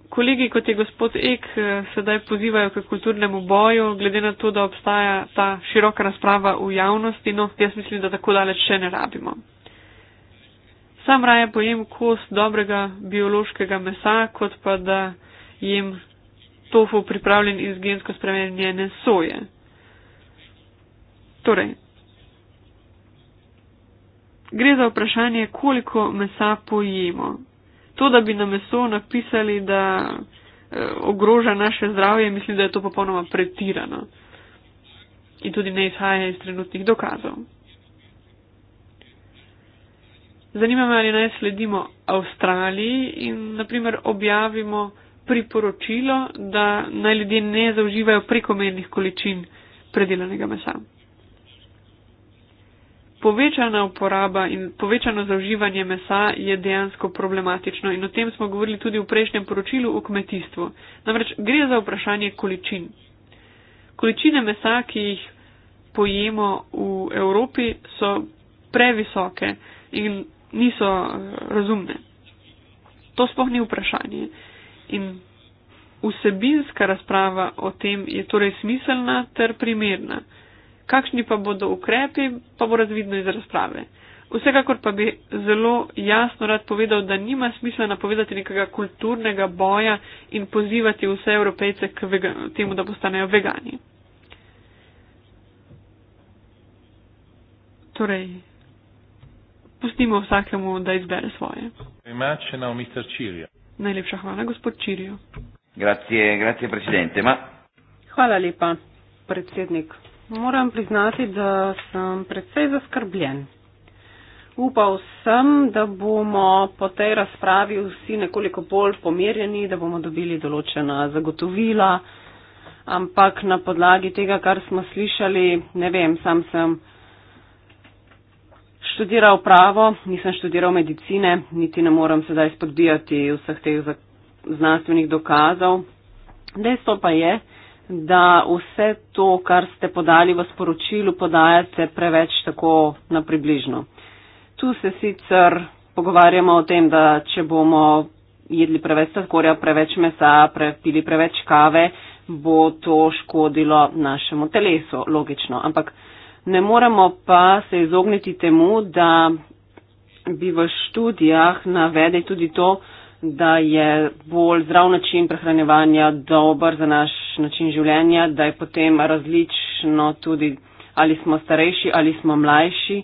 Kolegi, kot je gospod Ek, eh, sedaj pozivajo k kulturnemu boju, glede na to, da obstaja ta široka razprava v javnosti, no, jaz mislim, da tako daleč še ne rabimo. Sam raje pojem kos dobrega biološkega mesa, kot pa da jem tofu pripravljen iz gensko spremenjene soje. Torej, gre za vprašanje, koliko mesa pojemo. To, da bi na meso napisali, da eh, ogroža naše zdravje, mislim, da je to popolnoma pretirano. In tudi ne izhaja iz trenutnih dokazov. Zanima me, ali naj sledimo Avstraliji in naprimer objavimo priporočilo, da naj ljudje ne zaužívajo prekomernih količin predelanega mesa povečana uporaba in povečano zauživanje mesa je dejansko problematično in o tem smo govorili tudi v prejšnjem poročilu o kmetijstvu. Namreč gre za vprašanje količin. Količine mesa, ki jih pojemo v Evropi, so previsoke in niso eh, razumne. To sploh ni vprašanje. In vsebinska razprava o tem je torej smiselna ter primerna kakšni pa bodo ukrepi, pa bo razvidno iz razprave. Vsekakor pa bi zelo jasno rad povedal, da nima smisla napovedati nekega kulturnega boja in pozivati vse evropejce k temu, da postanejo vegani. Torej, pustimo vsakemu, da izbere svoje. Najlepša hvala, gospod Čirijo. Grazie, grazie, predsednik. Ma... Hvala lepa, predsednik. Moram priznati, da sem predvsej zaskrbljen. Upal sem, da bomo po tej razpravi vsi nekoliko bolj pomirjeni, da bomo dobili določena zagotovila, ampak na podlagi tega, kar smo slišali, ne vem, sam sem študiral pravo, nisem študiral medicine, niti ne morem sedaj spodbijati vseh teh znanstvenih dokazov. Dejstvo pa je, da vse to, kar ste podali v sporočilu, podajate preveč tako na približno. Tu se sicer pogovarjamo o tem, da če bomo jedli preveč sladkorja, preveč mesa, pili preveč kave, bo to škodilo našemu telesu, logično. Ampak ne moremo pa se izogniti temu, da bi v študijah navedli tudi to, da je bolj zdrav način prehranevanja dober za naš način življenja, da je potem različno tudi, ali smo starejši ali smo mlajši.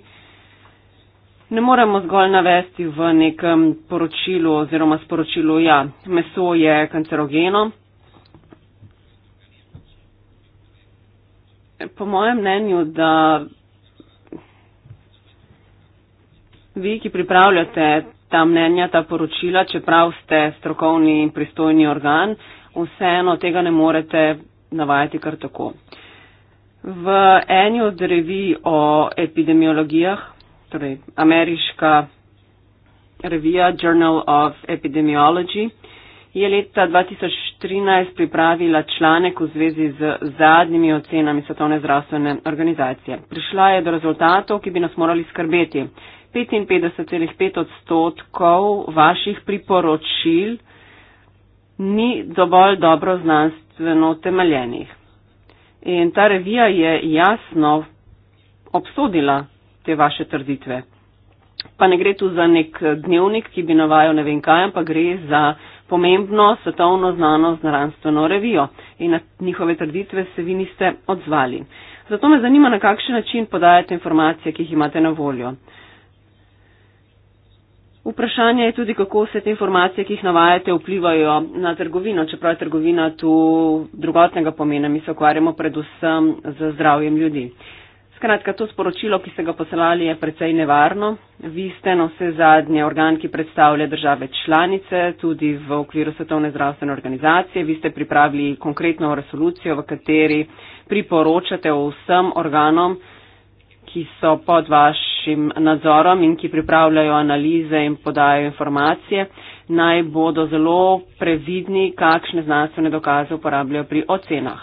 Ne moremo zgolj navesti v nekem poročilu oziroma sporočilu, ja, meso je kancerogeno. Po mojem mnenju, da vi, ki pripravljate ta mnenja, ta poročila, čeprav ste strokovni in pristojni organ, vseeno tega ne morete navajati kar tako. V eni od revij o epidemiologijah, torej ameriška revija Journal of Epidemiology, je leta 2013 pripravila članek v zvezi z zadnjimi ocenami Svetovne zdravstvene organizacije. Prišla je do rezultatov, ki bi nas morali skrbeti. 55,5 odstotkov vaših priporočil ni dovolj dobro znanstveno temeljenih. In ta revija je jasno obsodila te vaše trditve. Pa ne gre tu za nek dnevnik, ki bi navajal ne vem kaj, ampak gre za pomembno svetovno znano znanstveno revijo in na njihove trditve se vi niste odzvali. Zato me zanima, na kakšen način podajate informacije, ki jih imate na voljo. Vprašanje je tudi, kako se te informacije, ki jih navajate, vplivajo na trgovino, čeprav je trgovina tu drugotnega pomena, mi se ukvarjamo predvsem z zdravjem ljudi. Skratka, to sporočilo, ki ste ga poslali, je precej nevarno. Vi ste na vse zadnje organ, ki predstavlja države članice, tudi v okviru Svetovne zdravstvene organizacije. Vi ste pripravili konkretno resolucijo, v kateri priporočate vsem organom, ki so pod vašim nadzorom in ki pripravljajo analize in podajo informacije, naj bodo zelo previdni, kakšne znanstvene dokaze uporabljajo pri ocenah.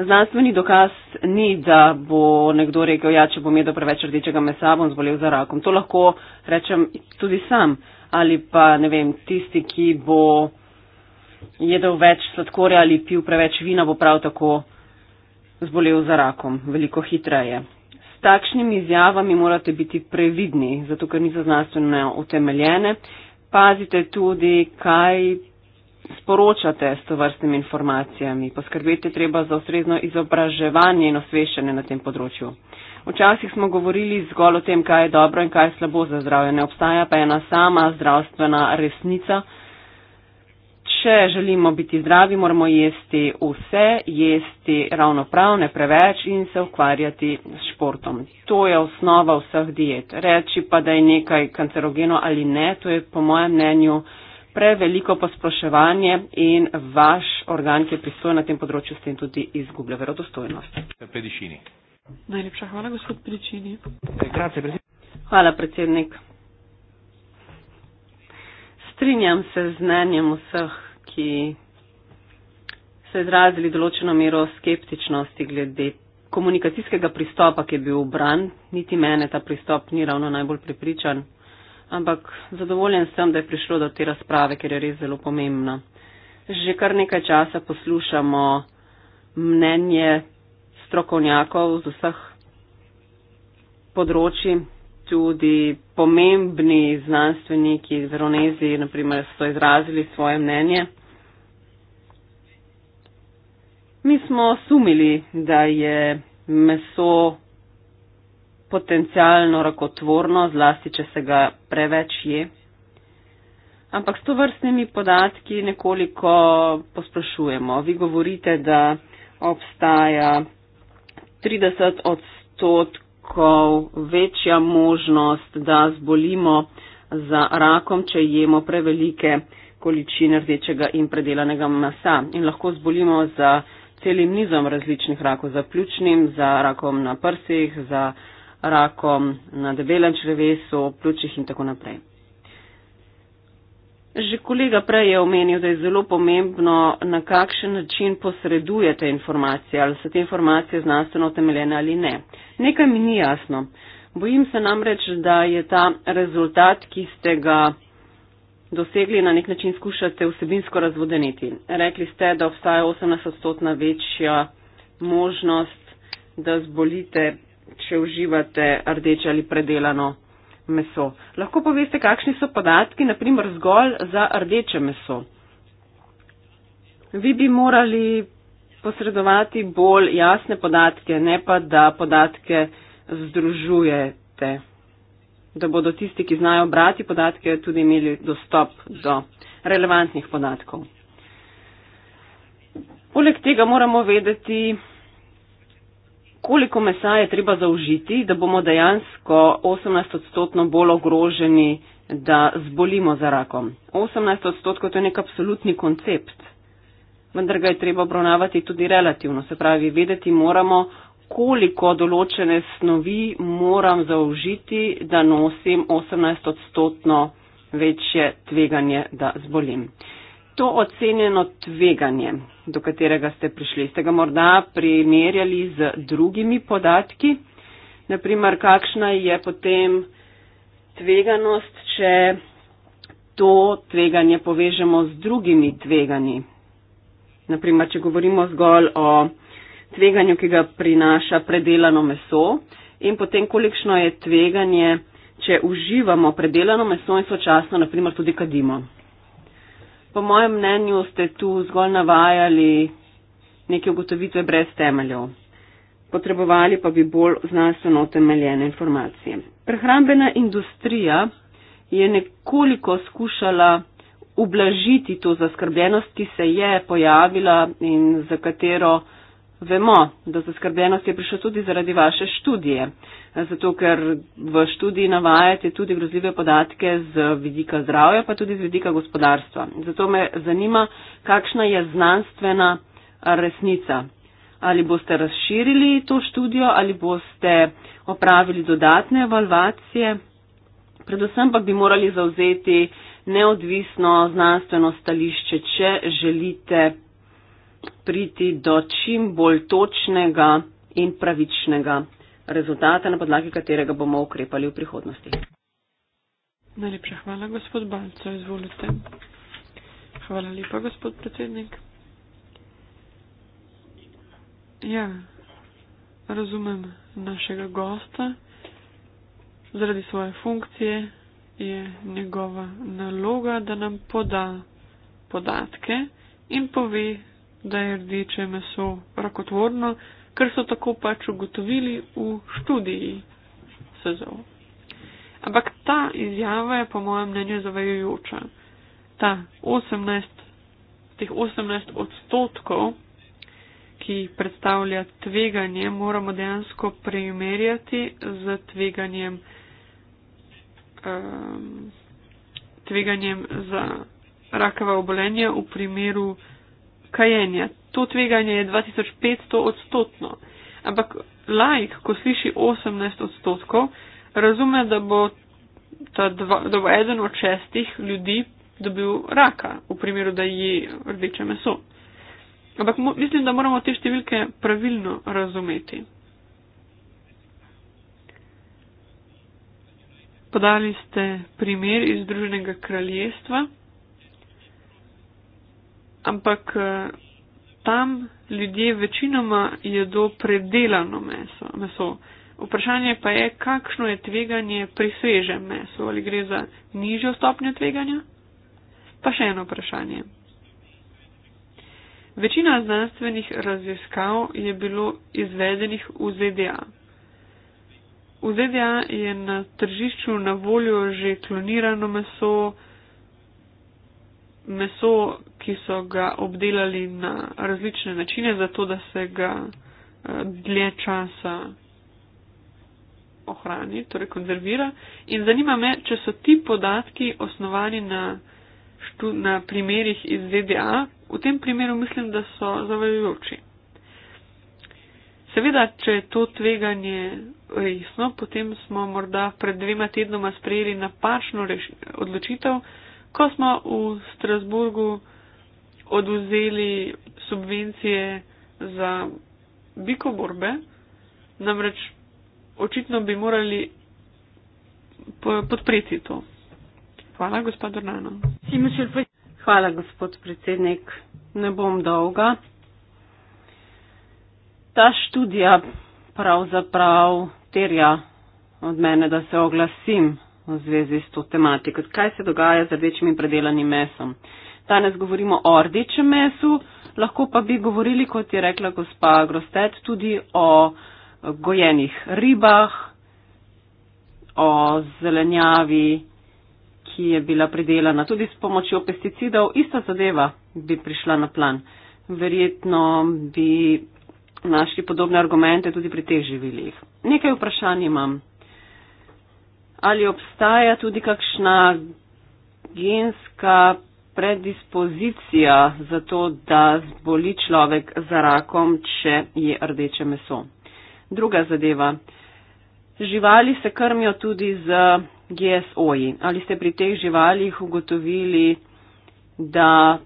Znanstveni dokaz ni, da bo nekdo rekel, ja, če bom jedel preveč rdečega mesa, bom zbolel za rakom. To lahko rečem tudi sam ali pa, ne vem, tisti, ki bo jedel več sladkorja ali pil preveč vina, bo prav tako zbolel za rakom, veliko hitreje. S takšnimi izjavami morate biti previdni, zato ker niso znanstveno utemeljene. Pazite tudi, kaj sporočate s to vrstnimi informacijami. Poskrbite treba za ustrezno izobraževanje in osveščanje na tem področju. Včasih smo govorili zgolj o tem, kaj je dobro in kaj je slabo za zdravje. Ne obstaja pa ena sama zdravstvena resnica, Če želimo biti zdravi, moramo jesti vse, jesti ravno prav, ne preveč in se ukvarjati s športom. To je osnova vseh diet. Reči pa, da je nekaj kancerogeno ali ne, to je po mojem mnenju preveliko posploševanje in vaš organ, ki je pristojen na tem področju, s tem tudi izgublja verodostojnost. Pedišini. Najlepša hvala, gospod Pedišini. Eh, grazie, predsednik. Hvala, predsednik. Strinjam se z mnenjem vseh ki so izrazili določeno mero skeptičnosti glede komunikacijskega pristopa, ki je bil obran. Niti mene ta pristop ni ravno najbolj pripričan, ampak zadovoljen sem, da je prišlo do te razprave, ker je res zelo pomembna. Že kar nekaj časa poslušamo mnenje strokovnjakov z vseh področji, tudi pomembni znanstveniki, veronezi, naprimer, so izrazili svoje mnenje. Mi smo sumili, da je meso potencialno rakotvorno, zlasti če se ga preveč je. Ampak s to vrstnimi podatki nekoliko posprašujemo. Vi govorite, da obstaja 30 odstotkov večja možnost, da zbolimo za rakom, če jemo prevelike količine rdečega in predelanega masa. In lahko zbolimo za celim nizom različnih rakov, za pljučnim, za rakom na prsih, za rakom na debelem črevesu, pljučih in tako naprej. Že kolega prej je omenil, da je zelo pomembno, na kakšen način posredujete informacije, ali so te informacije znanstveno temeljene ali ne. Nekaj mi ni jasno. Bojim se namreč, da je ta rezultat, ki ste ga dosegli na nek način skušate vsebinsko razvodeniti. Rekli ste, da obstaja 18-stotna večja možnost, da zbolite, če uživate rdeče ali predelano meso. Lahko poveste, kakšni so podatki, naprimer zgolj za rdeče meso. Vi bi morali posredovati bolj jasne podatke, ne pa da podatke združujete da bodo tisti, ki znajo brati podatke, tudi imeli dostop do relevantnih podatkov. Poleg tega moramo vedeti, koliko mesa je treba zaužiti, da bomo dejansko 18 odstotno bolj ogroženi, da zbolimo za rakom. 18 odstotkov to je nek absolutni koncept, vendar ga je treba obravnavati tudi relativno. Se pravi, vedeti moramo, koliko določene snovi moram zaužiti, da nosim 18 odstotno večje tveganje, da zbolim. To ocenjeno tveganje, do katerega ste prišli, ste ga morda primerjali z drugimi podatki, naprimer kakšna je potem tveganost, če to tveganje povežemo z drugimi tveganji. Naprimer, če govorimo zgolj o tveganju, ki ga prinaša predelano meso in potem kolikšno je tveganje, če uživamo predelano meso in sočasno, naprimer, tudi kadimo. Po mojem mnenju ste tu zgolj navajali neke ugotovitve brez temeljev. Potrebovali pa bi bolj znanstveno utemeljene informacije. Prehrambena industrija je nekoliko skušala ublažiti to zaskrbljenost, ki se je pojavila in za katero Vemo, da zaskrbljenost je prišla tudi zaradi vaše študije, zato ker v študiji navajate tudi grozljive podatke z vidika zdravja, pa tudi z vidika gospodarstva. Zato me zanima, kakšna je znanstvena resnica. Ali boste razširili to študijo, ali boste opravili dodatne evalvacije. Predvsem pa bi morali zauzeti neodvisno znanstveno stališče, če želite priti do čim bolj točnega in pravičnega rezultata, na podlagi katerega bomo ukrepali v prihodnosti. Najlepša hvala, gospod Balco. Izvolite. Hvala lepa, gospod predsednik. Ja, razumem našega gosta. Zaradi svoje funkcije je njegova naloga, da nam poda podatke in pove da je rdeče meso rakotvorno, ker so tako pač ugotovili v študiji SZO. Ampak ta izjava je po mojem mnenju zavajajoča. Ta 18, teh 18 odstotkov, ki predstavlja tveganje, moramo dejansko primerjati z tveganjem, um, tveganjem za rakava obolenja v primeru kajenja. To tveganje je 2500 odstotno. Ampak lajk, ko sliši 18 odstotkov, razume, da bo, dva, da bo eden od šestih ljudi dobil raka, v primeru, da je rdeče meso. Ampak mislim, da moramo te številke pravilno razumeti. Podali ste primer iz Združenega kraljestva ampak eh, tam ljudje večinoma jedo predelano meso, meso. Vprašanje pa je, kakšno je tveganje pri svežem mesu, ali gre za nižjo stopnjo tveganja? Pa še eno vprašanje. Večina znanstvenih raziskav je bilo izvedenih v ZDA. V ZDA je na tržišču na voljo že klonirano meso, meso, ki so ga obdelali na različne načine, zato da se ga eh, dlje časa ohrani, torej konzervira. In zanima me, če so ti podatki osnovani na, štu, na primerih iz ZDA. V tem primeru mislim, da so zavajajoči. Seveda, če je to tveganje resno, potem smo morda pred dvema tednoma sprejeli napačno odločitev, ko smo v Strasburgu oduzeli subvencije za bikoborbe, namreč očitno bi morali podpreti to. Hvala, gospod Dornano. Hvala, gospod predsednik. Ne bom dolga. Ta študija pravzaprav terja od mene, da se oglasim v zvezi s to tematiko. Kaj se dogaja z rdečim in predelanim mesom? Danes govorimo o rdečem mesu, lahko pa bi govorili, kot je rekla gospa Grostet, tudi o gojenih ribah, o zelenjavi, ki je bila predelana tudi s pomočjo pesticidov. Ista zadeva bi prišla na plan. Verjetno bi našli podobne argumente tudi pri teh živilih. Nekaj vprašanj imam ali obstaja tudi kakšna genska predispozicija za to, da zboli človek za rakom, če je rdeče meso. Druga zadeva. Živali se krmijo tudi z GSO-ji. Ali ste pri teh živalih ugotovili, da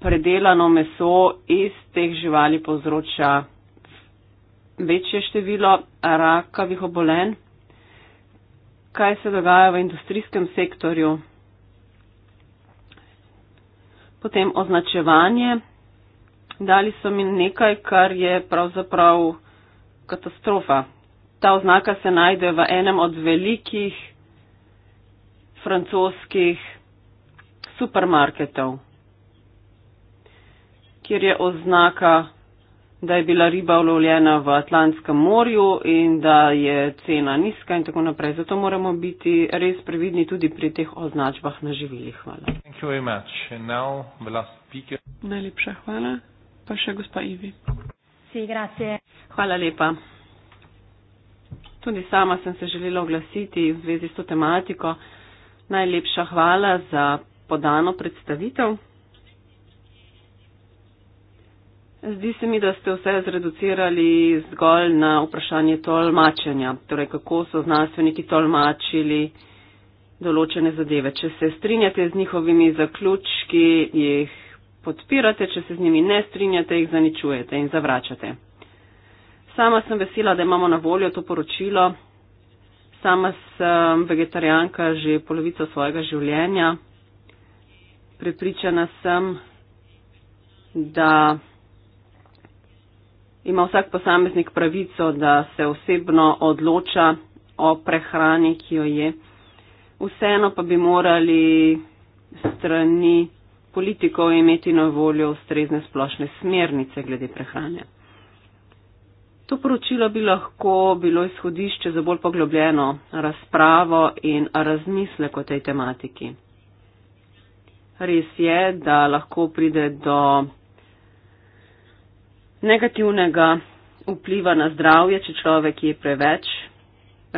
predelano meso iz teh živali povzroča večje število rakavih obolenj? kaj se dogaja v industrijskem sektorju. Potem označevanje. Dali so mi nekaj, kar je pravzaprav katastrofa. Ta oznaka se najde v enem od velikih francoskih supermarketov, kjer je oznaka da je bila riba ulovljena v Atlantskem morju in da je cena nizka in tako naprej. Zato moramo biti res previdni tudi pri teh označbah na živilih. Hvala. Najlepša hvala. Pa še gospa Ivi. Si, hvala lepa. Tudi sama sem se želela oglasiti v zvezi s to tematiko. Najlepša hvala za podano predstavitev. Zdi se mi, da ste vse zreducirali zgolj na vprašanje tolmačenja, torej kako so znanstveniki tolmačili določene zadeve. Če se strinjate z njihovimi zaključki, jih podpirate, če se z njimi ne strinjate, jih zaničujete in zavračate. Sama sem vesela, da imamo na voljo to poročilo. Sama sem vegetarijanka že polovico svojega življenja. Prepričana sem, da ima vsak posameznik pravico, da se osebno odloča o prehrani, ki jo je. Vseeno pa bi morali strani politikov imeti na voljo ustrezne splošne smernice glede prehrane. To poročilo bi lahko bilo izhodišče za bolj poglobljeno razpravo in razmislek o tej tematiki. Res je, da lahko pride do negativnega vpliva na zdravje, če človek je preveč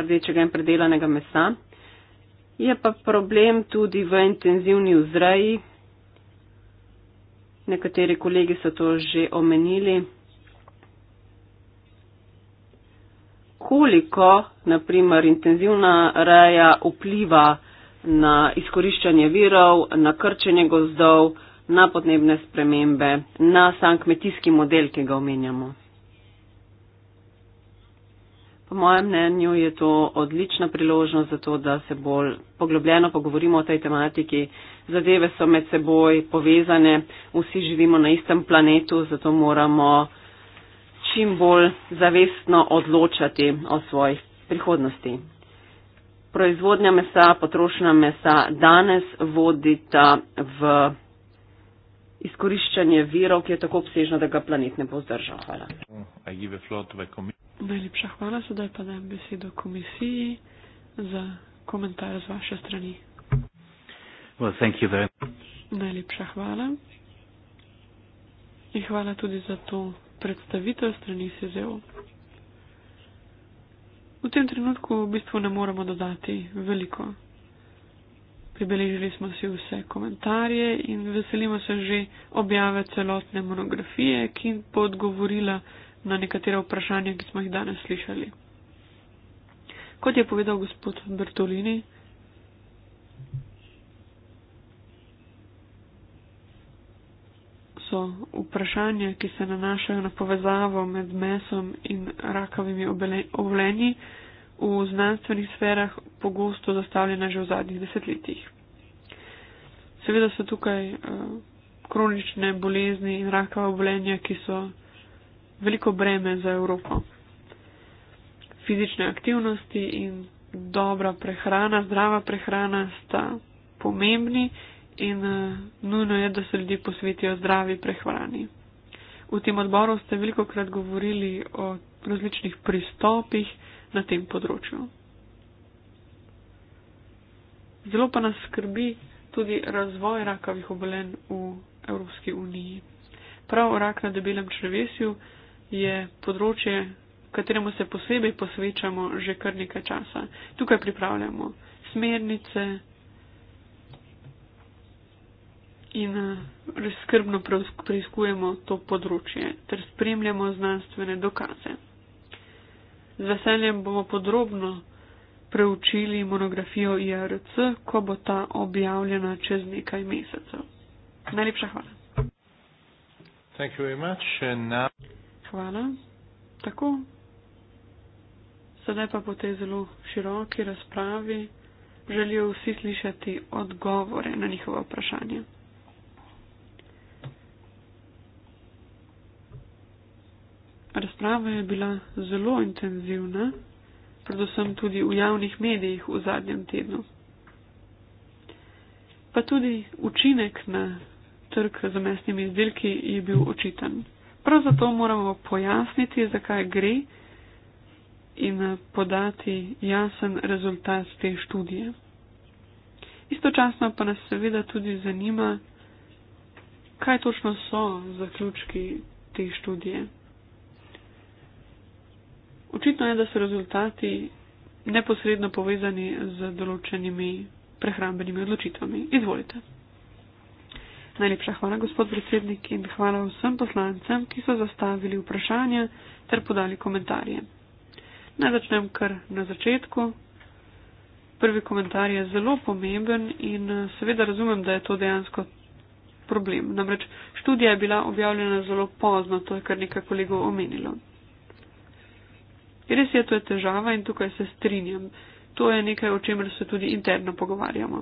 rdečega in predelanega mesa. Je pa problem tudi v intenzivni vzreji. Nekateri kolegi so to že omenili. Koliko, naprimer, intenzivna reja vpliva na izkoriščanje virov, na krčenje gozdov, na podnebne spremembe, na sam kmetijski model, ki ga omenjamo. Po mojem mnenju je to odlična priložnost za to, da se bolj poglobljeno pogovorimo o tej tematiki. Zadeve so med seboj povezane, vsi živimo na istem planetu, zato moramo čim bolj zavestno odločati o svoji prihodnosti. Proizvodnja mesa, potrošnja mesa danes vodita v izkoriščanje virov, ki je tako obsežno, da ga planet ne bo zdržal. Hvala. Najlepša hvala, sedaj pa dajem besedo komisiji za komentar z vaše strani. Well, very... Najlepša hvala. In hvala tudi za to predstavitev strani SEZEO. V tem trenutku v bistvu ne moremo dodati veliko pribeležili smo si vse komentarje in veselimo se že objave celotne monografije, ki bo odgovorila na nekatere vprašanja, ki smo jih danes slišali. Kot je povedal gospod Bertolini, so vprašanja, ki se nanašajo na povezavo med mesom in rakavimi obolenji, obleni, v znanstvenih sferah pogosto zastavljena že v zadnjih desetletjih. Seveda so tukaj uh, kronične bolezni in rakava obolenja, ki so veliko breme za Evropo. Fizične aktivnosti in dobra prehrana, zdrava prehrana sta pomembni in uh, nujno je, da se ljudje posvetijo zdravi prehrani. V tem odboru ste veliko krat govorili o različnih pristopih, na tem področju. Zelo pa nas skrbi tudi razvoj rakavih obolen v Evropski uniji. Prav rak na debelem črvesju je področje, kateremu se posebej posvečamo že kar nekaj časa. Tukaj pripravljamo smernice in eh, skrbno preizkujemo to področje ter spremljamo znanstvene dokaze. Z veseljem bomo podrobno preučili monografijo IRC, ko bo ta objavljena čez nekaj mesecev. Najlepša hvala. Thank you very much. Now... Hvala. Tako. Sedaj pa po tej zelo široki razpravi želijo vsi slišati odgovore na njihova vprašanja. Razprava je bila zelo intenzivna, predvsem tudi v javnih medijih v zadnjem tednu. Pa tudi učinek na trg za mestnimi izdelki je bil očiten. Prav zato moramo pojasniti, zakaj gre in eh, podati jasen rezultat te študije. Istočasno pa nas seveda tudi zanima, kaj točno so zaključki te študije. Očitno je, da so rezultati neposredno povezani z določenimi prehrambenimi odločitvami. Izvolite. Najlepša hvala, gospod predsednik, in hvala vsem poslancem, ki so zastavili vprašanja ter podali komentarje. Naj začnem kar na začetku. Prvi komentar je zelo pomemben in seveda razumem, da je to dejansko problem. Namreč študija je bila objavljena zelo pozno, to je kar nekaj kolegov omenilo. Res je, to je težava in tukaj se strinjam. To je nekaj, o čemer se tudi interno pogovarjamo.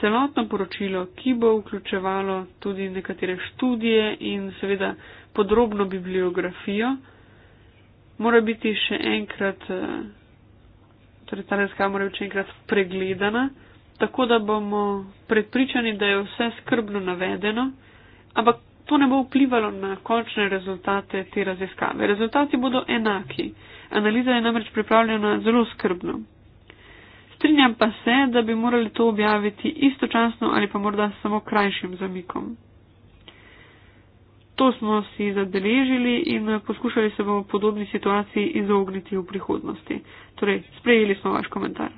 Celotno poročilo, ki bo vključevalo tudi nekatere študije in seveda podrobno bibliografijo, mora biti še enkrat, eh, torej ta raziskava mora biti še enkrat pregledana, tako da bomo prepričani, da je vse skrbno navedeno ampak to ne bo vplivalo na končne rezultate te raziskave. Rezultati bodo enaki. Analiza je namreč pripravljena zelo skrbno. Strinjam pa se, da bi morali to objaviti istočasno ali pa morda samo krajšim zamikom. To smo si zadeležili in poskušali se bomo podobni situaciji izogniti v prihodnosti. Torej, sprejeli smo vaš komentar.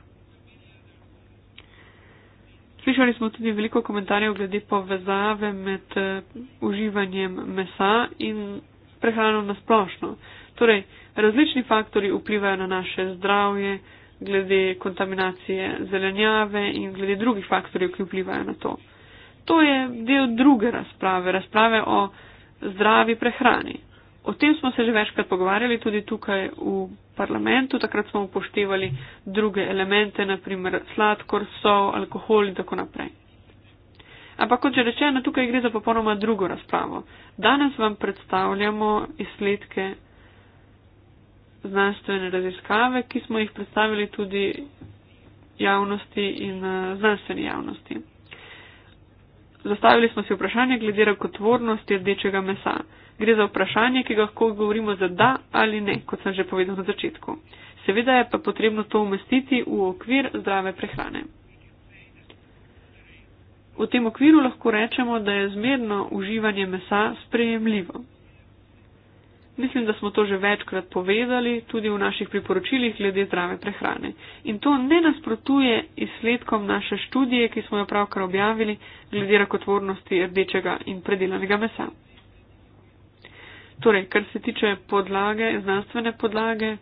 Slišali smo tudi veliko komentarjev glede povezave med uh, uživanjem mesa in prehrano na splošno. Torej, različni faktori vplivajo na naše zdravje, glede kontaminacije zelenjave in glede drugih faktorjev, ki vplivajo na to. To je del druge razprave, razprave o zdravi prehrani. O tem smo se že večkrat pogovarjali tudi tukaj v parlamentu, takrat smo upoštevali druge elemente, naprimer sladkor, sol, alkohol in tako naprej. Ampak kot že rečeno, tukaj gre za popolnoma drugo razpravo. Danes vam predstavljamo izsledke znanstvene raziskave, ki smo jih predstavili tudi javnosti in eh, znanstveni javnosti. Zastavili smo si vprašanje glede rakotvornosti rdečega mesa gre za vprašanje, ki ga lahko odgovorimo za da ali ne, kot sem že povedal na začetku. Seveda je pa potrebno to umestiti v okvir zdrave prehrane. V tem okviru lahko rečemo, da je zmerno uživanje mesa sprejemljivo. Mislim, da smo to že večkrat povedali tudi v naših priporočilih glede zdrave prehrane. In to ne nasprotuje izsledkom naše študije, ki smo jo pravkar objavili glede rakotvornosti rdečega in predelanega mesa. Torej, kar se tiče podlage, znanstvene podlage,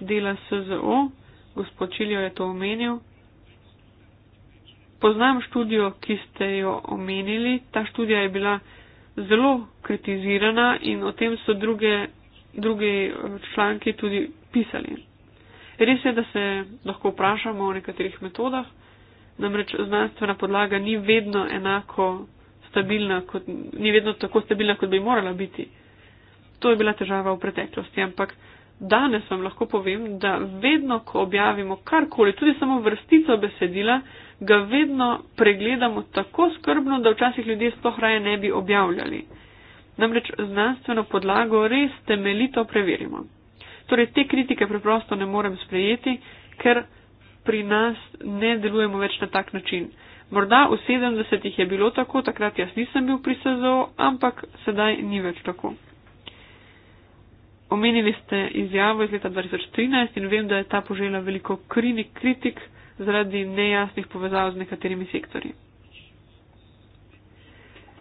dela SZO, gospod Čiljo je to omenil. Poznam študijo, ki ste jo omenili. Ta študija je bila zelo kritizirana in o tem so druge, druge eh, članke tudi pisali. Res je, da se lahko vprašamo o nekaterih metodah, namreč znanstvena podlaga ni vedno enako stabilna, kot, ni vedno tako stabilna, kot bi morala biti. To je bila težava v preteklosti, ampak danes vam lahko povem, da vedno, ko objavimo karkoli, tudi samo vrstico besedila, ga vedno pregledamo tako skrbno, da včasih ljudje sploh raje ne bi objavljali. Namreč znanstveno podlago res temeljito preverimo. Torej te kritike preprosto ne morem sprejeti, ker pri nas ne delujemo več na tak način. Morda v 70-ih je bilo tako, takrat jaz nisem bil prisezov, ampak sedaj ni več tako. Omenili ste izjavo iz leta 2013 in vem, da je ta požela veliko krinik kritik zaradi nejasnih povezav z nekaterimi sektorji.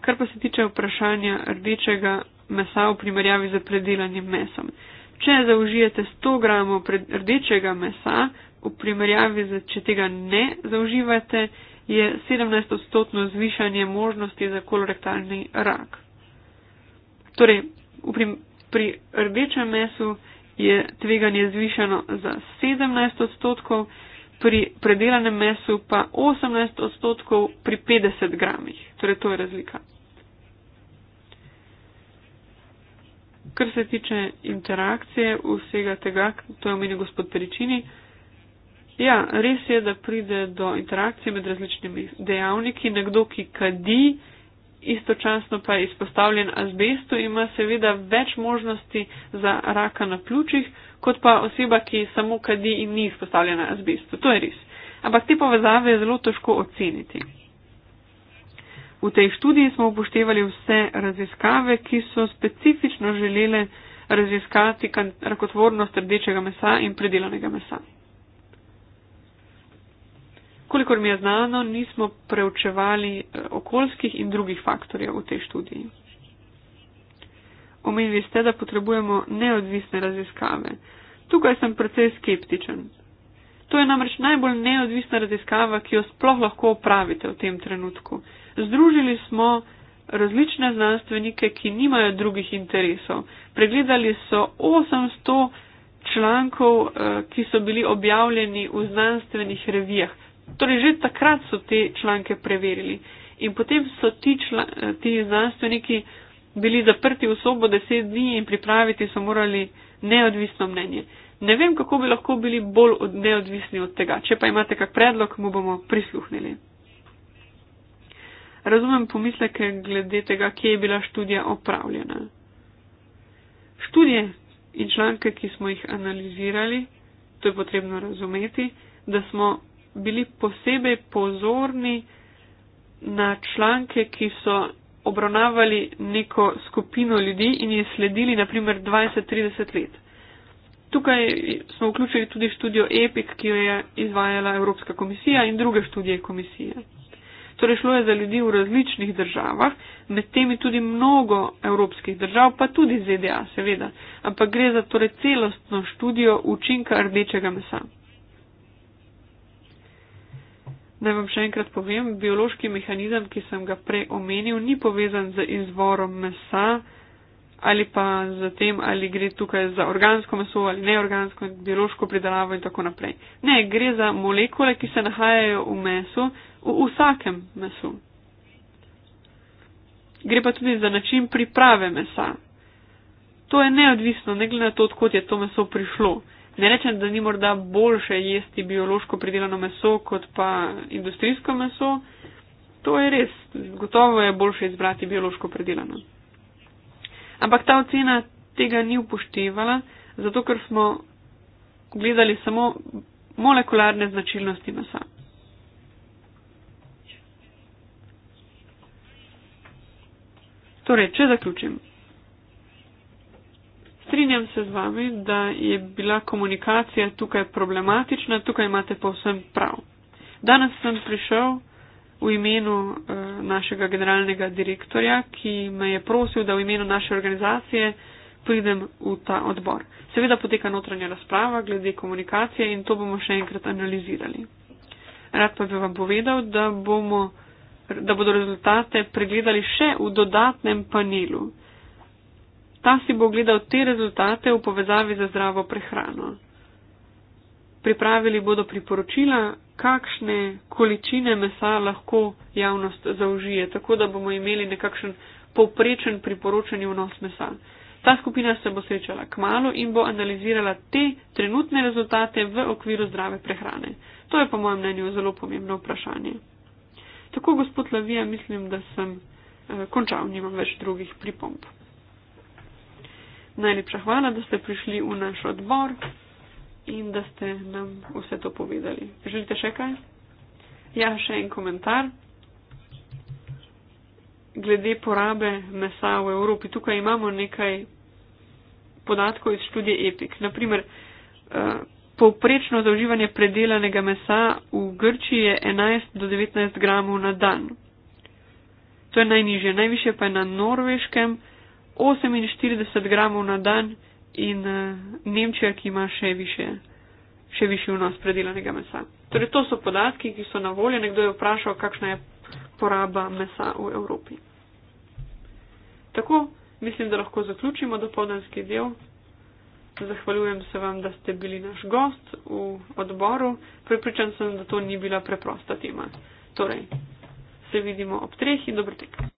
Kar pa se tiče vprašanja rdečega mesa v primerjavi z predelanim mesom. Če zaužijete 100 gramov rdečega mesa v primerjavi z, če tega ne zaužijate, je 17 odstotno zvišanje možnosti za kolorektalni rak. Torej, Pri rdečem mesu je tveganje zvišeno za 17 odstotkov, pri predelanem mesu pa 18 odstotkov pri 50 gramih. Torej, to je razlika. Kar se tiče interakcije vsega tega, to je omenil gospod Peričini, ja, res je, da pride do interakcije med različnimi dejavniki. Nekdo, ki kadi, istočasno pa je izpostavljen azbestu, ima seveda več možnosti za raka na pljučih, kot pa oseba, ki samo kadi in ni izpostavljena azbestu. To je res. Ampak te povezave je zelo težko oceniti. V tej študiji smo upoštevali vse raziskave, ki so specifično želele raziskati rakotvornost rdečega mesa in predelanega mesa. Kolikor mi je znano, nismo preučevali eh, okoljskih in drugih faktorjev v tej študiji. Omenili ste, da potrebujemo neodvisne raziskave. Tukaj sem precej skeptičen. To je namreč najbolj neodvisna raziskava, ki jo sploh lahko opravite v tem trenutku. Združili smo različne znanstvenike, ki nimajo drugih interesov. Pregledali so 800 člankov, eh, ki so bili objavljeni v znanstvenih revijah. Torej, že takrat so te članke preverili in potem so ti, čla, ti znanstveniki bili zaprti v sobo deset dni in pripraviti so morali neodvisno mnenje. Ne vem, kako bi lahko bili bolj od, neodvisni od tega. Če pa imate kak predlog, mu bomo prisluhnili. Razumem pomisleke glede tega, kje je bila študija opravljena. Študije in članke, ki smo jih analizirali, to je potrebno razumeti, da smo bili posebej pozorni na članke, ki so obravnavali neko skupino ljudi in je sledili naprimer 20-30 let. Tukaj smo vključili tudi študijo EPIC, ki jo je izvajala Evropska komisija in druge študije komisije. Torej šlo je za ljudi v različnih državah, med temi tudi mnogo evropskih držav, pa tudi ZDA, seveda. Ampak gre za torej celostno študijo učinka rdečega mesa. Naj vam še enkrat povem, biološki mehanizem, ki sem ga prej omenil, ni povezan z izvorom mesa ali pa z tem, ali gre tukaj za organsko meso ali neorgansko, biološko pridelavo in tako naprej. Ne, gre za molekule, ki se nahajajo v mesu, v vsakem mesu. Gre pa tudi za način priprave mesa. To je neodvisno, ne glede na to, odkot je to meso prišlo. Ne rečem, da ni morda boljše jesti biološko pridelano meso kot pa industrijsko meso. To je res, gotovo je boljše izbrati biološko pridelano. Ampak ta ocena tega ni upoštevala, zato ker smo gledali samo molekularne značilnosti mesa. Torej, če zaključim, strinjam se z vami, da je bila komunikacija tukaj problematična, tukaj imate povsem prav. Danes sem prišel v imenu uh, našega generalnega direktorja, ki me je prosil, da v imenu naše organizacije pridem v ta odbor. Seveda poteka notranja razprava glede komunikacije in to bomo še enkrat analizirali. Rad pa bi vam povedal, da, bomo, da bodo rezultate pregledali še v dodatnem panelu ta si bo gledal te rezultate v povezavi za zdravo prehrano. Pripravili bodo priporočila, kakšne količine mesa lahko javnost zaužije, tako da bomo imeli nekakšen povprečen priporočen vnos mesa. Ta skupina se bo srečala k malu in bo analizirala te trenutne rezultate v okviru zdrave prehrane. To je po mojem mnenju zelo pomembno vprašanje. Tako, gospod Lavija, mislim, da sem eh, končal, nimam več drugih pripomb najlepša hvala, da ste prišli v naš odbor in da ste nam vse to povedali. Želite še kaj? Ja, še en komentar. Glede porabe mesa v Evropi, tukaj imamo nekaj podatkov iz študije EPIC. Naprimer, eh, povprečno zauživanje predelanega mesa v Grčiji je 11 do 19 gramov na dan. To je najnižje, najviše pa je na norveškem 48 gramov na dan in uh, Nemčija, ki ima še više, še više vnos predelanega mesa. Torej, to so podatki, ki so na voljo. Nekdo je vprašal, kakšna je poraba mesa v Evropi. Tako, mislim, da lahko zaključimo dopolnjenski del. Zahvaljujem se vam, da ste bili naš gost v odboru. Pripričan sem, da to ni bila preprosta tema. Torej, se vidimo ob treh in dobro tek.